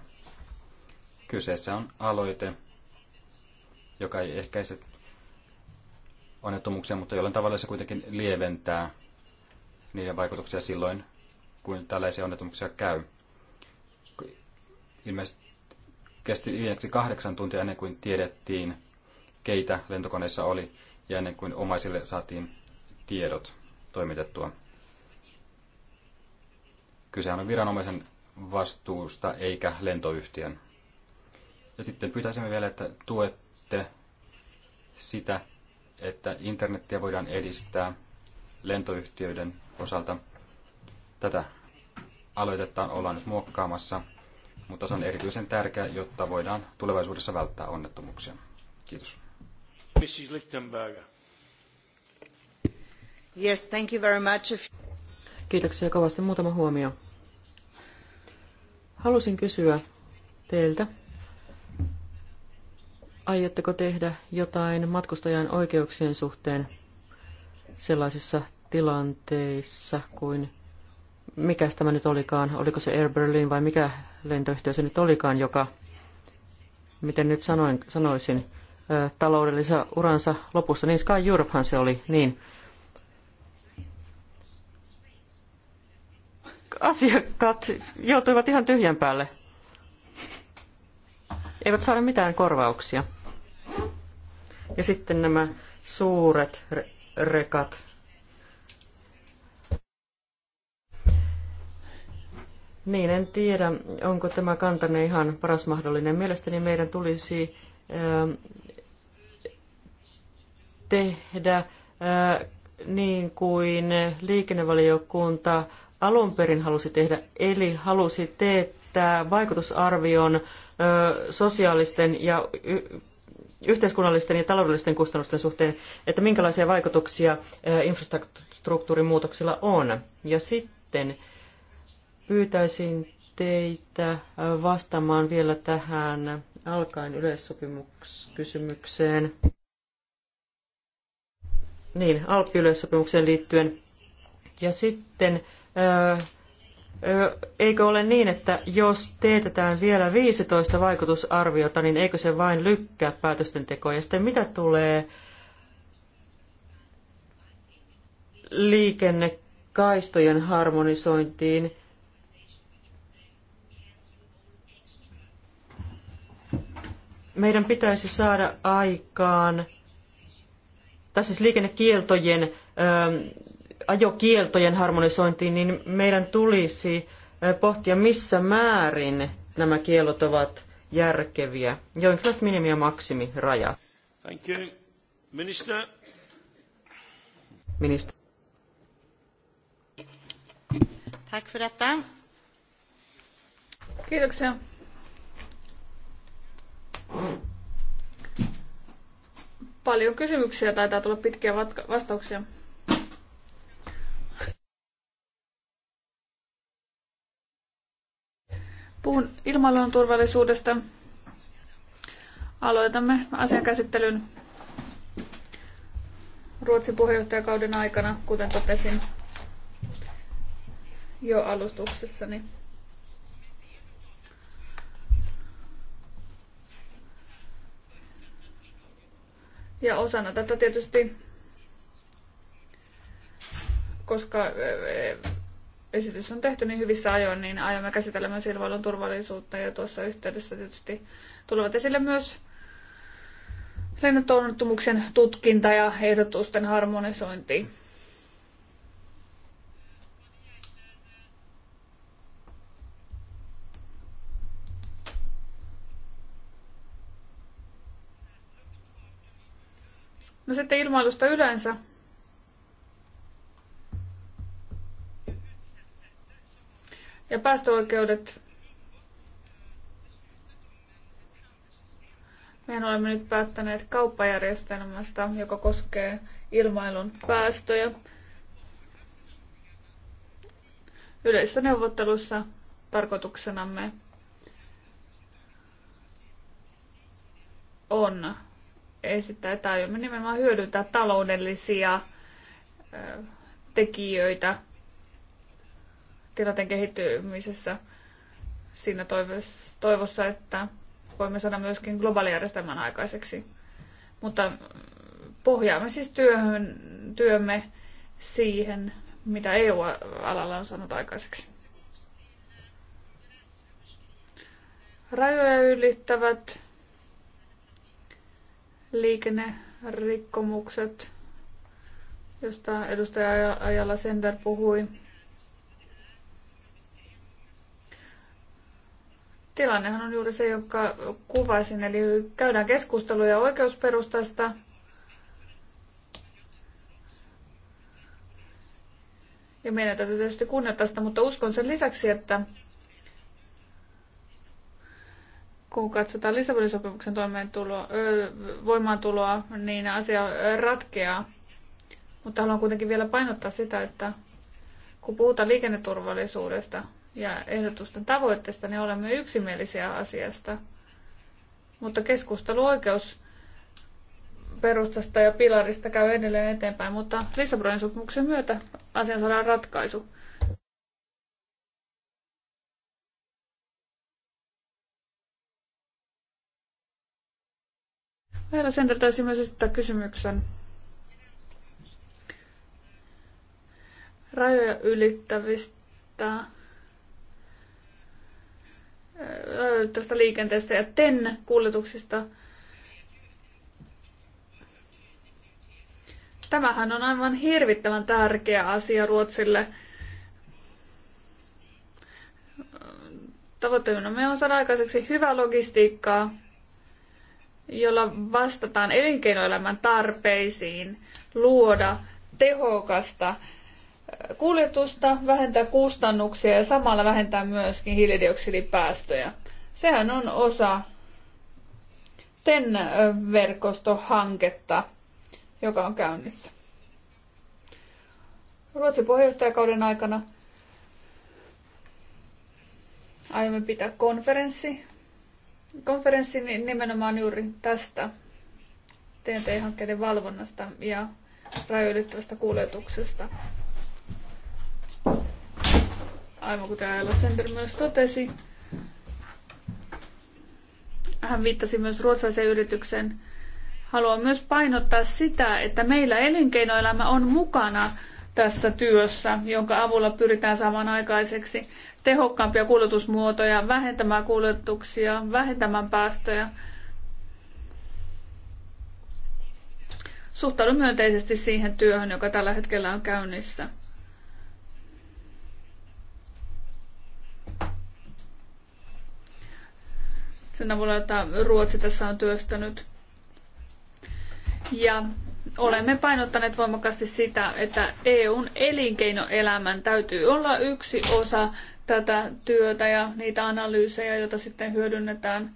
Kyseessä on aloite, joka ei ehkäise onnettomuuksia, mutta jollain tavalla se kuitenkin lieventää niiden vaikutuksia silloin, kun tällaisia onnettomuuksia käy. Ilmeisesti kesti viimeksi kahdeksan tuntia ennen kuin tiedettiin, keitä lentokoneessa oli, ja ennen kuin omaisille saatiin tiedot toimitettua. Kysehän on viranomaisen vastuusta eikä lentoyhtiön. Ja sitten pyytäisimme vielä, että tuette sitä, että internettiä voidaan edistää lentoyhtiöiden osalta. Tätä aloitetta ollaan nyt muokkaamassa, mutta se on erityisen tärkeä, jotta voidaan tulevaisuudessa välttää onnettomuuksia. Kiitos. Mrs. Lichtenberger. Yes, thank you very much. Kiitoksia kovasti. Muutama huomio. Halusin kysyä teiltä, aiotteko tehdä jotain matkustajan oikeuksien suhteen sellaisissa tilanteissa kuin, mikä tämä nyt olikaan, oliko se Air Berlin vai mikä lentoyhtiö se nyt olikaan, joka, miten nyt sanoin, sanoisin, taloudellisessa uransa lopussa, niin Sky Europehan se oli, niin – asiakkaat joutuivat ihan tyhjän päälle. Eivät saada mitään korvauksia. Ja sitten nämä suuret re- rekat. Niin, en tiedä, onko tämä kantanne ihan paras mahdollinen. Mielestäni meidän tulisi ö, ähm, tehdä ö, äh, niin kuin liikennevaliokunta alun perin halusi tehdä, eli halusi teettää vaikutusarvion sosiaalisten ja yhteiskunnallisten ja taloudellisten kustannusten suhteen, että minkälaisia vaikutuksia infrastruktuurin muutoksilla on. Ja sitten pyytäisin teitä vastaamaan vielä tähän alkaen yleissopimukskysymykseen. Niin, alppi liittyen. Ja sitten eikö ole niin, että jos teetetään vielä 15 vaikutusarviota, niin eikö se vain lykkää päätösten tekoa? Ja sitten mitä tulee liikennekaistojen harmonisointiin, meidän pitäisi saada aikaan, tässä siis liikennekieltojen ajokieltojen harmonisointiin, niin meidän tulisi pohtia, missä määrin nämä kielot ovat järkeviä. Jonkinlaiset minimi- ja maksimirajat. Thank you. Minister. Minister. Tack för detta. Kiitoksia. Paljon kysymyksiä, taitaa tulla pitkiä vastauksia. Puhun ilmailun turvallisuudesta. Aloitamme asian käsittelyn Ruotsin puheenjohtajakauden aikana, kuten totesin jo alustuksessani. Ja osana tätä tietysti, koska esitys on tehty niin hyvissä ajoin, niin aiomme käsitellä myös ilmailun turvallisuutta ja tuossa yhteydessä tietysti tulevat esille myös lennotonnettomuuksien tutkinta ja ehdotusten harmonisointi. No sitten ilmailusta yleensä. ja päästöoikeudet. Mehän olemme nyt päättäneet kauppajärjestelmästä, joka koskee ilmailun päästöjä. Yleisessä neuvottelussa tarkoituksenamme on esittää, että aiomme nimenomaan hyödyntää taloudellisia tekijöitä tilanteen kehittymisessä siinä toivossa, että voimme saada myöskin globaalijärjestelmän aikaiseksi. Mutta pohjaamme siis työhön, työmme siihen, mitä EU-alalla on saanut aikaiseksi. Rajoja ylittävät liikennerikkomukset, josta edustaja Ajala Sender puhui. Tilannehan on juuri se, jonka kuvasin, eli käydään keskusteluja oikeusperustasta. Ja meidän täytyy tietysti kunnioittaa sitä, mutta uskon sen lisäksi, että kun katsotaan Lissabonin sopimuksen voimaantuloa, niin asia ratkeaa. Mutta haluan kuitenkin vielä painottaa sitä, että kun puhutaan liikenneturvallisuudesta, ja ehdotusten tavoitteista, niin olemme yksimielisiä asiasta. Mutta keskustelu oikeus perustasta ja pilarista käy edelleen eteenpäin, mutta Lissabonin sopimuksen myötä asian saadaan ratkaisu. Meillä sen taisi myös esittää kysymyksen. Rajoja ylittävistä tästä liikenteestä ja TEN-kuljetuksista. Tämähän on aivan hirvittävän tärkeä asia Ruotsille. Tavoitteena me on saada aikaiseksi hyvää logistiikkaa, jolla vastataan elinkeinoelämän tarpeisiin luoda tehokasta kuljetusta, vähentää kustannuksia ja samalla vähentää myöskin hiilidioksidipäästöjä. Sehän on osa TEN-verkostohanketta, joka on käynnissä. Ruotsin puheenjohtajakauden aikana aiomme pitää konferenssi, konferenssi nimenomaan juuri tästä TNT-hankkeiden valvonnasta ja rajoitettavasta kuljetuksesta. Aivan kuten Ayla Sender myös totesi, hän viittasi myös ruotsalaisen yritykseen. Haluan myös painottaa sitä, että meillä elinkeinoelämä on mukana tässä työssä, jonka avulla pyritään saamaan aikaiseksi tehokkaampia kulutusmuotoja, vähentämään kuljetuksia, vähentämään päästöjä. Suhtaudun myönteisesti siihen työhön, joka tällä hetkellä on käynnissä. sen avulla, jota Ruotsi tässä on työstänyt. Ja olemme painottaneet voimakkaasti sitä, että EUn elinkeinoelämän täytyy olla yksi osa tätä työtä ja niitä analyysejä, joita sitten hyödynnetään,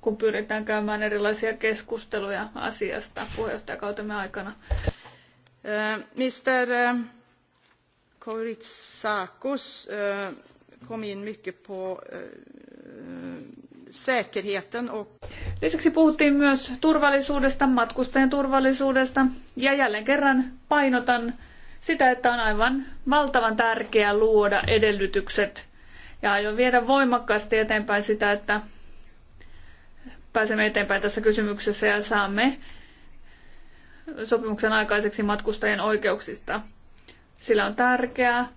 kun pyritään käymään erilaisia keskusteluja asiasta puheenjohtajakautemme aikana. Äh, Mr. Äh, Kouritsakos äh, kom in mycket på säkerheten och... Lisäksi puhuttiin myös turvallisuudesta, matkustajien turvallisuudesta ja jälleen kerran painotan sitä, että on aivan valtavan tärkeää luoda edellytykset ja aion viedä voimakkaasti eteenpäin sitä, että pääsemme eteenpäin tässä kysymyksessä ja saamme sopimuksen aikaiseksi matkustajien oikeuksista. Sillä on tärkeää,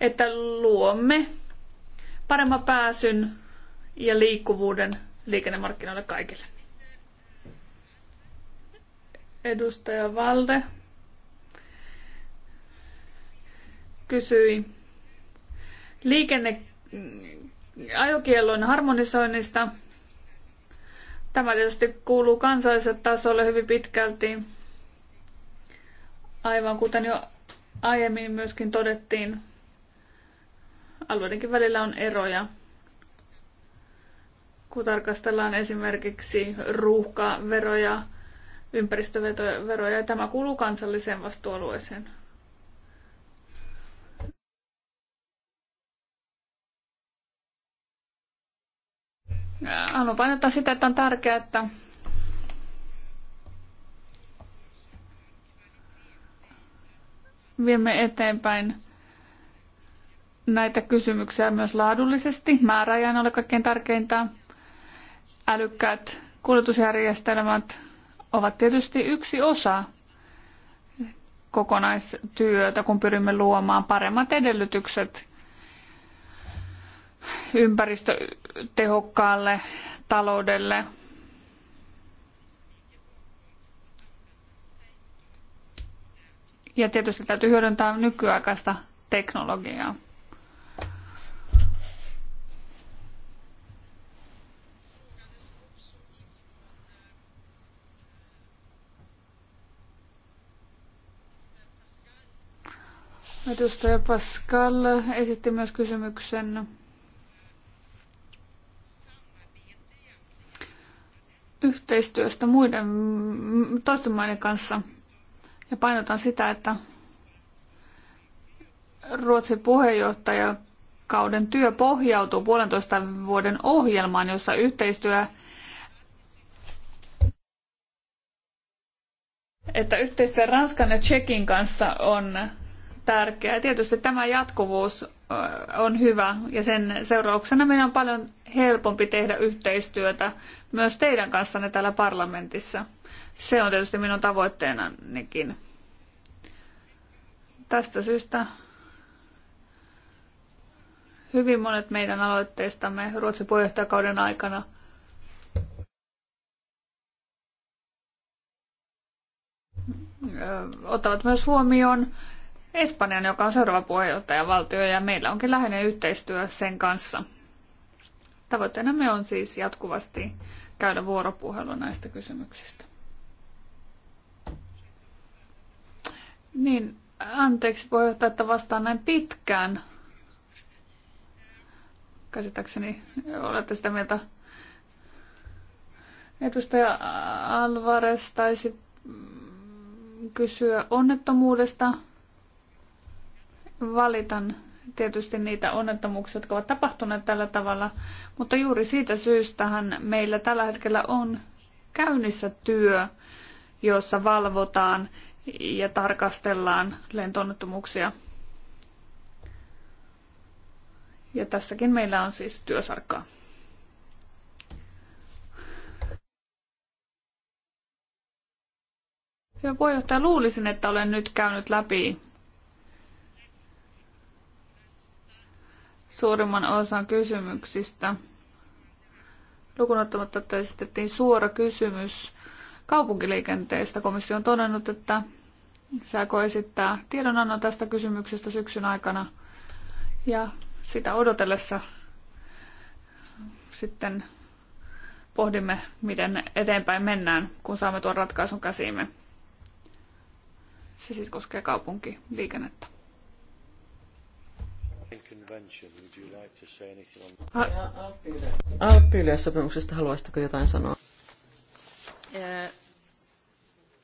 että luomme paremman pääsyn ja liikkuvuuden liikennemarkkinoille kaikille. Edustaja Valde kysyi liikenne ajokiellon harmonisoinnista. Tämä tietysti kuuluu kansalliselle tasolle hyvin pitkälti, aivan kuten jo aiemmin myöskin todettiin. Alueidenkin välillä on eroja kun tarkastellaan esimerkiksi ruuhkaveroja, ympäristöveroja, ja tämä kuuluu kansalliseen vastuualueeseen. Haluan painottaa sitä, että on tärkeää, että viemme eteenpäin näitä kysymyksiä myös laadullisesti. Määräajan ole kaikkein tärkeintä. Älykkäät kuljetusjärjestelmät ovat tietysti yksi osa kokonaistyötä, kun pyrimme luomaan paremmat edellytykset ympäristötehokkaalle taloudelle. Ja tietysti täytyy hyödyntää nykyaikaista teknologiaa. Edustaja Pascal esitti myös kysymyksen yhteistyöstä muiden toisten maiden kanssa. Ja painotan sitä, että Ruotsin puheenjohtajakauden työ pohjautuu puolentoista vuoden ohjelmaan, jossa yhteistyö että yhteistyö Ranskan ja Tsekin kanssa on tärkeää. Tietysti tämä jatkuvuus on hyvä ja sen seurauksena meidän on paljon helpompi tehdä yhteistyötä myös teidän kanssanne täällä parlamentissa. Se on tietysti minun tavoitteenanikin. Tästä syystä hyvin monet meidän aloitteistamme Ruotsin puheenjohtajakauden aikana ottavat myös huomioon Espanjan, joka on seuraava puheenjohtajavaltio, ja meillä onkin läheinen yhteistyö sen kanssa. Tavoitteenamme on siis jatkuvasti käydä vuoropuhelua näistä kysymyksistä. Niin, anteeksi puheenjohtaja, että vastaan näin pitkään. Käsittääkseni olette sitä mieltä. Edustaja Alvarez taisi kysyä onnettomuudesta valitan tietysti niitä onnettomuuksia, jotka ovat tapahtuneet tällä tavalla, mutta juuri siitä syystähän meillä tällä hetkellä on käynnissä työ, jossa valvotaan ja tarkastellaan lentonnettomuuksia. Ja tässäkin meillä on siis työsarkkaa. Hyvä puheenjohtaja, luulisin, että olen nyt käynyt läpi suurimman osan kysymyksistä. Lukunottamatta, että esitettiin suora kysymys kaupunkiliikenteestä. Komissio on todennut, että saako esittää tiedonannon tästä kysymyksestä syksyn aikana ja sitä odotellessa sitten pohdimme, miten eteenpäin mennään, kun saamme tuon ratkaisun käsiimme. Se siis koskee kaupunkiliikennettä. Alppi-yleissopimuksesta haluaisitko jotain sanoa? Eh,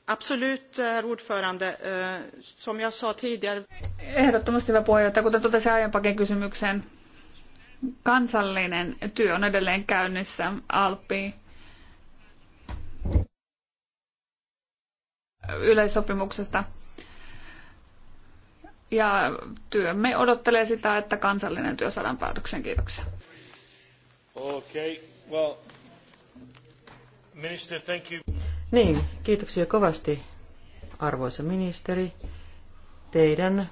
absolut, eh, eh, Som jag sa tidigare... Ehdottomasti hyvä puheenjohtaja. Kuten totesin aiempakin kysymykseen, kansallinen työ on edelleen käynnissä Alppi yleissopimuksesta ja työmme odottelee sitä, että kansallinen työ saadaan päätöksen. Kiitoksia. Okay, well, minister, thank you. Niin, kiitoksia kovasti, arvoisa ministeri, teidän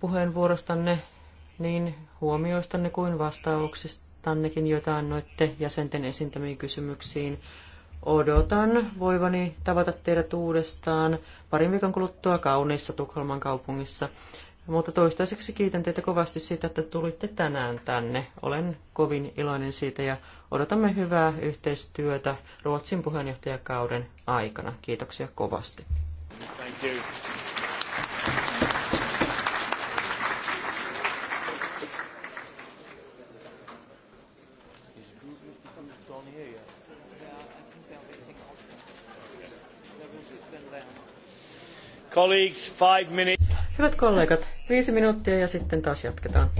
puheenvuorostanne, niin huomioistanne kuin vastauksistannekin, joita annoitte jäsenten esittämiin kysymyksiin. Odotan voivani tavata teidät uudestaan parin viikon kuluttua kauniissa Tukholman kaupungissa. Mutta toistaiseksi kiitän teitä kovasti siitä, että tulitte tänään tänne. Olen kovin iloinen siitä ja odotamme hyvää yhteistyötä Ruotsin puheenjohtajakauden aikana. Kiitoksia kovasti. Thank you. Hyvät kollegat, viisi minuuttia ja sitten taas jatketaan.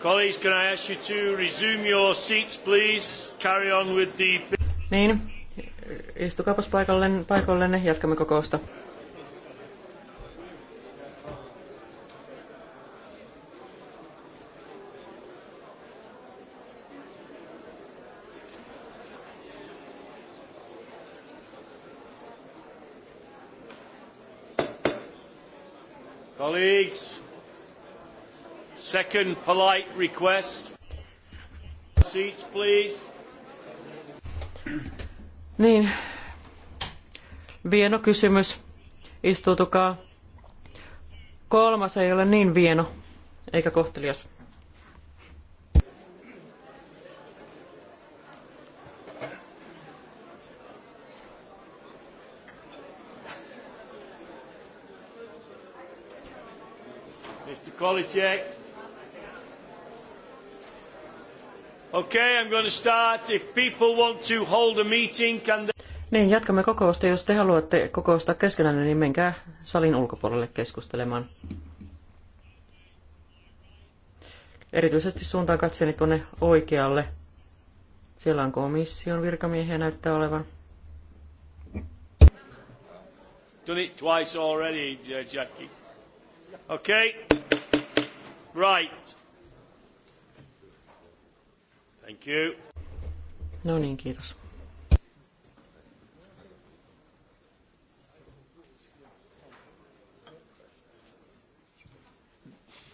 Colleagues, can I ask you to resume your seats, please? Carry on with the... Niin, istukaapas paikallenne, paikallenne jatkamme kokousta. second polite request. Seats, please. Niin. Vieno kysymys. Istuutukaa. Kolmas ei ole niin vieno, eikä kohtelias. Mr. Kolicek. Okay, I'm going to start. If people want to hold a meeting, can they... Niin, jatkamme kokousta. Jos te haluatte kokousta keskenään, niin menkää salin ulkopuolelle keskustelemaan. Erityisesti suuntaan katseeni tuonne oikealle. Siellä on komission virkamiehiä näyttää olevan. Done it twice already, Jackie. Okay. Right. Thank you. No niin, kiitos.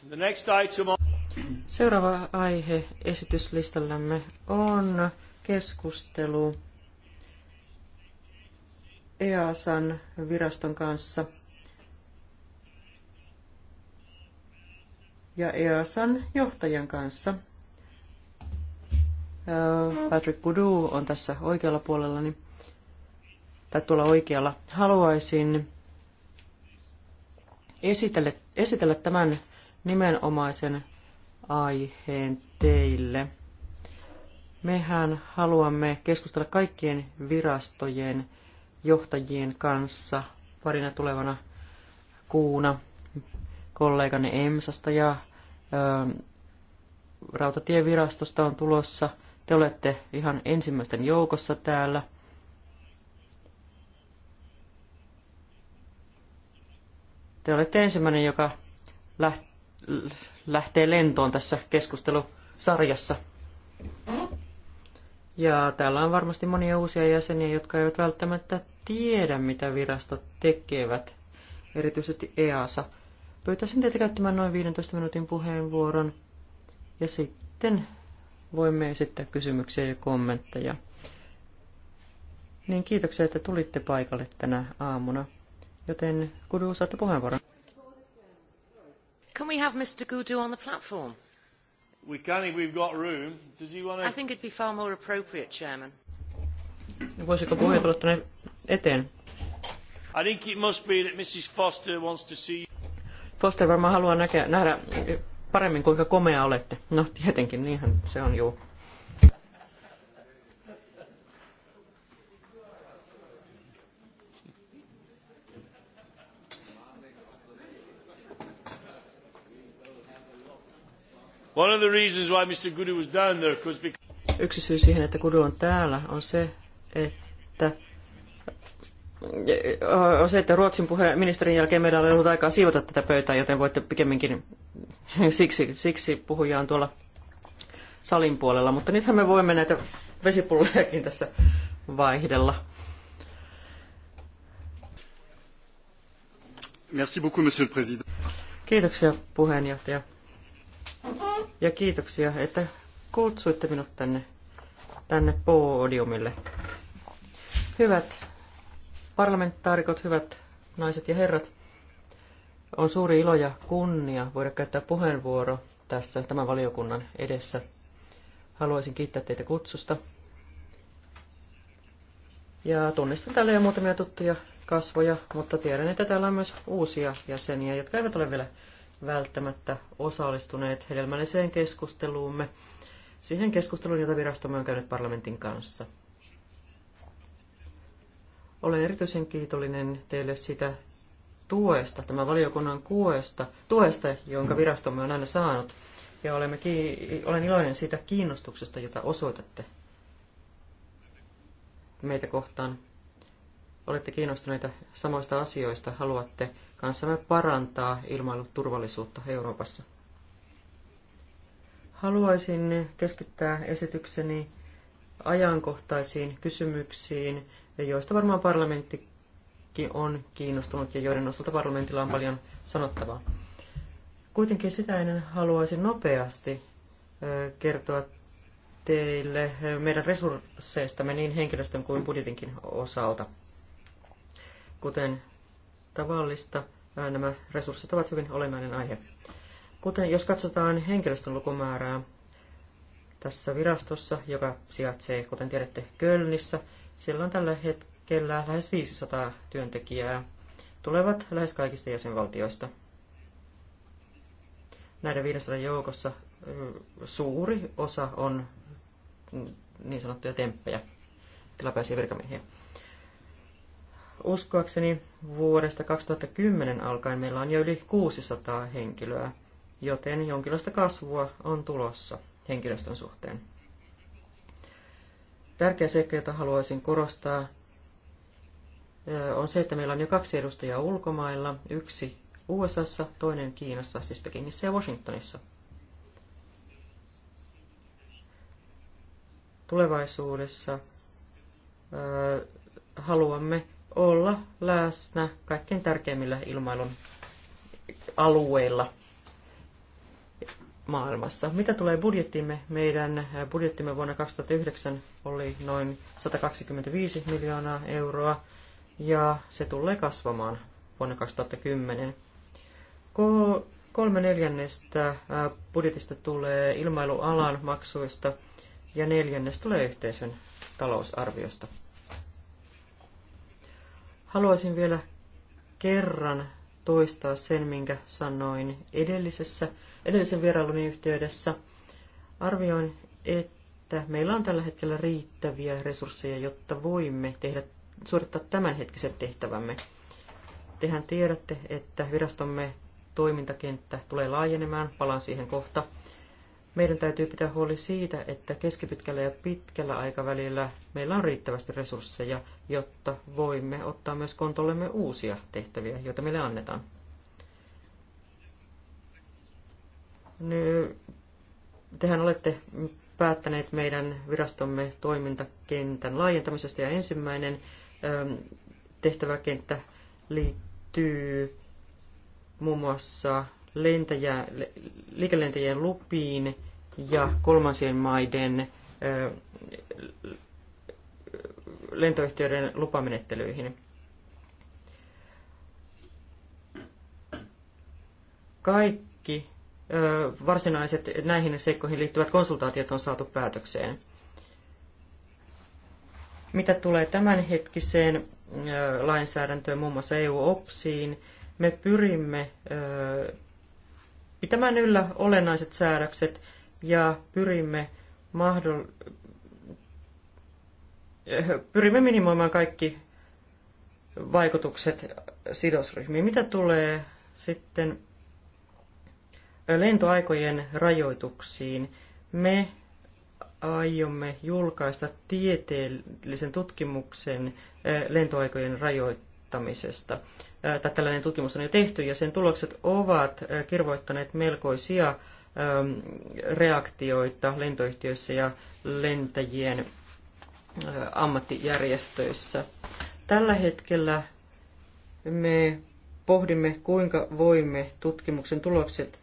The next item on... Seuraava aihe esityslistallamme on keskustelu EASan viraston kanssa ja EASan johtajan kanssa Patrick Kudu on tässä oikealla puolellani, niin- tai tuolla oikealla. Haluaisin esitellä, esitellä tämän nimenomaisen aiheen teille. Mehän haluamme keskustella kaikkien virastojen johtajien kanssa parina tulevana kuuna kollegani EMSasta ja ö, Rautatievirastosta on tulossa – te olette ihan ensimmäisten joukossa täällä. Te olette ensimmäinen, joka lähtee lentoon tässä keskustelusarjassa. Ja täällä on varmasti monia uusia jäseniä, jotka eivät välttämättä tiedä, mitä virastot tekevät, erityisesti EASA. Pyytäisin teitä käyttämään noin 15 minuutin puheenvuoron ja sitten voimme esittää kysymyksiä ja kommentteja. Niin kiitoksia, että tulitte paikalle tänä aamuna. Joten Kudu, saatte puheenvuoron. Can we have Mr. Kudu on the platform? We can if we've got room. Does he want to... I think it'd be far more appropriate, Chairman. Voisiko puhuja tulla tänne eteen? I think it must be that Mrs. Foster wants to see Foster varmaan haluaa nähdä paremmin, kuinka komea olette. No tietenkin, niinhän se on juu. One of the reasons why Mr. Gudu was down there, because... Yksi syy siihen, että Gudu on täällä, on se, että on se, että Ruotsin ministerin jälkeen meillä on ollut aikaa siivota tätä pöytää, joten voitte pikemminkin, (laughs) siksi, siksi puhuja on tuolla salin puolella. Mutta nythän me voimme näitä vesipullojakin tässä vaihdella. Merci beaucoup, monsieur le président. Kiitoksia puheenjohtaja. Ja kiitoksia, että kutsuitte minut tänne, tänne podiumille. Hyvät parlamentaarikot, hyvät naiset ja herrat. On suuri ilo ja kunnia voida käyttää puheenvuoro tässä tämän valiokunnan edessä. Haluaisin kiittää teitä kutsusta. Ja tunnistan täällä jo muutamia tuttuja kasvoja, mutta tiedän, että täällä on myös uusia jäseniä, jotka eivät ole vielä välttämättä osallistuneet hedelmälliseen keskusteluumme, siihen keskusteluun, jota virastomme on käynyt parlamentin kanssa. Olen erityisen kiitollinen teille sitä tuesta, tämän valiokunnan kuesta, tuesta, jonka virastomme on aina saanut. Ja olemme ki- olen iloinen siitä kiinnostuksesta, jota osoitatte meitä kohtaan. Olette kiinnostuneita samoista asioista, haluatte kanssamme parantaa ilmailuturvallisuutta Euroopassa. Haluaisin keskittää esitykseni ajankohtaisiin kysymyksiin, joista varmaan parlamenttikin on kiinnostunut ja joiden osalta parlamentilla on paljon sanottavaa. Kuitenkin sitä ennen haluaisin nopeasti kertoa teille meidän resursseistamme niin henkilöstön kuin budjetinkin osalta. Kuten tavallista, nämä resurssit ovat hyvin olennainen aihe. Kuten jos katsotaan henkilöstön lukumäärää tässä virastossa, joka sijaitsee, kuten tiedätte, Kölnissä, siellä on tällä hetkellä lähes 500 työntekijää, tulevat lähes kaikista jäsenvaltioista. Näiden 500 joukossa suuri osa on niin sanottuja temppejä, tilapäisiä virkamiehiä. Uskoakseni vuodesta 2010 alkaen meillä on jo yli 600 henkilöä, joten jonkinlaista kasvua on tulossa henkilöstön suhteen. Tärkeä seikka, jota haluaisin korostaa, on se, että meillä on jo kaksi edustajaa ulkomailla, yksi USAssa, toinen Kiinassa, siis Pekingissä ja Washingtonissa. Tulevaisuudessa haluamme olla läsnä kaikkein tärkeimmillä ilmailun alueilla – maailmassa. Mitä tulee budjettimme, meidän budjettimme vuonna 2009 oli noin 125 miljoonaa euroa ja se tulee kasvamaan vuonna 2010. Ko- kolme neljännestä budjetista tulee ilmailualan maksuista ja neljännes tulee yhteisön talousarviosta. Haluaisin vielä kerran toistaa sen, minkä sanoin edellisessä edellisen vierailuni yhteydessä arvioin, että meillä on tällä hetkellä riittäviä resursseja, jotta voimme tehdä, suorittaa tämänhetkiset tehtävämme. Tehän tiedätte, että virastomme toimintakenttä tulee laajenemaan, palaan siihen kohta. Meidän täytyy pitää huoli siitä, että keskipitkällä ja pitkällä aikavälillä meillä on riittävästi resursseja, jotta voimme ottaa myös kontollemme uusia tehtäviä, joita meille annetaan. Tehän olette päättäneet meidän virastomme toimintakentän laajentamisesta ja ensimmäinen ähm, tehtäväkenttä liittyy muun muassa lentäjä, liikelentäjien lupiin ja kolmansien maiden äh, lentoyhtiöiden lupamenettelyihin. Kaikki varsinaiset näihin seikkoihin liittyvät konsultaatiot on saatu päätökseen. Mitä tulee tämänhetkiseen lainsäädäntöön, muun muassa EU-OPSiin, me pyrimme pitämään yllä olennaiset säädökset ja pyrimme, mahdoll- pyrimme minimoimaan kaikki vaikutukset sidosryhmiin. Mitä tulee sitten lentoaikojen rajoituksiin. Me aiomme julkaista tieteellisen tutkimuksen lentoaikojen rajoittamisesta. Tätä tällainen tutkimus on jo tehty ja sen tulokset ovat kirvoittaneet melkoisia reaktioita lentoyhtiöissä ja lentäjien ammattijärjestöissä. Tällä hetkellä me pohdimme, kuinka voimme tutkimuksen tulokset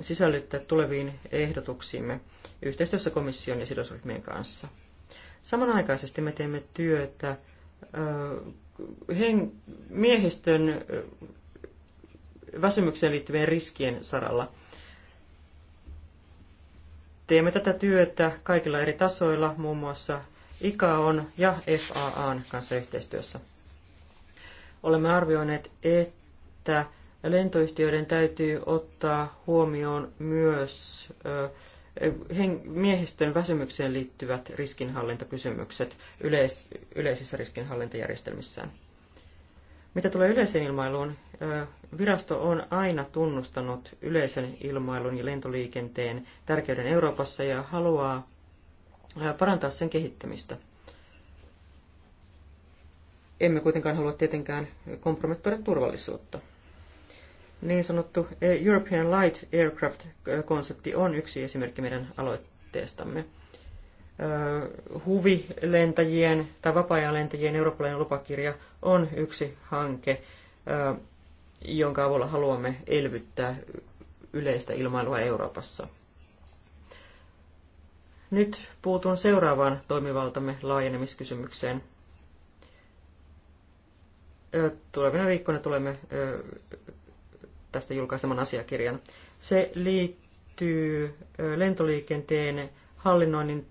sisällyttää tuleviin ehdotuksiimme yhteistyössä komission ja sidosryhmien kanssa. Samanaikaisesti me teemme työtä miehistön väsymykseen liittyvien riskien saralla. Teemme tätä työtä kaikilla eri tasoilla, muun muassa ICAON ja FAAn kanssa yhteistyössä. Olemme arvioineet, että lentoyhtiöiden täytyy ottaa huomioon myös miehistön väsymykseen liittyvät riskinhallintakysymykset yleis- yleisissä riskinhallintajärjestelmissään. Mitä tulee yleiseen ilmailuun, virasto on aina tunnustanut yleisen ilmailun ja lentoliikenteen tärkeyden Euroopassa ja haluaa parantaa sen kehittämistä. Emme kuitenkaan halua tietenkään kompromettoida turvallisuutta. Niin sanottu eh, European Light Aircraft-konsepti eh, on yksi esimerkki meidän aloitteestamme. Eh, huvilentäjien tai vapaa-ajan lentäjien eurooppalainen lupakirja on yksi hanke, jonka avulla haluamme elvyttää yleistä ilmailua Euroopassa. Nyt puutun seuraavaan toimivaltamme laajenemiskysymykseen. Tulevina viikkoina tulemme tästä julkaiseman asiakirjan. Se liittyy lentoliikenteen hallinnoinnin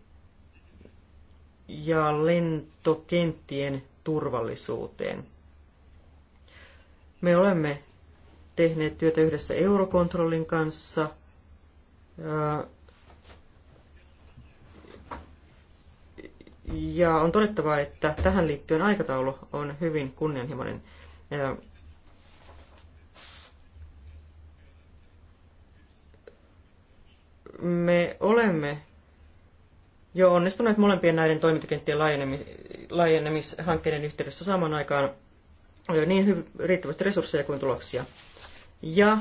ja lentokenttien turvallisuuteen. Me olemme tehneet työtä yhdessä Eurokontrollin kanssa. Ja on todettava, että tähän liittyen aikataulu on hyvin kunnianhimoinen. me olemme jo onnistuneet molempien näiden toimintakenttien laajenemishankkeiden yhteydessä saamaan aikaan niin riittävästi resursseja kuin tuloksia. Ja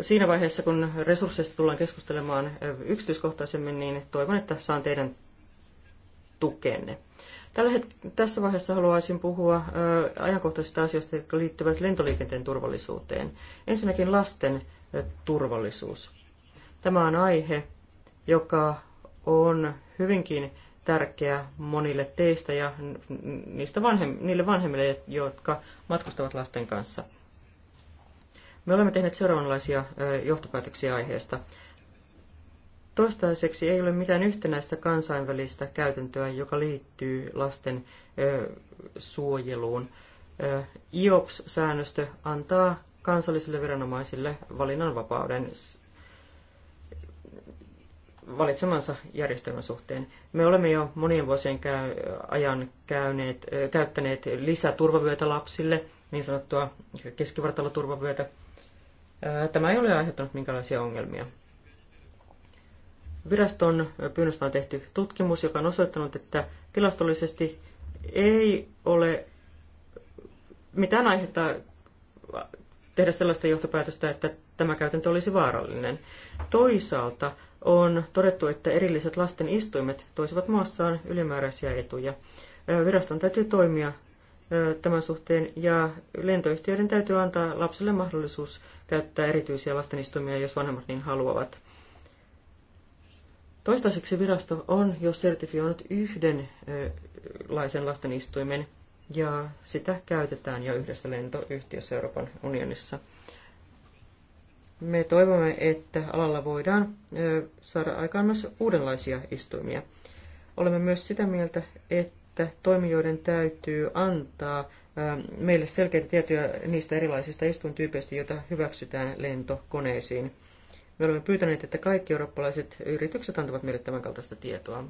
siinä vaiheessa, kun resursseista tullaan keskustelemaan yksityiskohtaisemmin, niin toivon, että saan teidän tukenne. Tällä het- tässä vaiheessa haluaisin puhua ö, ajankohtaisista asioista, jotka liittyvät lentoliikenteen turvallisuuteen. Ensinnäkin lasten ö, turvallisuus. Tämä on aihe, joka on hyvinkin tärkeä monille teistä ja niistä vanhem, niille vanhemmille, jotka matkustavat lasten kanssa. Me olemme tehneet seuraavanlaisia johtopäätöksiä aiheesta. Toistaiseksi ei ole mitään yhtenäistä kansainvälistä käytäntöä, joka liittyy lasten suojeluun. IOPS-säännöstö antaa kansallisille viranomaisille valinnanvapauden valitsemansa järjestelmän suhteen. Me olemme jo monien vuosien käy, ajan käyneet, käyttäneet lisäturvavyötä lapsille, niin sanottua keskivartaloturvavyötä. Tämä ei ole aiheuttanut minkälaisia ongelmia. Viraston pyynnöstä on tehty tutkimus, joka on osoittanut, että tilastollisesti ei ole mitään aihetta tehdä sellaista johtopäätöstä, että tämä käytäntö olisi vaarallinen. Toisaalta on todettu, että erilliset lasten istuimet toisivat maassaan ylimääräisiä etuja. Viraston täytyy toimia tämän suhteen ja lentoyhtiöiden täytyy antaa lapselle mahdollisuus käyttää erityisiä lastenistumia, jos vanhemmat niin haluavat. Toistaiseksi virasto on jo sertifioinut yhdenlaisen lastenistuimen ja sitä käytetään jo yhdessä lentoyhtiössä Euroopan unionissa. Me toivomme, että alalla voidaan saada aikaan myös uudenlaisia istuimia. Olemme myös sitä mieltä, että toimijoiden täytyy antaa meille selkeitä tietoja niistä erilaisista istuintyypeistä, joita hyväksytään lentokoneisiin. Me olemme pyytäneet, että kaikki eurooppalaiset yritykset antavat meille tämän kaltaista tietoa.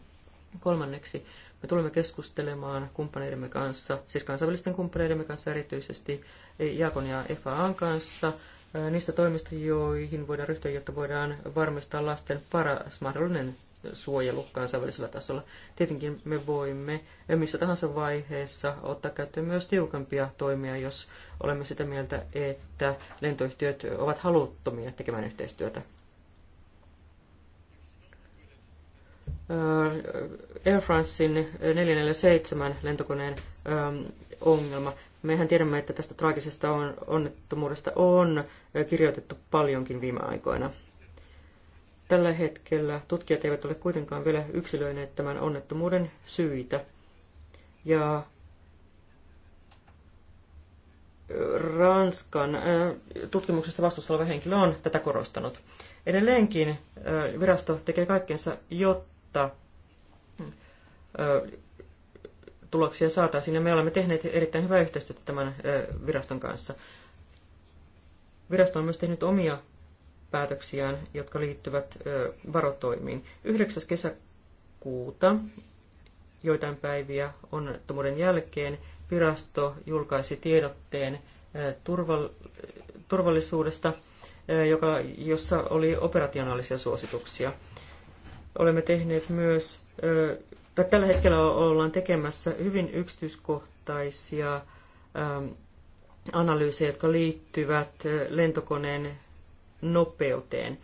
Kolmanneksi, me tulemme keskustelemaan kumppaneidemme kanssa, siis kansainvälisten kumppaneidemme kanssa erityisesti Jaakon ja FAAn kanssa, niistä toimista, joihin voidaan ryhtyä, jotta voidaan varmistaa lasten paras mahdollinen suojelu kansainvälisellä tasolla. Tietenkin me voimme missä tahansa vaiheessa ottaa käyttöön myös tiukempia toimia, jos olemme sitä mieltä, että lentoyhtiöt ovat haluttomia tekemään yhteistyötä. Air Francein 447 lentokoneen ongelma. Mehän tiedämme, että tästä traagisesta onnettomuudesta on kirjoitettu paljonkin viime aikoina. Tällä hetkellä tutkijat eivät ole kuitenkaan vielä yksilöineet tämän onnettomuuden syitä. Ja Ranskan tutkimuksesta vastuussa oleva henkilö on tätä korostanut. Edelleenkin virasto tekee kaikkensa, jotta tuloksia saataisiin, ja me olemme tehneet erittäin hyvää yhteistyötä tämän viraston kanssa. Virasto on myös tehnyt omia päätöksiään, jotka liittyvät varotoimiin. 9. kesäkuuta joitain päiviä onnettomuuden jälkeen virasto julkaisi tiedotteen turvallisuudesta, joka, jossa oli operationaalisia suosituksia. Olemme tehneet myös, tällä hetkellä ollaan tekemässä hyvin yksityiskohtaisia analyysejä, jotka liittyvät lentokoneen nopeuteen.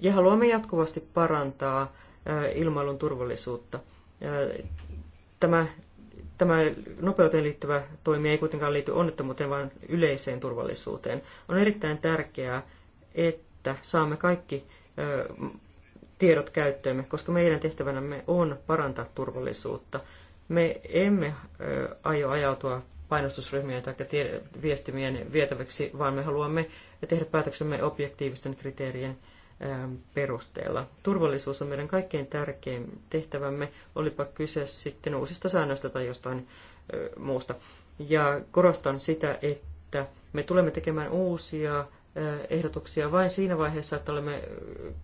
Ja haluamme jatkuvasti parantaa ilmailun turvallisuutta. Tämä, tämä nopeuteen liittyvä toimi ei kuitenkaan liity onnettomuuteen, vaan yleiseen turvallisuuteen. On erittäin tärkeää, että saamme kaikki tiedot käyttöömme, koska meidän tehtävänämme on parantaa turvallisuutta. Me emme aio ajautua painostusryhmien tai viestimien vietäväksi, vaan me haluamme tehdä päätöksemme objektiivisten kriteerien perusteella. Turvallisuus on meidän kaikkein tärkein tehtävämme, olipa kyse sitten uusista säännöistä tai jostain muusta. Ja korostan sitä, että me tulemme tekemään uusia ehdotuksia vain siinä vaiheessa, että olemme,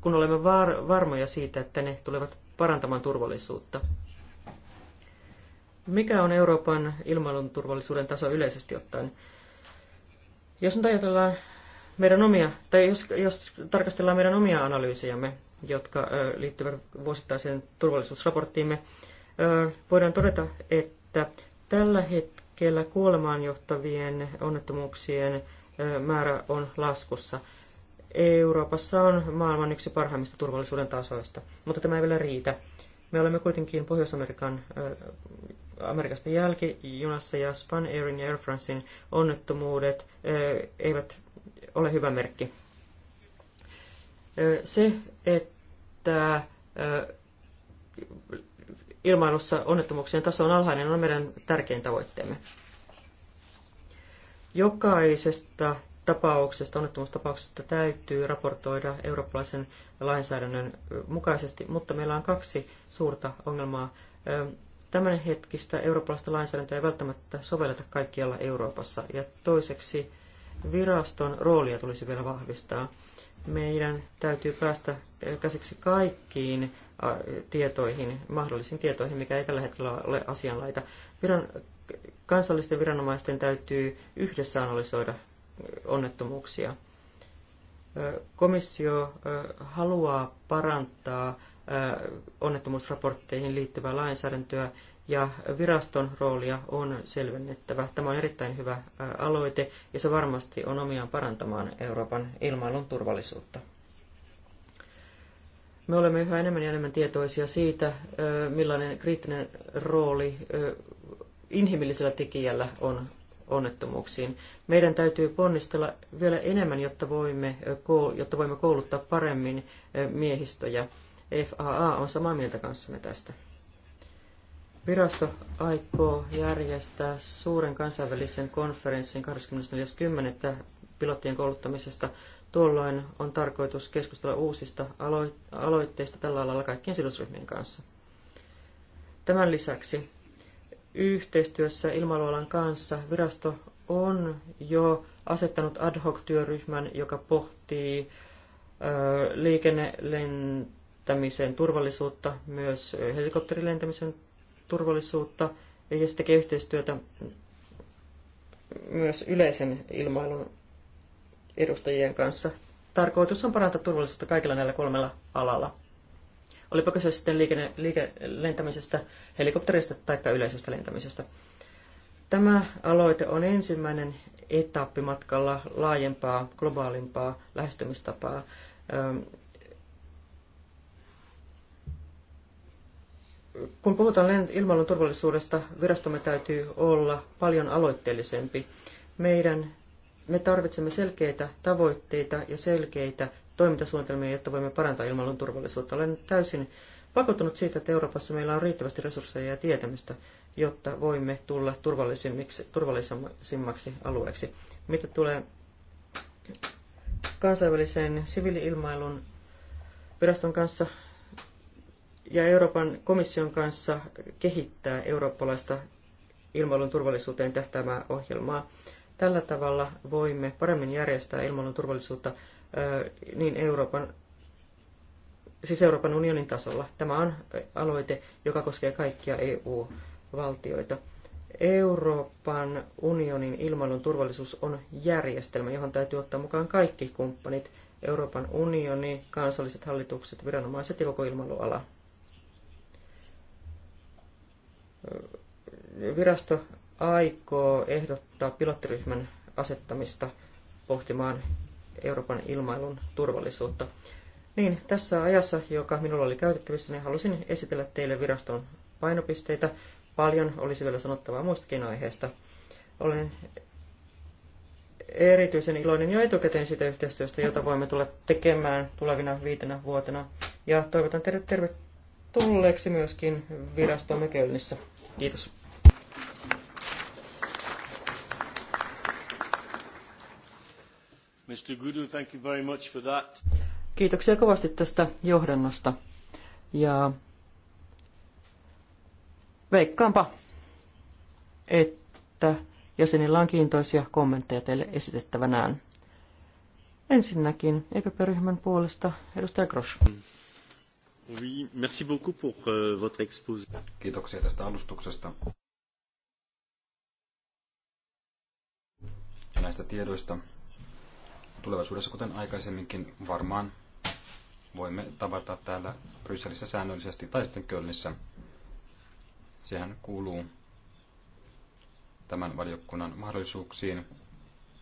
kun olemme var, varmoja siitä, että ne tulevat parantamaan turvallisuutta. Mikä on Euroopan ilmailun turvallisuuden taso yleisesti ottaen? Jos nyt ajatellaan meidän omia, tai jos, jos tarkastellaan meidän omia analyysejämme, jotka ö, liittyvät vuosittaiseen turvallisuusraporttiimme, ö, voidaan todeta, että tällä hetkellä kuolemaan johtavien onnettomuuksien ö, määrä on laskussa. Euroopassa on maailman yksi parhaimmista turvallisuuden tasoista, mutta tämä ei vielä riitä. Me olemme kuitenkin Pohjois-Amerikan Amerikasta jälkijunassa ja Span Airin ja Air Francein onnettomuudet eivät ole hyvä merkki. Se, että ilmailussa onnettomuuksien taso on alhainen, on meidän tärkein tavoitteemme. Jokaisesta tapauksesta, onnettomuustapauksesta täytyy raportoida eurooppalaisen lainsäädännön mukaisesti, mutta meillä on kaksi suurta ongelmaa. Tämän hetkistä eurooppalaista lainsäädäntöä ei välttämättä sovelleta kaikkialla Euroopassa. Ja toiseksi viraston roolia tulisi vielä vahvistaa. Meidän täytyy päästä käsiksi kaikkiin tietoihin, mahdollisiin tietoihin, mikä ei tällä hetkellä ole asianlaita. Viran, kansallisten viranomaisten täytyy yhdessä analysoida onnettomuuksia. Komissio haluaa parantaa onnettomuusraportteihin liittyvää lainsäädäntöä ja viraston roolia on selvennettävä. Tämä on erittäin hyvä aloite ja se varmasti on omiaan parantamaan Euroopan ilmailun turvallisuutta. Me olemme yhä enemmän ja enemmän tietoisia siitä, millainen kriittinen rooli inhimillisellä tekijällä on onnettomuuksiin. Meidän täytyy ponnistella vielä enemmän, jotta voimme, jotta voimme kouluttaa paremmin miehistöjä FAA on samaa mieltä kanssamme tästä. Virasto aikoo järjestää suuren kansainvälisen konferenssin 24.10. pilottien kouluttamisesta. Tuolloin on tarkoitus keskustella uusista aloitteista tällä alalla kaikkien sidosryhmien kanssa. Tämän lisäksi yhteistyössä ilmailualan kanssa virasto on jo asettanut ad hoc-työryhmän, joka pohtii liikennelent lentämisen turvallisuutta, myös helikopterilentämisen turvallisuutta ja se tekee yhteistyötä myös yleisen ilmailun edustajien kanssa. Tarkoitus on parantaa turvallisuutta kaikilla näillä kolmella alalla. Olipa kyse sitten liikenne, liike, lentämisestä, helikopterista tai yleisestä lentämisestä. Tämä aloite on ensimmäinen etappi matkalla laajempaa, globaalimpaa lähestymistapaa kun puhutaan ilmailun turvallisuudesta, virastomme täytyy olla paljon aloitteellisempi. Meidän, me tarvitsemme selkeitä tavoitteita ja selkeitä toimintasuunnitelmia, jotta voimme parantaa ilmailun turvallisuutta. Olen täysin pakottunut siitä, että Euroopassa meillä on riittävästi resursseja ja tietämystä, jotta voimme tulla turvallisimmaksi, alueeksi. Mitä tulee kansainväliseen siviiliilmailun viraston kanssa ja Euroopan komission kanssa kehittää eurooppalaista ilmailun turvallisuuteen tähtäävää ohjelmaa. Tällä tavalla voimme paremmin järjestää ilmailun turvallisuutta niin Euroopan, siis Euroopan unionin tasolla. Tämä on aloite, joka koskee kaikkia EU-valtioita. Euroopan unionin ilmailun turvallisuus on järjestelmä, johon täytyy ottaa mukaan kaikki kumppanit, Euroopan unioni, kansalliset hallitukset, viranomaiset ja koko ilmailuala. virasto aikoo ehdottaa pilottiryhmän asettamista pohtimaan Euroopan ilmailun turvallisuutta. Niin, tässä ajassa, joka minulla oli käytettävissä, niin halusin esitellä teille viraston painopisteitä. Paljon olisi vielä sanottavaa muistakin aiheesta. Olen erityisen iloinen jo etukäteen sitä yhteistyöstä, jota voimme tulla tekemään tulevina viitenä vuotena. Ja toivotan teidät tervetulleeksi myöskin virastomme Kölnissä. Kiitos. Mr. Gudu, thank you very much for that. Kiitoksia kovasti tästä johdannosta. Ja veikkaanpa, että jäsenillä on kiintoisia kommentteja teille esitettävänään. Ensinnäkin EPP-ryhmän puolesta edustaja Grosch. Oui, merci beaucoup pour euh, votre Kiitoksia tästä alustuksesta. Ja näistä tiedoista tulevaisuudessa, kuten aikaisemminkin, varmaan voimme tavata täällä Brysselissä säännöllisesti tai sitten Kölnissä. Sehän kuuluu tämän valiokunnan mahdollisuuksiin,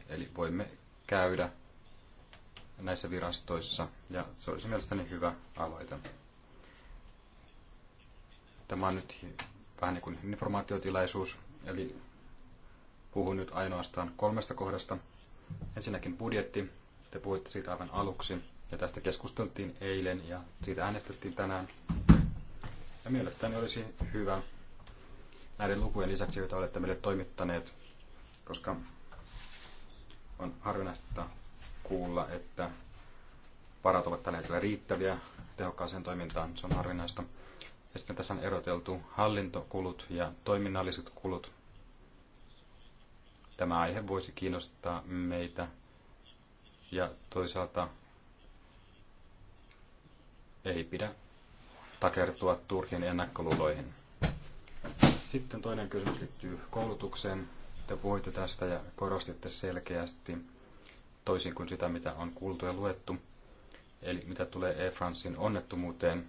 eli voimme käydä näissä virastoissa, ja se olisi mielestäni hyvä aloite. Tämä on nyt vähän niin kuin informaatiotilaisuus, eli puhun nyt ainoastaan kolmesta kohdasta. Ensinnäkin budjetti, te puhuitte siitä aivan aluksi, ja tästä keskusteltiin eilen ja siitä äänestettiin tänään. Ja mielestäni olisi hyvä näiden lukujen lisäksi, joita olette meille toimittaneet, koska on harvinaista kuulla, että varat ovat tällä hetkellä riittäviä tehokkaaseen toimintaan. Se on harvinaista. Ja sitten tässä on eroteltu hallintokulut ja toiminnalliset kulut. Tämä aihe voisi kiinnostaa meitä. Ja toisaalta ei pidä takertua turhien ennakkoluuloihin. Sitten toinen kysymys liittyy koulutukseen. Te puhuitte tästä ja korostitte selkeästi, toisin kuin sitä, mitä on kuultu ja luettu. Eli mitä tulee E-Fransin onnettomuuteen,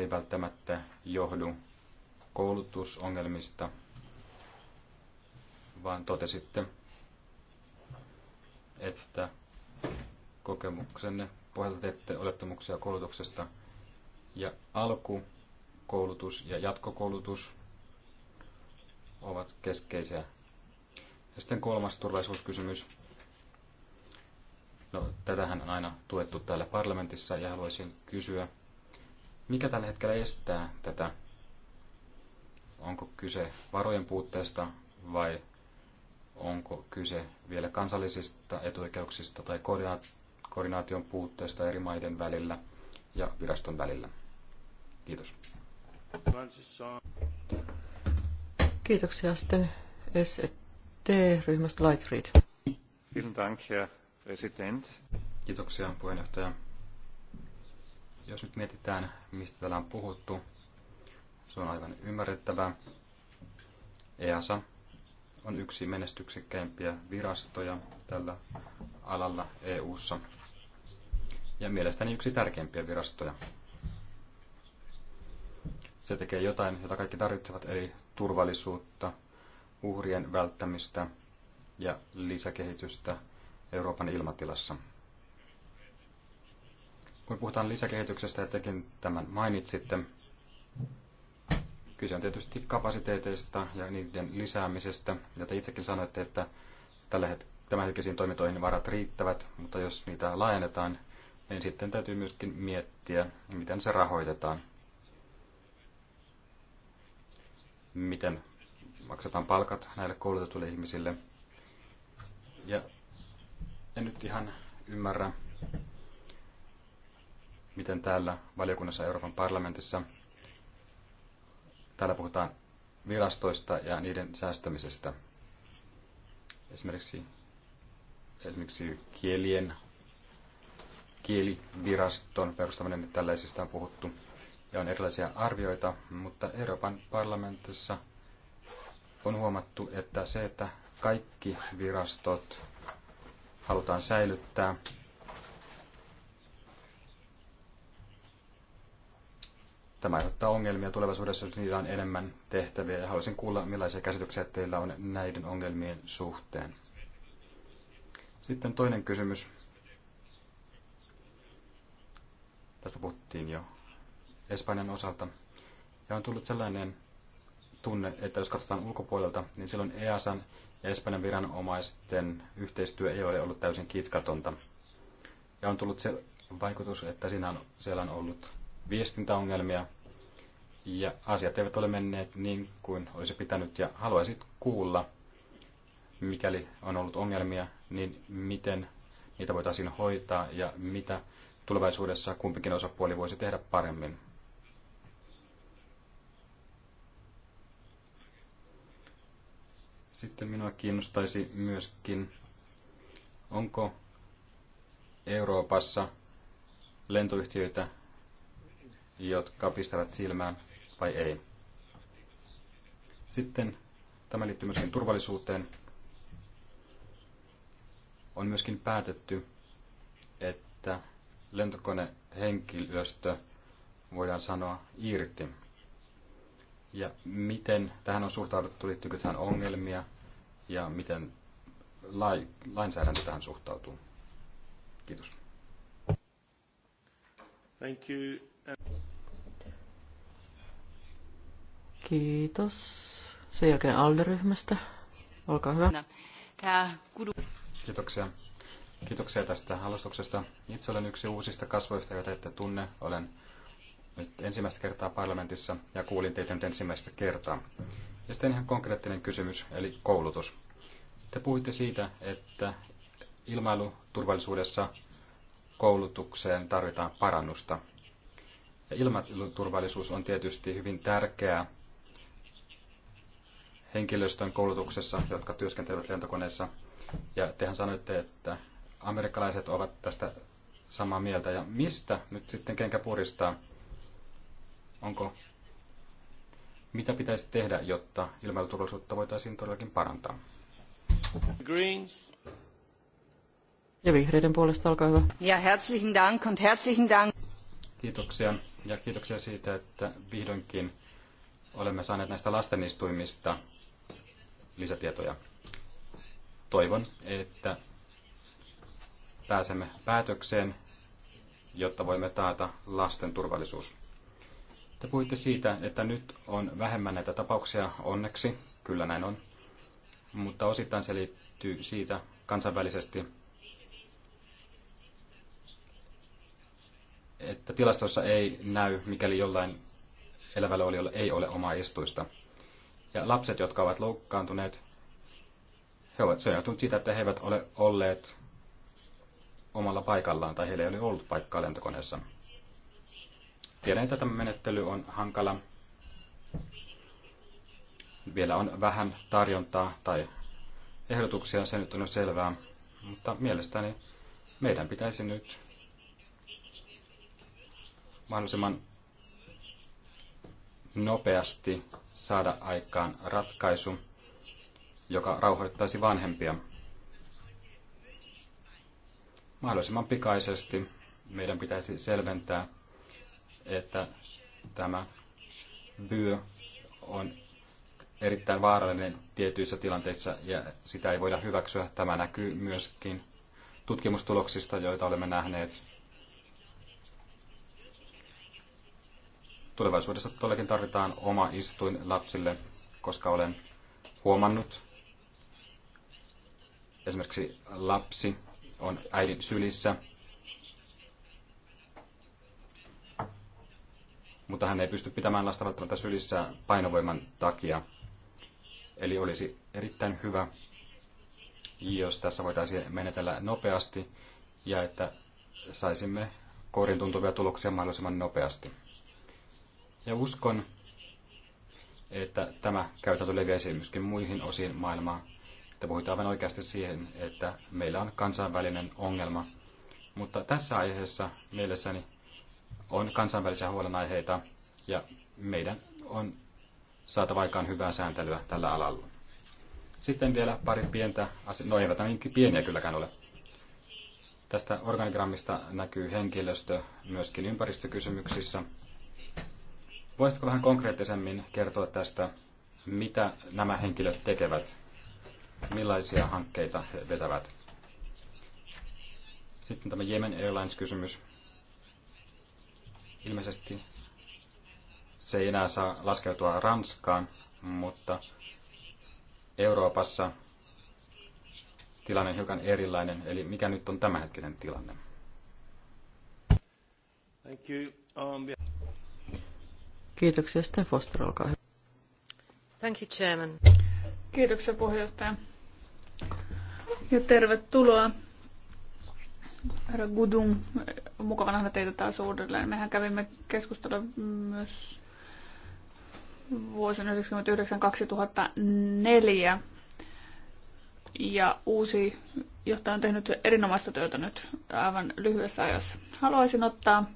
se ei välttämättä johdu koulutusongelmista, vaan totesitte, että kokemuksenne pohjalta teette olettamuksia koulutuksesta ja alkukoulutus ja jatkokoulutus ovat keskeisiä. Ja sitten kolmas turvallisuuskysymys. No, tätähän on aina tuettu täällä parlamentissa ja haluaisin kysyä, mikä tällä hetkellä estää tätä? Onko kyse varojen puutteesta vai onko kyse vielä kansallisista etuoikeuksista tai koordinaation puutteesta eri maiden välillä ja viraston välillä? Kiitos. Kiitoksia sitten S&T ryhmästä Lightfried. Vielen Dank, Herr Kiitoksia puheenjohtaja. Jos nyt mietitään, mistä täällä on puhuttu, se on aivan ymmärrettävää. EASA on yksi menestyksekkäimpiä virastoja tällä alalla EU:ssa ja mielestäni yksi tärkeimpiä virastoja. Se tekee jotain, jota kaikki tarvitsevat, eli turvallisuutta, uhrien välttämistä ja lisäkehitystä Euroopan ilmatilassa. Kun puhutaan lisäkehityksestä, ja tekin tämän mainitsitte, kyse on tietysti kapasiteeteista ja niiden lisäämisestä. Ja te itsekin sanoitte, että tällä het- tämänhetkisiin toimintoihin varat riittävät, mutta jos niitä laajennetaan, niin sitten täytyy myöskin miettiä, miten se rahoitetaan. Miten maksetaan palkat näille koulutetuille ihmisille. Ja en nyt ihan ymmärrä, miten täällä valiokunnassa Euroopan parlamentissa täällä puhutaan virastoista ja niiden säästämisestä. Esimerkiksi, esimerkiksi kielien, kieliviraston perustaminen tällaisista on puhuttu ja on erilaisia arvioita, mutta Euroopan parlamentissa on huomattu, että se, että kaikki virastot halutaan säilyttää, Tämä aiheuttaa ongelmia tulevaisuudessa, jos niillä on enemmän tehtäviä, ja haluaisin kuulla, millaisia käsityksiä teillä on näiden ongelmien suhteen. Sitten toinen kysymys. Tästä puhuttiin jo Espanjan osalta. Ja on tullut sellainen tunne, että jos katsotaan ulkopuolelta, niin silloin EASan ja Espanjan viranomaisten yhteistyö ei ole ollut täysin kitkatonta. Ja on tullut se vaikutus, että siinä on, siellä on ollut viestintäongelmia ja asiat eivät ole menneet niin kuin olisi pitänyt ja haluaisit kuulla, mikäli on ollut ongelmia, niin miten niitä voitaisiin hoitaa ja mitä tulevaisuudessa kumpikin osapuoli voisi tehdä paremmin. Sitten minua kiinnostaisi myöskin, onko Euroopassa lentoyhtiöitä, jotka pistävät silmään vai ei. Sitten tämä liittyy myöskin turvallisuuteen. On myöskin päätetty, että lentokonehenkilöstö voidaan sanoa irti. Ja miten tähän on suhtauduttu, liittyykö tähän ongelmia ja miten lai, lainsäädäntö tähän suhtautuu? Kiitos. Thank you. Kiitos. Sen jälkeen ALDE-ryhmästä. Olkaa hyvä. Kiitoksia. Kiitoksia tästä alustuksesta. Itse olen yksi uusista kasvoista, joita ette tunne. Olen nyt ensimmäistä kertaa parlamentissa ja kuulin teitä nyt ensimmäistä kertaa. Ja sitten ihan konkreettinen kysymys, eli koulutus. Te puhuitte siitä, että ilmailuturvallisuudessa koulutukseen tarvitaan parannusta. Ja ilmailuturvallisuus on tietysti hyvin tärkeää henkilöstön koulutuksessa, jotka työskentelevät lentokoneessa. Ja tehän sanoitte, että amerikkalaiset ovat tästä samaa mieltä. Ja mistä nyt sitten kenkä puristaa? Onko, mitä pitäisi tehdä, jotta ilmailuturvallisuutta voitaisiin todellakin parantaa? Greens. Ja vihreiden puolesta, olkaa hyvä. Ja herzlichen Dank und herzlichen Dank. Kiitoksia ja kiitoksia siitä, että vihdoinkin olemme saaneet näistä lastenistuimista lisätietoja. Toivon, että pääsemme päätökseen, jotta voimme taata lasten turvallisuus. Te puhuitte siitä, että nyt on vähemmän näitä tapauksia, onneksi, kyllä näin on, mutta osittain se liittyy siitä kansainvälisesti, että tilastossa ei näy, mikäli jollain elävällä oli ei ole omaa istuista. Ja lapset, jotka ovat loukkaantuneet, he ovat sojautuneet siitä, että he eivät ole olleet omalla paikallaan tai heillä ei ole ollut paikkaa lentokoneessa. Tiedän, että tämä menettely on hankala. Vielä on vähän tarjontaa tai ehdotuksia, se nyt on jo selvää. Mutta mielestäni meidän pitäisi nyt mahdollisimman nopeasti saada aikaan ratkaisu, joka rauhoittaisi vanhempia. Mahdollisimman pikaisesti meidän pitäisi selventää, että tämä vyö on erittäin vaarallinen tietyissä tilanteissa ja sitä ei voida hyväksyä. Tämä näkyy myöskin tutkimustuloksista, joita olemme nähneet tulevaisuudessa todellakin tarvitaan oma istuin lapsille, koska olen huomannut, esimerkiksi lapsi on äidin sylissä, mutta hän ei pysty pitämään lasta välttämättä sylissä painovoiman takia. Eli olisi erittäin hyvä, jos tässä voitaisiin menetellä nopeasti ja että saisimme kourin tuntuvia tuloksia mahdollisimman nopeasti. Ja uskon, että tämä käytäntö leviäisi myöskin muihin osiin maailmaa. että puhutaan aivan oikeasti siihen, että meillä on kansainvälinen ongelma. Mutta tässä aiheessa mielessäni on kansainvälisiä huolenaiheita ja meidän on saata aikaan hyvää sääntelyä tällä alalla. Sitten vielä pari pientä asiaa, no eivät niin pieniä kylläkään ole. Tästä organigrammista näkyy henkilöstö myöskin ympäristökysymyksissä Voisitko vähän konkreettisemmin kertoa tästä, mitä nämä henkilöt tekevät, millaisia hankkeita he vetävät? Sitten tämä Yemen Airlines-kysymys. Ilmeisesti se ei enää saa laskeutua Ranskaan, mutta Euroopassa tilanne on hiukan erilainen. Eli mikä nyt on tämänhetkinen tilanne? Um, Kiitoksia. Sitten Foster, olkaa hyvä. Thank you, Chairman. Kiitoksia puheenjohtaja. Ja tervetuloa. Herra Gudun, mukava nähdä teitä taas uudelleen. Mehän kävimme keskustella myös vuosina 1999-2004. Ja uusi johtaja on tehnyt erinomaista työtä nyt aivan lyhyessä ajassa. Haluaisin ottaa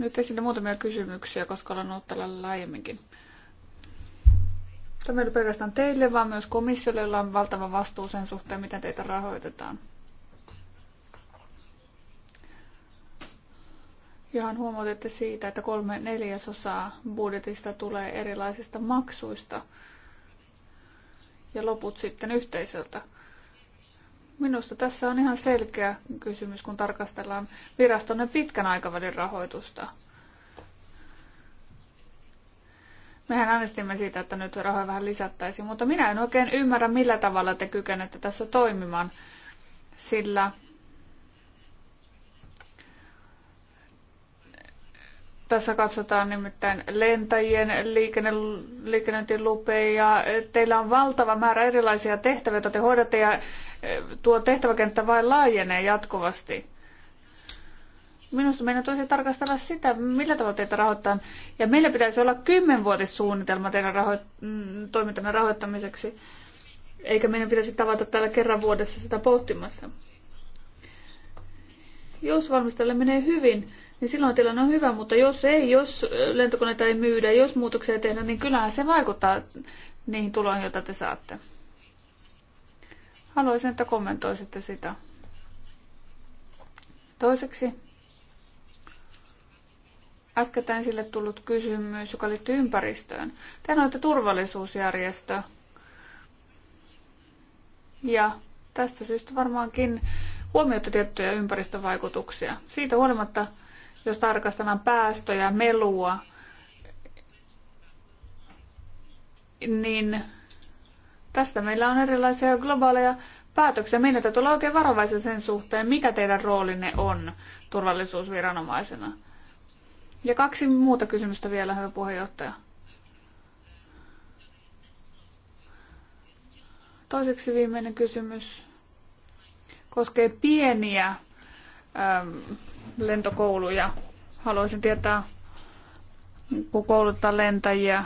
nyt esille muutamia kysymyksiä, koska olen ollut tällä laajemminkin. Tämä ei ole pelkästään teille, vaan myös komissiolle, jolla on valtava vastuu sen suhteen, miten teitä rahoitetaan. Johan huomautitte siitä, että kolme neljäsosaa budjetista tulee erilaisista maksuista ja loput sitten yhteisöltä. Minusta tässä on ihan selkeä kysymys, kun tarkastellaan virastonne pitkän aikavälin rahoitusta. Mehän äänestimme siitä, että nyt rahoja vähän lisättäisiin, mutta minä en oikein ymmärrä, millä tavalla te kykenette tässä toimimaan, sillä tässä katsotaan nimittäin lentäjien liikenne, liikennöintilupeja. Teillä on valtava määrä erilaisia tehtäviä, joita te hoidatte ja tuo tehtäväkenttä vain laajenee jatkuvasti. Minusta meidän tulisi tarkastella sitä, millä tavalla teitä rahoittaa. Ja meillä pitäisi olla kymmenvuotissuunnitelma teidän raho- mm, toimintanne rahoittamiseksi. Eikä meidän pitäisi tavata täällä kerran vuodessa sitä pohtimassa. Jos valmistelu menee hyvin, niin silloin tilanne on hyvä, mutta jos ei, jos lentokoneita ei myydä, jos muutoksia ei tehdä, niin kyllähän se vaikuttaa niihin tuloihin, joita te saatte. Haluaisin, että kommentoisitte sitä. Toiseksi äskettäin sille tullut kysymys, joka liittyy ympäristöön. Te olette turvallisuusjärjestö. Ja tästä syystä varmaankin huomioitte tiettyjä ympäristövaikutuksia. Siitä huolimatta, jos tarkastellaan päästöjä, melua, niin Tästä meillä on erilaisia globaaleja päätöksiä. Meidän täytyy olla oikein varovaisia sen suhteen, mikä teidän roolinne on turvallisuusviranomaisena. Ja kaksi muuta kysymystä vielä, hyvä puheenjohtaja. Toiseksi viimeinen kysymys koskee pieniä äm, lentokouluja. Haluaisin tietää, kun kouluttaa lentäjiä,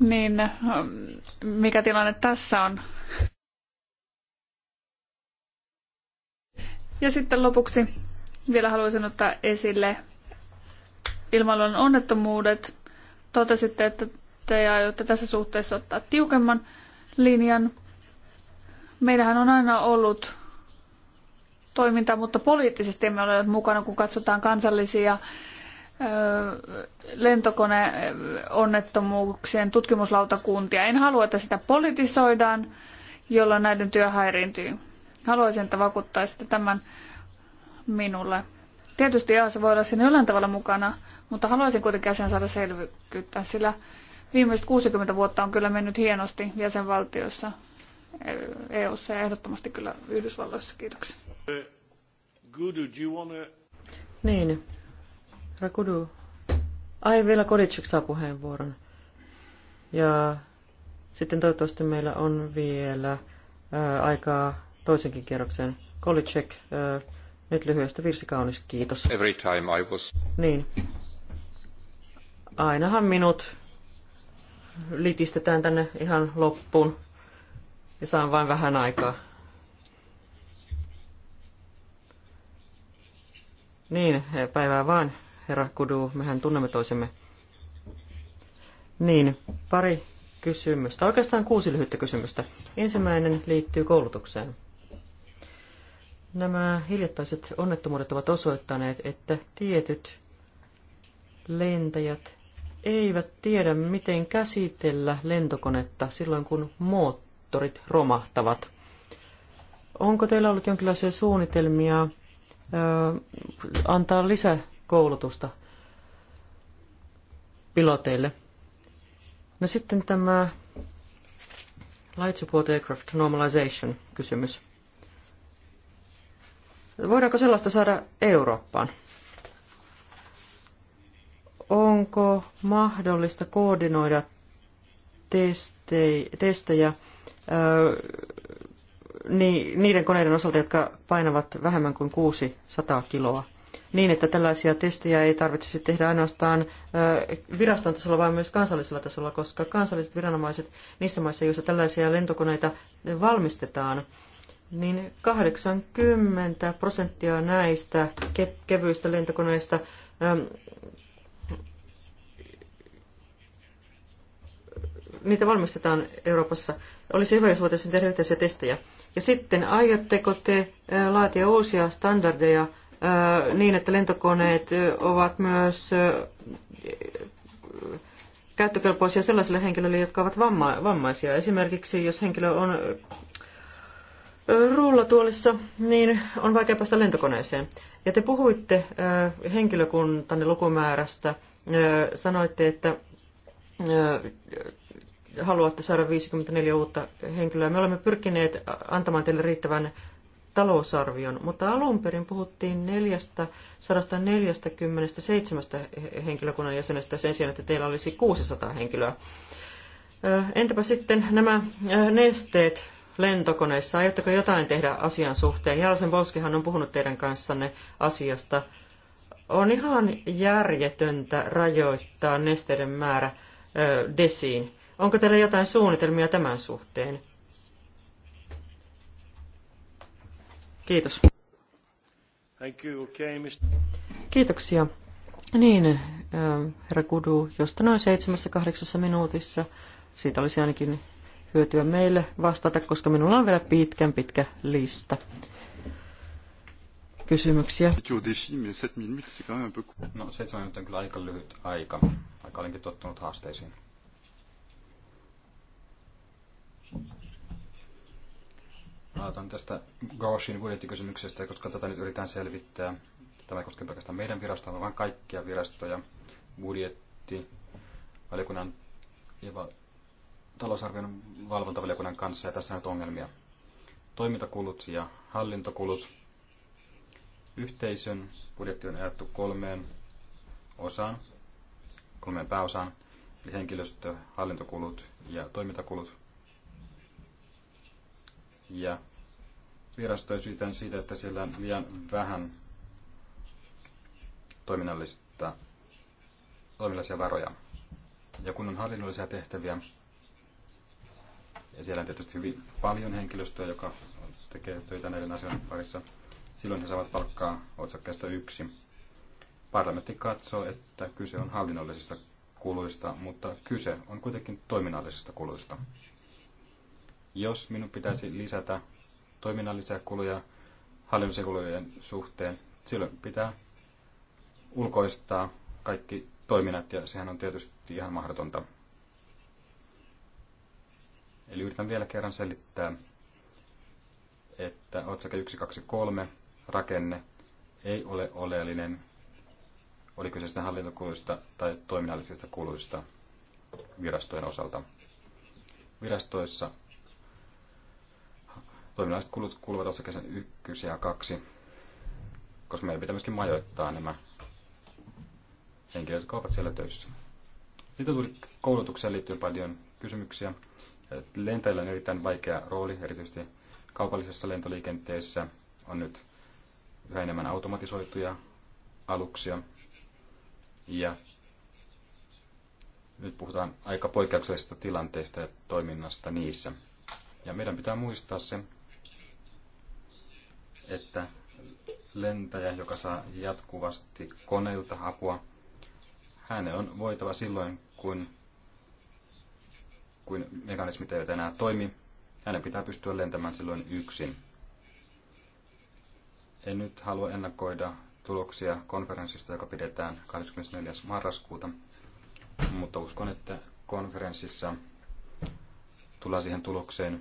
niin ähm, mikä tilanne tässä on? Ja sitten lopuksi vielä haluaisin ottaa esille ilmailun onnettomuudet. Totesitte, että te aiotte tässä suhteessa ottaa tiukemman linjan. Meillähän on aina ollut toimintaa, mutta poliittisesti emme ole mukana, kun katsotaan kansallisia lentokoneonnettomuuksien tutkimuslautakuntia. En halua, että sitä politisoidaan, jolloin näiden työ häiriintyy. Haluaisin, että vakuuttaisitte tämän minulle. Tietysti EASA voi olla siinä jollain tavalla mukana, mutta haluaisin kuitenkin asian saada selvyyttä, sillä viimeiset 60 vuotta on kyllä mennyt hienosti jäsenvaltioissa, EU:ssa e ja ehdottomasti kyllä Yhdysvalloissa. Kiitoksia. Niin, Rakudu. Ai vielä Koditsik saa puheenvuoron. Ja sitten toivottavasti meillä on vielä ää, äh, aikaa toisenkin kierroksen Kolicek, äh, nyt lyhyestä virsi kaunis, kiitos. Every time I was... Niin. Ainahan minut litistetään tänne ihan loppuun ja saan vain vähän aikaa. Niin, päivää vaan herra Kudu, mehän tunnemme toisemme. Niin, pari kysymystä. Oikeastaan kuusi lyhyttä kysymystä. Ensimmäinen liittyy koulutukseen. Nämä hiljattaiset onnettomuudet ovat osoittaneet, että tietyt lentäjät eivät tiedä, miten käsitellä lentokonetta silloin, kun moottorit romahtavat. Onko teillä ollut jonkinlaisia suunnitelmia ö, antaa lisä koulutusta piloteille. No sitten tämä Light Support Aircraft Normalization kysymys. Voidaanko sellaista saada Eurooppaan? Onko mahdollista koordinoida testejä niiden koneiden osalta, jotka painavat vähemmän kuin 600 kiloa? niin, että tällaisia testejä ei tarvitsisi tehdä ainoastaan viraston tasolla, vaan myös kansallisella tasolla, koska kansalliset viranomaiset niissä maissa, joissa tällaisia lentokoneita valmistetaan, niin 80 prosenttia näistä kevyistä lentokoneista niitä valmistetaan Euroopassa. Olisi hyvä, jos voitaisiin tehdä yhteisiä testejä. Ja sitten, aiotteko te laatia uusia standardeja niin, että lentokoneet ovat myös käyttökelpoisia sellaisille henkilöille, jotka ovat vammaisia. Esimerkiksi jos henkilö on rullatuolissa, niin on vaikea päästä lentokoneeseen. Ja te puhuitte henkilökuntanne lukumäärästä, sanoitte, että haluatte saada 54 uutta henkilöä. Me olemme pyrkineet antamaan teille riittävän talousarvion, mutta alun perin puhuttiin 447 henkilökunnan jäsenestä sen sijaan, että teillä olisi 600 henkilöä. Entäpä sitten nämä nesteet lentokoneissa? Aiotteko jotain tehdä asian suhteen? Jarsen Bouskihan on puhunut teidän kanssanne asiasta. On ihan järjetöntä rajoittaa nesteiden määrä desiin. Onko teillä jotain suunnitelmia tämän suhteen? Kiitos. Thank you, okay, Kiitoksia. Niin, herra Kudu, josta noin seitsemässä kahdeksassa minuutissa. Siitä olisi ainakin hyötyä meille vastata, koska minulla on vielä pitkän pitkä lista kysymyksiä. No, minuuttia on kyllä aika lyhyt aika, vaikka olenkin tottunut haasteisiin. Aloitan tästä Gaussin budjettikysymyksestä, koska tätä nyt yritetään selvittää. Tämä ei koske pelkästään meidän virastoa, vaan kaikkia virastoja. Budjetti, valiokunnan ja va- talousarvion valvontavaliokunnan kanssa, ja tässä on nyt ongelmia. Toimintakulut ja hallintokulut. Yhteisön budjetti on jaettu kolmeen osaan, kolmeen pääosaan, eli henkilöstö, hallintokulut ja toimintakulut – ja virastoja syytän siitä, että siellä on liian vähän toiminnallista, toiminnallisia varoja. Ja kun on hallinnollisia tehtäviä, ja siellä on tietysti hyvin paljon henkilöstöä, joka tekee töitä näiden asioiden parissa, silloin he saavat palkkaa otsakkeesta yksi. Parlamentti katsoo, että kyse on hallinnollisista kuluista, mutta kyse on kuitenkin toiminnallisista kuluista. Jos minun pitäisi lisätä toiminnallisia kuluja hallinnollisia kulujen suhteen, silloin pitää ulkoistaa kaikki toiminnat ja sehän on tietysti ihan mahdotonta. Eli yritän vielä kerran selittää, että otsake 123 rakenne ei ole oleellinen, oli kyse sitten hallintokuluista tai toiminnallisista kuluista virastojen osalta. Virastoissa Toiminnalliset kulut kuuluvat osakkeeseen ykkös ja kaksi, koska meidän pitää myöskin majoittaa nämä henkilöt, jotka ovat siellä töissä. Sitten tuli koulutukseen liittyen paljon kysymyksiä. Lentäjillä on erittäin vaikea rooli, erityisesti kaupallisessa lentoliikenteessä on nyt yhä enemmän automatisoituja aluksia. Ja nyt puhutaan aika poikkeuksellisista tilanteista ja toiminnasta niissä. Ja meidän pitää muistaa se, että lentäjä, joka saa jatkuvasti koneilta apua, hänen on voitava silloin, kun, kun mekanismit eivät enää toimi. Hänen pitää pystyä lentämään silloin yksin. En nyt halua ennakoida tuloksia konferenssista, joka pidetään 24. marraskuuta, mutta uskon, että konferenssissa tullaan siihen tulokseen,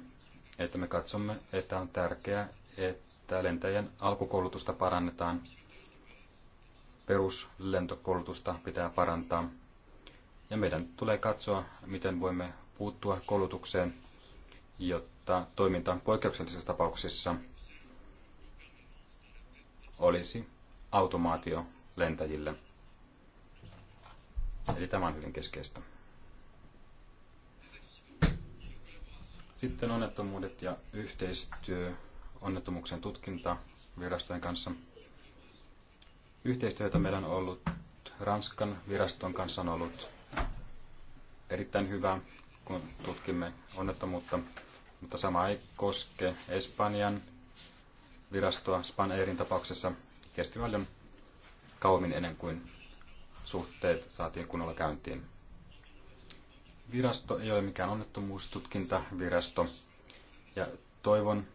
että me katsomme, että on tärkeää, että että lentäjien alkukoulutusta parannetaan, peruslentokoulutusta pitää parantaa ja meidän tulee katsoa, miten voimme puuttua koulutukseen, jotta toiminta poikkeuksellisissa tapauksissa olisi automaatio lentäjille. Eli tämä on hyvin keskeistä. Sitten onnettomuudet ja yhteistyö onnettomuuksien tutkinta virastojen kanssa. Yhteistyötä meillä on ollut Ranskan viraston kanssa on ollut erittäin hyvä, kun tutkimme onnettomuutta, mutta sama ei koske Espanjan virastoa Airin tapauksessa. Kesti paljon kauemmin ennen kuin suhteet saatiin kunnolla käyntiin. Virasto ei ole mikään onnettomuustutkintavirasto ja toivon,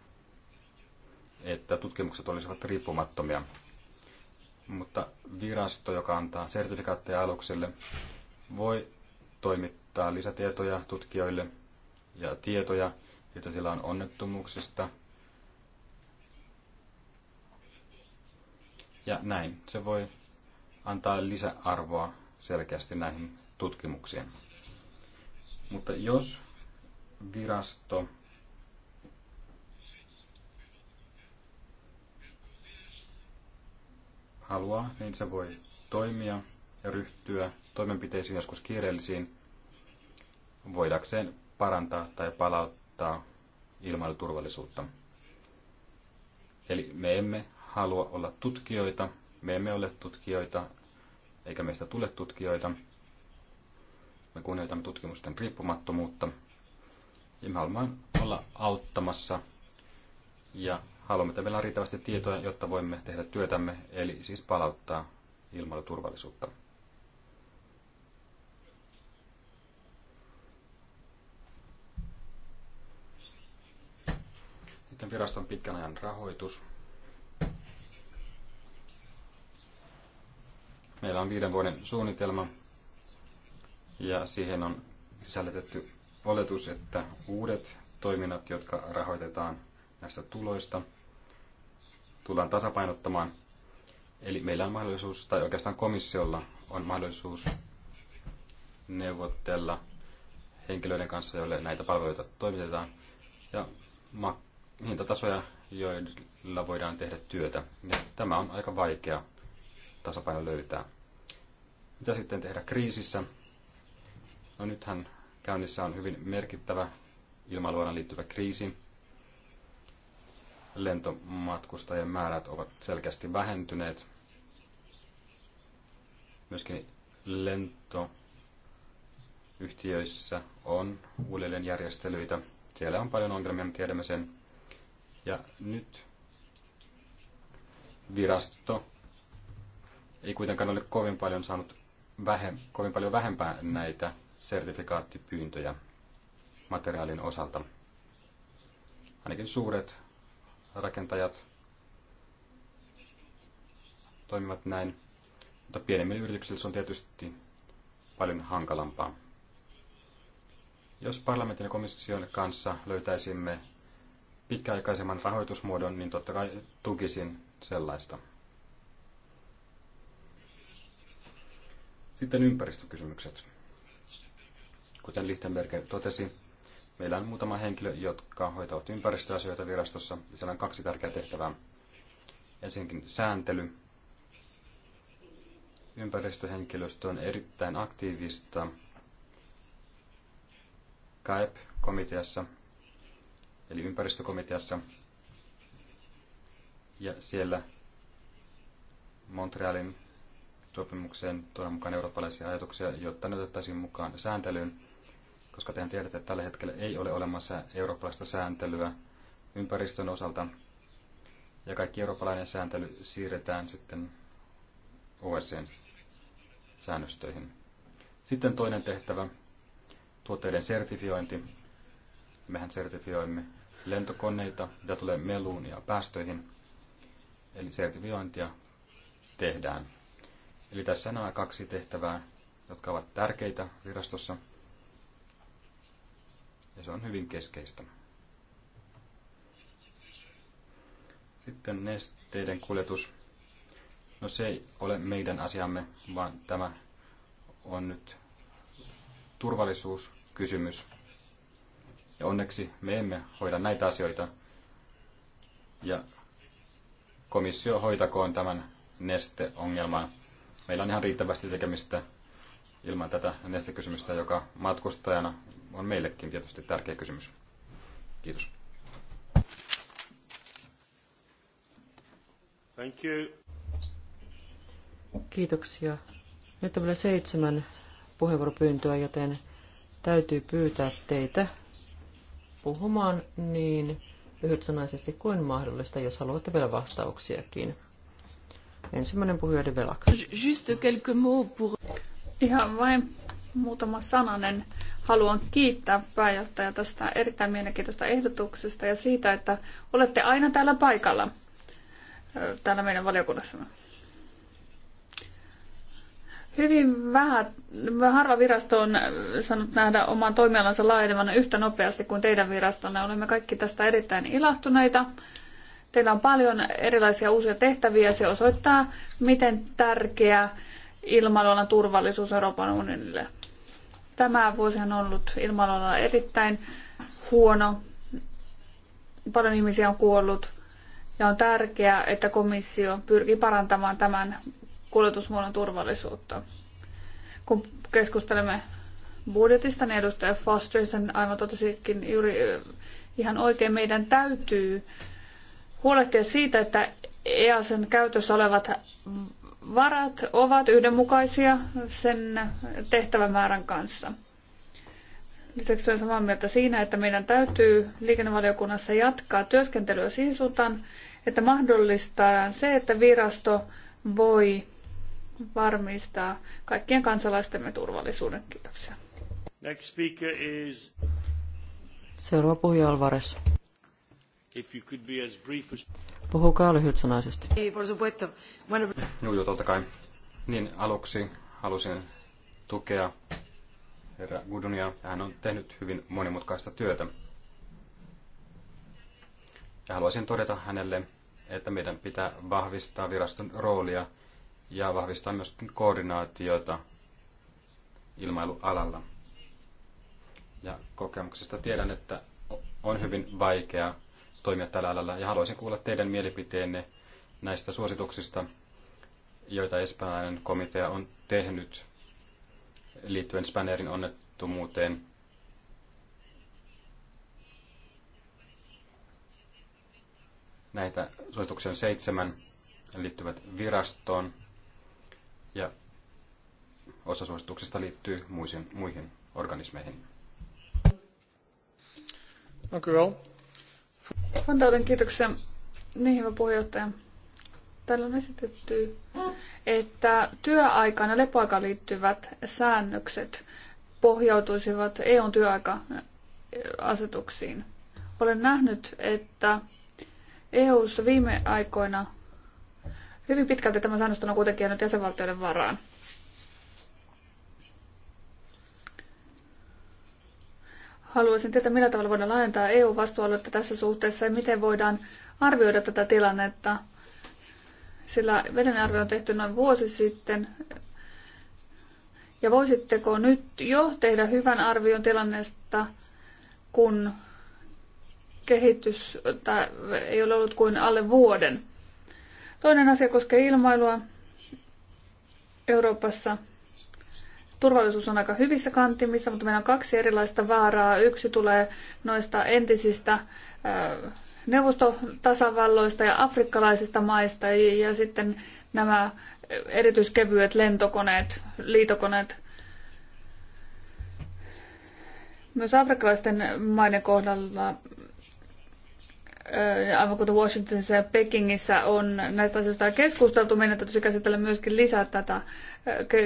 että tutkimukset olisivat riippumattomia. Mutta virasto, joka antaa sertifikaatteja aluksille, voi toimittaa lisätietoja tutkijoille ja tietoja, joita sillä on onnettomuuksista. Ja näin se voi antaa lisäarvoa selkeästi näihin tutkimuksiin. Mutta jos virasto haluaa, niin se voi toimia ja ryhtyä toimenpiteisiin joskus kiireellisiin voidakseen parantaa tai palauttaa ilmailuturvallisuutta. Eli me emme halua olla tutkijoita, me emme ole tutkijoita, eikä meistä tule tutkijoita. Me kunnioitamme tutkimusten riippumattomuutta ja me haluamme olla auttamassa ja haluamme, että meillä on riittävästi tietoja, jotta voimme tehdä työtämme, eli siis palauttaa ilmailuturvallisuutta. Sitten viraston pitkän ajan rahoitus. Meillä on viiden vuoden suunnitelma ja siihen on sisällytetty oletus, että uudet toiminnat, jotka rahoitetaan näistä tuloista – tullaan tasapainottamaan. Eli meillä on mahdollisuus, tai oikeastaan komissiolla on mahdollisuus neuvotella henkilöiden kanssa, joille näitä palveluita toimitetaan, ja hintatasoja, joilla voidaan tehdä työtä. Ja tämä on aika vaikea tasapaino löytää. Mitä sitten tehdä kriisissä? No nythän käynnissä on hyvin merkittävä ilmailualan liittyvä kriisi lentomatkustajien määrät ovat selkeästi vähentyneet. Myöskin lentoyhtiöissä on uudelleenjärjestelyitä. Siellä on paljon ongelmia, me tiedämme sen. Ja nyt virasto ei kuitenkaan ole kovin paljon saanut vähem, kovin paljon vähempää näitä sertifikaattipyyntöjä materiaalin osalta. Ainakin suuret rakentajat toimivat näin, mutta pienemmillä yrityksillä se on tietysti paljon hankalampaa. Jos parlamentin ja komission kanssa löytäisimme pitkäaikaisemman rahoitusmuodon, niin totta kai tukisin sellaista. Sitten ympäristökysymykset. Kuten Lichtenberg totesi, Meillä on muutama henkilö, jotka hoitavat ympäristöasioita virastossa. Siellä on kaksi tärkeää tehtävää. Ensinnäkin sääntely. Ympäristöhenkilöstö on erittäin aktiivista kaep komiteassa eli ympäristökomiteassa. Ja siellä Montrealin sopimukseen tuodaan mukaan eurooppalaisia ajatuksia, jotta ne otettaisiin mukaan sääntelyyn koska tehän tiedätte, että tällä hetkellä ei ole olemassa eurooppalaista sääntelyä ympäristön osalta, ja kaikki eurooppalainen sääntely siirretään sitten OSCEn säännöstöihin. Sitten toinen tehtävä, tuotteiden sertifiointi. Mehän sertifioimme lentokoneita, mitä tulee meluun ja päästöihin. Eli sertifiointia tehdään. Eli tässä nämä kaksi tehtävää, jotka ovat tärkeitä virastossa – ja se on hyvin keskeistä. Sitten nesteiden kuljetus. No se ei ole meidän asiamme, vaan tämä on nyt turvallisuuskysymys. Ja onneksi me emme hoida näitä asioita. Ja komissio hoitakoon tämän nesteongelman. Meillä on ihan riittävästi tekemistä ilman tätä nestekysymystä, joka matkustajana on meillekin tietysti tärkeä kysymys. Kiitos. Thank you. Kiitoksia. Nyt on vielä seitsemän puheenvuoropyyntöä, joten täytyy pyytää teitä puhumaan niin lyhytsanaisesti kuin mahdollista, jos haluatte vielä vastauksiakin. Ensimmäinen puhuja Velak. Just quelques mots pour... Ihan vain muutama sananen haluan kiittää pääjohtajaa tästä erittäin mielenkiintoista ehdotuksesta ja siitä, että olette aina täällä paikalla täällä meidän valiokunnassamme. Hyvin vähän, harva virasto on saanut nähdä oman toimialansa laajenevan yhtä nopeasti kuin teidän virastonne. Olemme kaikki tästä erittäin ilahtuneita. Teillä on paljon erilaisia uusia tehtäviä. Se osoittaa, miten tärkeä ilmailualan turvallisuus Euroopan unionille Tämä vuosi on ollut ilmailualalla erittäin huono. Paljon ihmisiä on kuollut ja on tärkeää, että komissio pyrkii parantamaan tämän kuljetusmuodon turvallisuutta. Kun keskustelemme budjetista, niin edustaja Foster sen aivan totesikin juuri ihan oikein. Meidän täytyy huolehtia siitä, että EASen käytössä olevat varat ovat yhdenmukaisia sen tehtävämäärän kanssa. Lisäksi olen samaa mieltä siinä, että meidän täytyy liikennevaliokunnassa jatkaa työskentelyä siihen suuntaan, että mahdollistaa se, että virasto voi varmistaa kaikkien kansalaistemme turvallisuuden. Kiitoksia. Next speaker is... Seuraava puhuja Alvarez if you could be as brief as... Puhukaa lyhytsanaisesti. joo, totta kai. Niin, aluksi halusin tukea herra Gudunia. Hän on tehnyt hyvin monimutkaista työtä. Ja haluaisin todeta hänelle, että meidän pitää vahvistaa viraston roolia ja vahvistaa myöskin koordinaatiota ilmailualalla. Ja kokemuksesta tiedän, että on hyvin vaikea toimia tällä alalla. Ja haluaisin kuulla teidän mielipiteenne näistä suosituksista, joita espanjalainen komitea on tehnyt liittyen Spanerin onnettomuuteen. Näitä suosituksen seitsemän liittyvät virastoon ja osa suosituksista liittyy muihin, muihin organismeihin. Dank u wel. Vandauden kiitoksia. Niin, hyvä puheenjohtaja. Täällä on esitetty, että työaikaan ja lepoaikaan liittyvät säännökset pohjautuisivat EUn työaika-asetuksiin. Olen nähnyt, että EUssa viime aikoina hyvin pitkälti tämä säännöstö on kuitenkin jäänyt jäsenvaltioiden varaan. Haluaisin tietää, millä tavalla voidaan laajentaa EU-vastuualuetta tässä suhteessa ja miten voidaan arvioida tätä tilannetta. Sillä veden arvio on tehty noin vuosi sitten. Ja voisitteko nyt jo tehdä hyvän arvion tilanneesta, kun kehitys ei ole ollut kuin alle vuoden? Toinen asia koskee ilmailua Euroopassa – turvallisuus on aika hyvissä kantimissa, mutta meillä on kaksi erilaista vaaraa. Yksi tulee noista entisistä neuvostotasavalloista ja afrikkalaisista maista ja sitten nämä erityiskevyet lentokoneet, liitokoneet. Myös afrikkalaisten maiden kohdalla, aivan kuten Washingtonissa ja Pekingissä on näistä asioista keskusteltu, meidän täytyisi käsitellä myöskin lisää tätä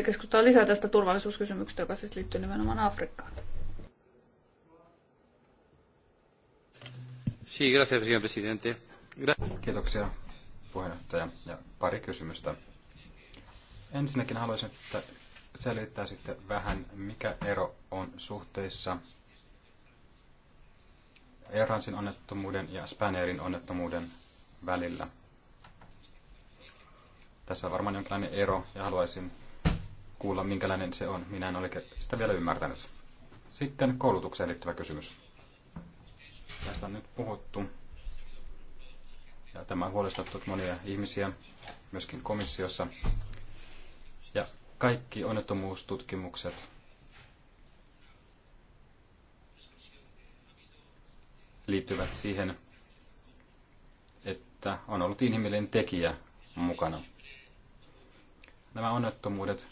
keskustella lisää tästä turvallisuuskysymyksestä, joka siis liittyy nimenomaan Afrikkaan. Sí, gracias, señor presidente. Kiitoksia, puheenjohtaja. Ja pari kysymystä. Ensinnäkin haluaisin, että selittää sitten vähän, mikä ero on suhteissa Eransin onnettomuuden ja Spanierin onnettomuuden välillä. Tässä on varmaan jonkinlainen ero ja haluaisin kuulla, minkälainen se on. Minä en ole sitä vielä ymmärtänyt. Sitten koulutukseen liittyvä kysymys. Tästä on nyt puhuttu. Ja tämä on huolestuttanut monia ihmisiä, myöskin komissiossa. Ja kaikki onnettomuustutkimukset liittyvät siihen, että on ollut inhimillinen tekijä mukana. Nämä onnettomuudet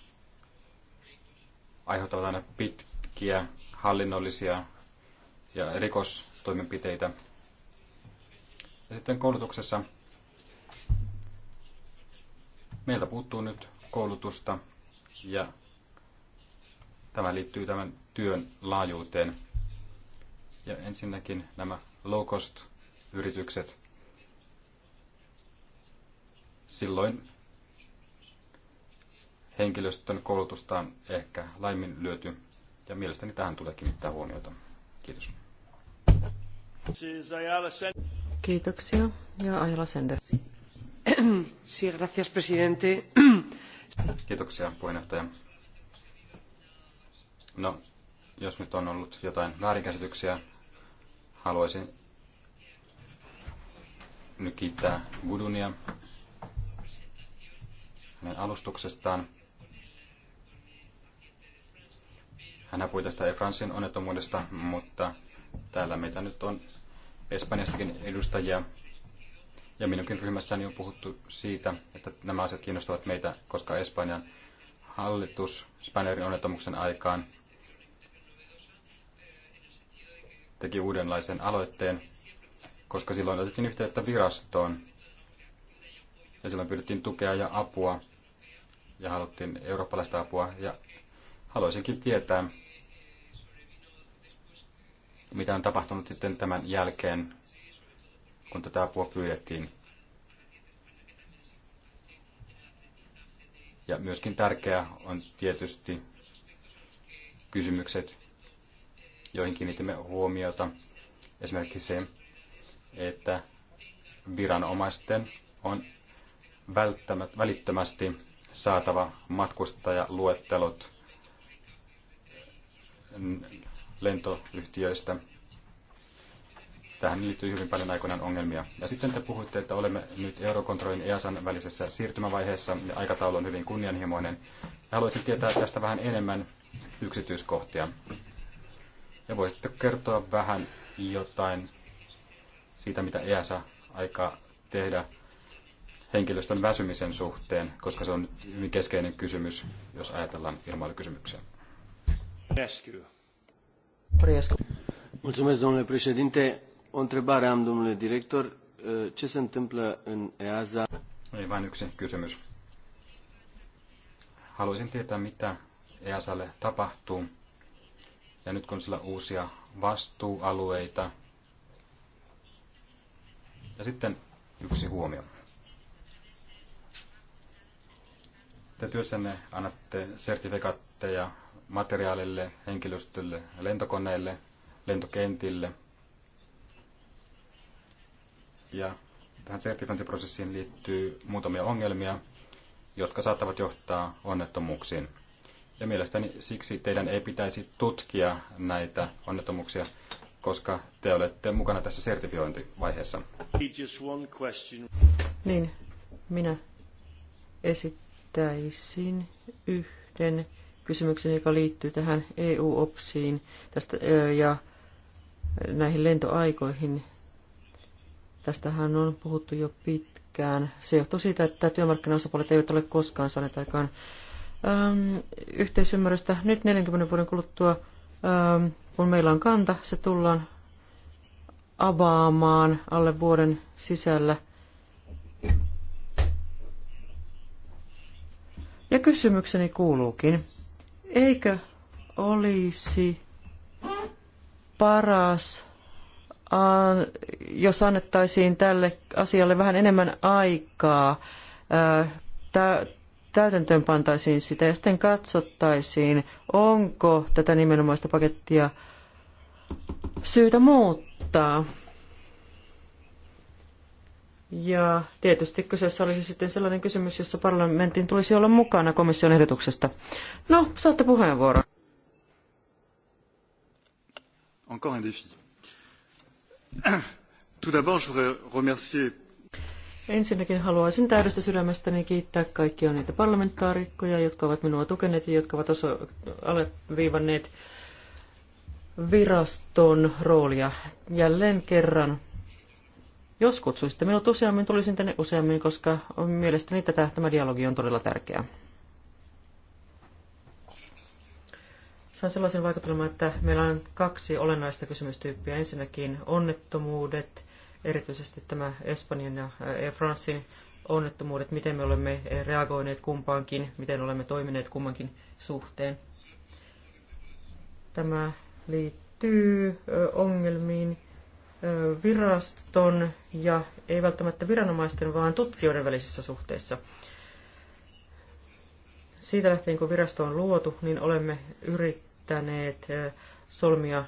aiheuttavat aina pitkiä hallinnollisia ja rikostoimenpiteitä. Ja sitten koulutuksessa meiltä puuttuu nyt koulutusta ja tämä liittyy tämän työn laajuuteen. Ja ensinnäkin nämä low-cost-yritykset. Silloin henkilöstön koulutusta on ehkä laiminlyöty, ja mielestäni tähän tulee kiinnittää huomiota. Kiitos. Kiitoksia. Ja Ajala Sender. Sí, gracias, presidente. Kiitoksia, puheenjohtaja. No, jos nyt on ollut jotain väärinkäsityksiä, haluaisin nyt kiittää Gudunia hänen alustuksestaan. Hän puhui tästä Efransin onnettomuudesta, mutta täällä meitä nyt on Espanjastakin edustajia. Ja minunkin ryhmässäni on puhuttu siitä, että nämä asiat kiinnostavat meitä, koska Espanjan hallitus Spanierin onnettomuuksen aikaan teki uudenlaisen aloitteen, koska silloin otettiin yhteyttä virastoon. Ja silloin pyydettiin tukea ja apua ja haluttiin eurooppalaista apua. Ja haluaisinkin tietää, mitä on tapahtunut sitten tämän jälkeen, kun tätä apua pyydettiin. Ja myöskin tärkeää on tietysti kysymykset, joihin kiinnitimme huomiota. Esimerkiksi se, että viranomaisten on välittömästi saatava matkustajaluettelot lentoyhtiöistä. Tähän liittyy hyvin paljon aikoinaan ongelmia. Ja sitten te puhuitte, että olemme nyt Eurokontrollin EASan välisessä siirtymävaiheessa ja aikataulu on hyvin kunnianhimoinen. Ja haluaisin tietää tästä vähän enemmän yksityiskohtia. Ja voisitte kertoa vähän jotain siitä, mitä EASA aikaa tehdä henkilöstön väsymisen suhteen, koska se on hyvin keskeinen kysymys, jos ajatellaan ilmailukysymyksiä. Rescue. Mulțumesc, domnule președinte. O întrebare am, domnule director. Uh, ce se întâmplă în EASA? Ei vain yksi kysymys. Haluaisin tietää, mitä EASAlle tapahtuu. Ja nyt kun sillä uusia vastuualueita. Ja sitten yksi huomio. Te työssänne annatte sertifikaatteja materiaalille, henkilöstölle, lentokoneille, lentokentille. Ja tähän sertifiointiprosessiin liittyy muutamia ongelmia, jotka saattavat johtaa onnettomuuksiin. Ja mielestäni siksi teidän ei pitäisi tutkia näitä onnettomuuksia, koska te olette mukana tässä sertifiointivaiheessa. Niin, minä esittäisin yhden kysymyksen, joka liittyy tähän EU-OPSiin tästä, ja näihin lentoaikoihin. Tästähän on puhuttu jo pitkään. Se johtuu siitä, että työmarkkinaosapuolet eivät ole koskaan saaneet aikaan ähm, yhteisymmärrystä. Nyt 40 vuoden kuluttua, ähm, kun meillä on kanta, se tullaan avaamaan alle vuoden sisällä. Ja kysymykseni kuuluukin, Eikö olisi paras, jos annettaisiin tälle asialle vähän enemmän aikaa, äh, täytäntöön pantaisiin sitä ja sitten katsottaisiin, onko tätä nimenomaista pakettia syytä muuttaa. Ja tietysti kyseessä olisi sitten sellainen kysymys, jossa parlamentin tulisi olla mukana komission ehdotuksesta. No, saatte puheenvuoron. Encore un défi. Tout d'abord, je voudrais remercier Ensinnäkin haluaisin täydestä sydämestäni kiittää kaikkia niitä parlamentaarikkoja, jotka ovat minua tukeneet ja jotka ovat oso- alleviivanneet viraston roolia. Jälleen kerran jos kutsuisitte minut useammin, tulisin tänne useammin, koska mielestäni tätä, tämä dialogi on todella tärkeä. Sain sellaisen vaikutelman, että meillä on kaksi olennaista kysymystyyppiä. Ensinnäkin onnettomuudet, erityisesti tämä Espanjan ja fransin onnettomuudet, miten me olemme reagoineet kumpaankin, miten olemme toimineet kummankin suhteen. Tämä liittyy ongelmiin, viraston ja ei välttämättä viranomaisten, vaan tutkijoiden välisissä suhteissa. Siitä lähtien, kun virasto on luotu, niin olemme yrittäneet solmia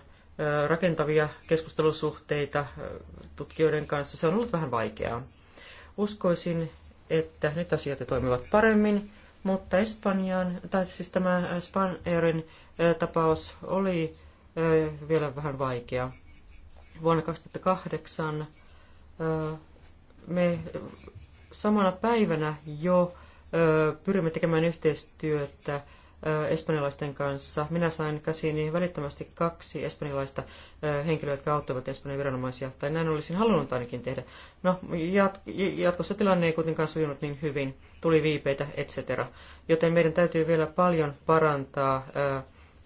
rakentavia keskustelusuhteita tutkijoiden kanssa. Se on ollut vähän vaikeaa. Uskoisin, että nyt asiat toimivat paremmin, mutta Espanjan, tai siis tämä Spanierin tapaus oli vielä vähän vaikea vuonna 2008 me samana päivänä jo pyrimme tekemään yhteistyötä espanjalaisten kanssa. Minä sain käsiini välittömästi kaksi espanjalaista henkilöä, jotka auttoivat Espanjan viranomaisia, tai näin olisin halunnut ainakin tehdä. No, jatkossa tilanne ei kuitenkaan sujunut niin hyvin, tuli viipeitä, etc. Joten meidän täytyy vielä paljon parantaa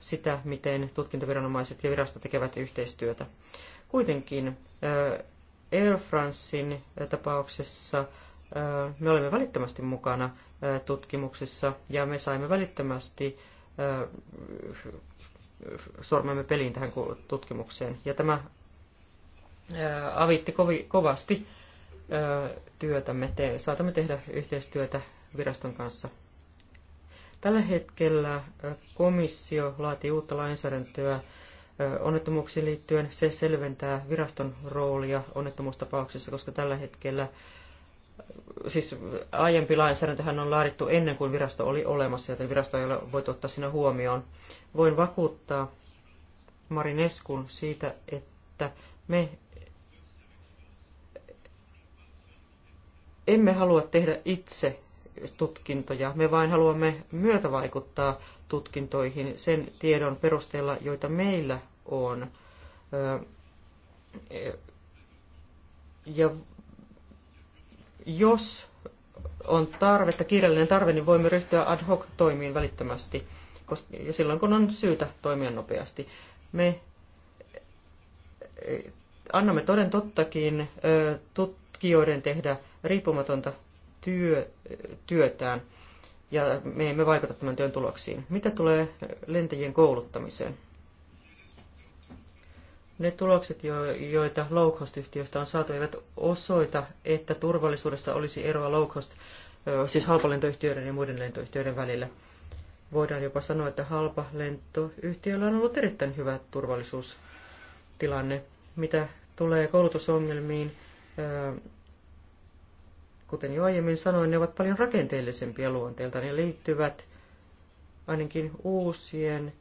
sitä, miten tutkintaviranomaiset ja virasto tekevät yhteistyötä. Kuitenkin Air Francein tapauksessa me olemme välittömästi mukana tutkimuksissa ja me saimme välittömästi sormemme peliin tähän tutkimukseen. Ja tämä avitti kovasti työtämme. Te, saatamme tehdä yhteistyötä viraston kanssa. Tällä hetkellä komissio laatii uutta lainsäädäntöä onnettomuuksiin liittyen. Se selventää viraston roolia onnettomuustapauksissa, koska tällä hetkellä siis aiempi lainsäädäntöhän on laadittu ennen kuin virasto oli olemassa, joten virasto ei ole voitu ottaa siinä huomioon. Voin vakuuttaa Marineskun siitä, että me emme halua tehdä itse tutkintoja. Me vain haluamme myötävaikuttaa tutkintoihin sen tiedon perusteella, joita meillä on. Ja jos on tarvetta, kiireellinen tarve, niin voimme ryhtyä ad hoc toimiin välittömästi ja silloin kun on syytä toimia nopeasti. Me eh, annamme toden tottakin tutkijoiden tehdä riippumatonta työ, työtään ja me emme vaikuta tämän työn tuloksiin. Mitä tulee lentäjien kouluttamiseen? Ne tulokset, joita low cost-yhtiöistä on saatu, eivät osoita, että turvallisuudessa olisi eroa low cost, siis halpalentoyhtiöiden ja muiden lentoyhtiöiden välillä. Voidaan jopa sanoa, että halpa lentoyhtiöllä on ollut erittäin hyvä turvallisuustilanne. Mitä tulee koulutusongelmiin, Kuten jo aiemmin sanoin, ne ovat paljon rakenteellisempia luonteelta. Ne liittyvät ainakin uusien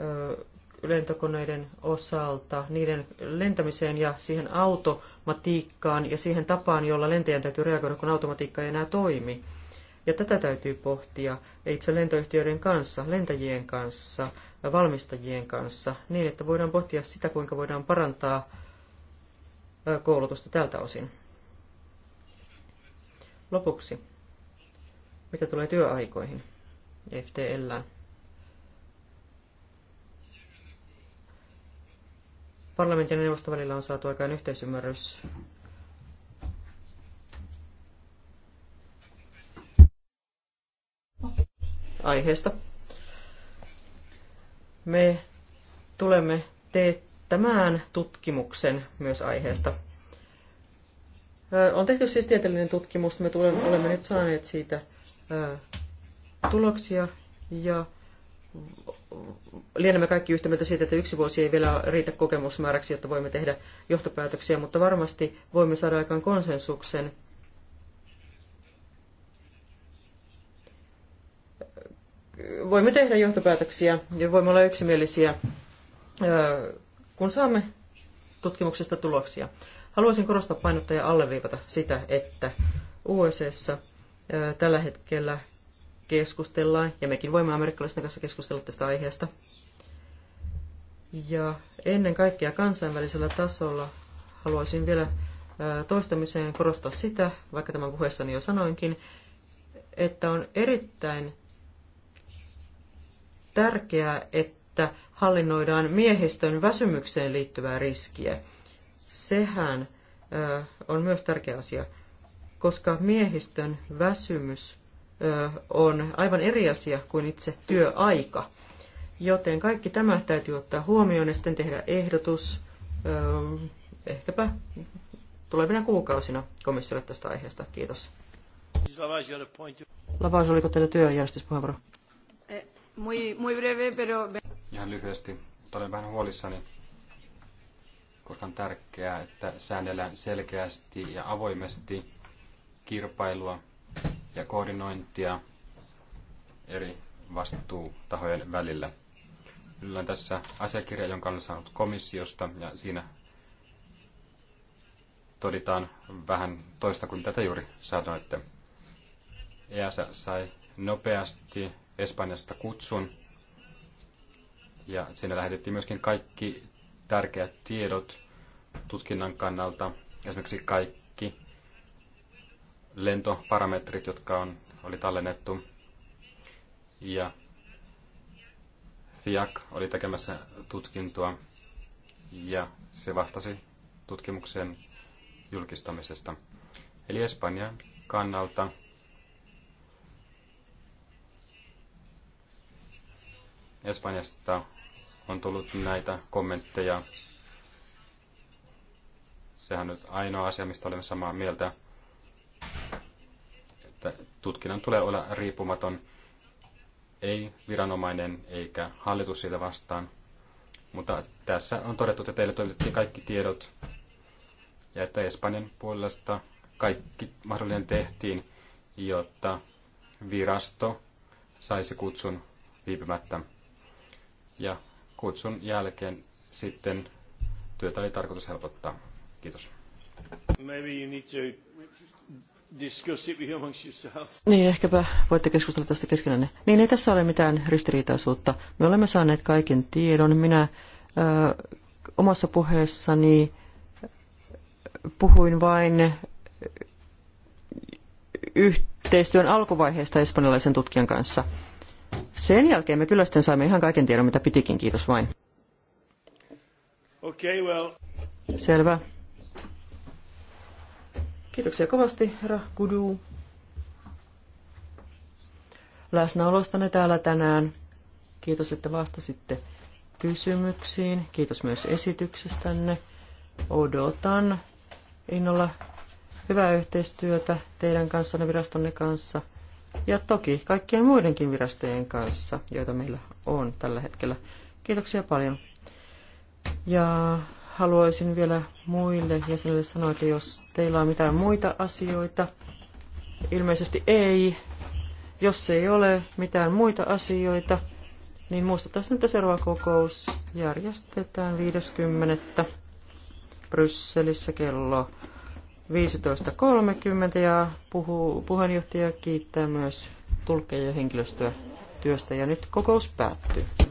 ö, lentokoneiden osalta, niiden lentämiseen ja siihen automatiikkaan ja siihen tapaan, jolla lentäjän täytyy reagoida, kun automatiikka ei enää toimi. Ja tätä täytyy pohtia itse lentoyhtiöiden kanssa, lentäjien kanssa, valmistajien kanssa, niin että voidaan pohtia sitä, kuinka voidaan parantaa koulutusta tältä osin. Lopuksi, mitä tulee työaikoihin, FTLään. Parlamentin ja neuvoston välillä on saatu aikaan yhteisymmärrys aiheesta. Me tulemme teettämään tutkimuksen myös aiheesta. On tehty siis tieteellinen tutkimus, me olemme nyt saaneet siitä tuloksia ja lienemme kaikki yhtä mieltä siitä, että yksi vuosi ei vielä riitä kokemusmääräksi, jotta voimme tehdä johtopäätöksiä, mutta varmasti voimme saada aikaan konsensuksen voimme tehdä johtopäätöksiä ja voimme olla yksimielisiä, kun saamme tutkimuksesta tuloksia. Haluaisin korostaa painottaa ja alleviivata sitä, että USAssa tällä hetkellä keskustellaan, ja mekin voimme amerikkalaisten kanssa keskustella tästä aiheesta. Ja ennen kaikkea kansainvälisellä tasolla haluaisin vielä toistamiseen korostaa sitä, vaikka tämän puheessani jo sanoinkin, että on erittäin tärkeää, että hallinnoidaan miehistön väsymykseen liittyvää riskiä sehän on myös tärkeä asia, koska miehistön väsymys on aivan eri asia kuin itse työaika. Joten kaikki tämä täytyy ottaa huomioon ja sitten tehdä ehdotus ehkäpä tulevina kuukausina komissiolle tästä aiheesta. Kiitos. Lavaus, oliko teillä työjärjestyspuheenvuoro? Eh, Ihan lyhyesti. Olen vähän huolissani koska on tärkeää, että säännellään selkeästi ja avoimesti kirpailua ja koordinointia eri vastuutahojen välillä. Minulla on tässä asiakirja, jonka olen saanut komissiosta, ja siinä toditaan vähän toista kuin tätä juuri sanoitte. EASA sai nopeasti Espanjasta kutsun, ja siinä lähetettiin myöskin kaikki tärkeät tiedot tutkinnan kannalta, esimerkiksi kaikki lentoparametrit, jotka on, oli tallennettu. Ja FIAC oli tekemässä tutkintoa ja se vastasi tutkimuksen julkistamisesta. Eli Espanjan kannalta Espanjasta on tullut näitä kommentteja. Sehän on nyt ainoa asia, mistä olemme samaa mieltä, että tutkinnan tulee olla riippumaton, ei viranomainen eikä hallitus siitä vastaan. Mutta tässä on todettu, että teille toimitettiin kaikki tiedot ja että Espanjan puolesta kaikki mahdollinen tehtiin, jotta virasto saisi kutsun viipymättä. Ja kutsun jälkeen sitten työtä oli tarkoitus helpottaa. Kiitos. Maybe you need to discuss it amongst yourselves. Niin, ehkäpä voitte keskustella tästä keskenään. Niin ei tässä ole mitään ristiriitaisuutta. Me olemme saaneet kaiken tiedon. Minä ö, omassa puheessani puhuin vain yhteistyön alkuvaiheesta espanjalaisen tutkijan kanssa – sen jälkeen me kyllä sitten saimme ihan kaiken tiedon, mitä pitikin. Kiitos vain. Okay, well. Selvä. Kiitoksia kovasti, herra Kudu, läsnäolostanne täällä tänään. Kiitos, että vastasitte kysymyksiin. Kiitos myös esityksestänne. Odotan innolla hyvää yhteistyötä teidän kanssanne virastonne kanssa – ja toki kaikkien muidenkin virastojen kanssa, joita meillä on tällä hetkellä. Kiitoksia paljon. Ja haluaisin vielä muille jäsenille sanoa, että jos teillä on mitään muita asioita, ilmeisesti ei. Jos ei ole mitään muita asioita, niin muistuttaisin, että seuraava kokous järjestetään 50. Brysselissä kello 15.30 ja puhuu, puheenjohtaja kiittää myös tulkkeja ja henkilöstöä työstä ja nyt kokous päättyy.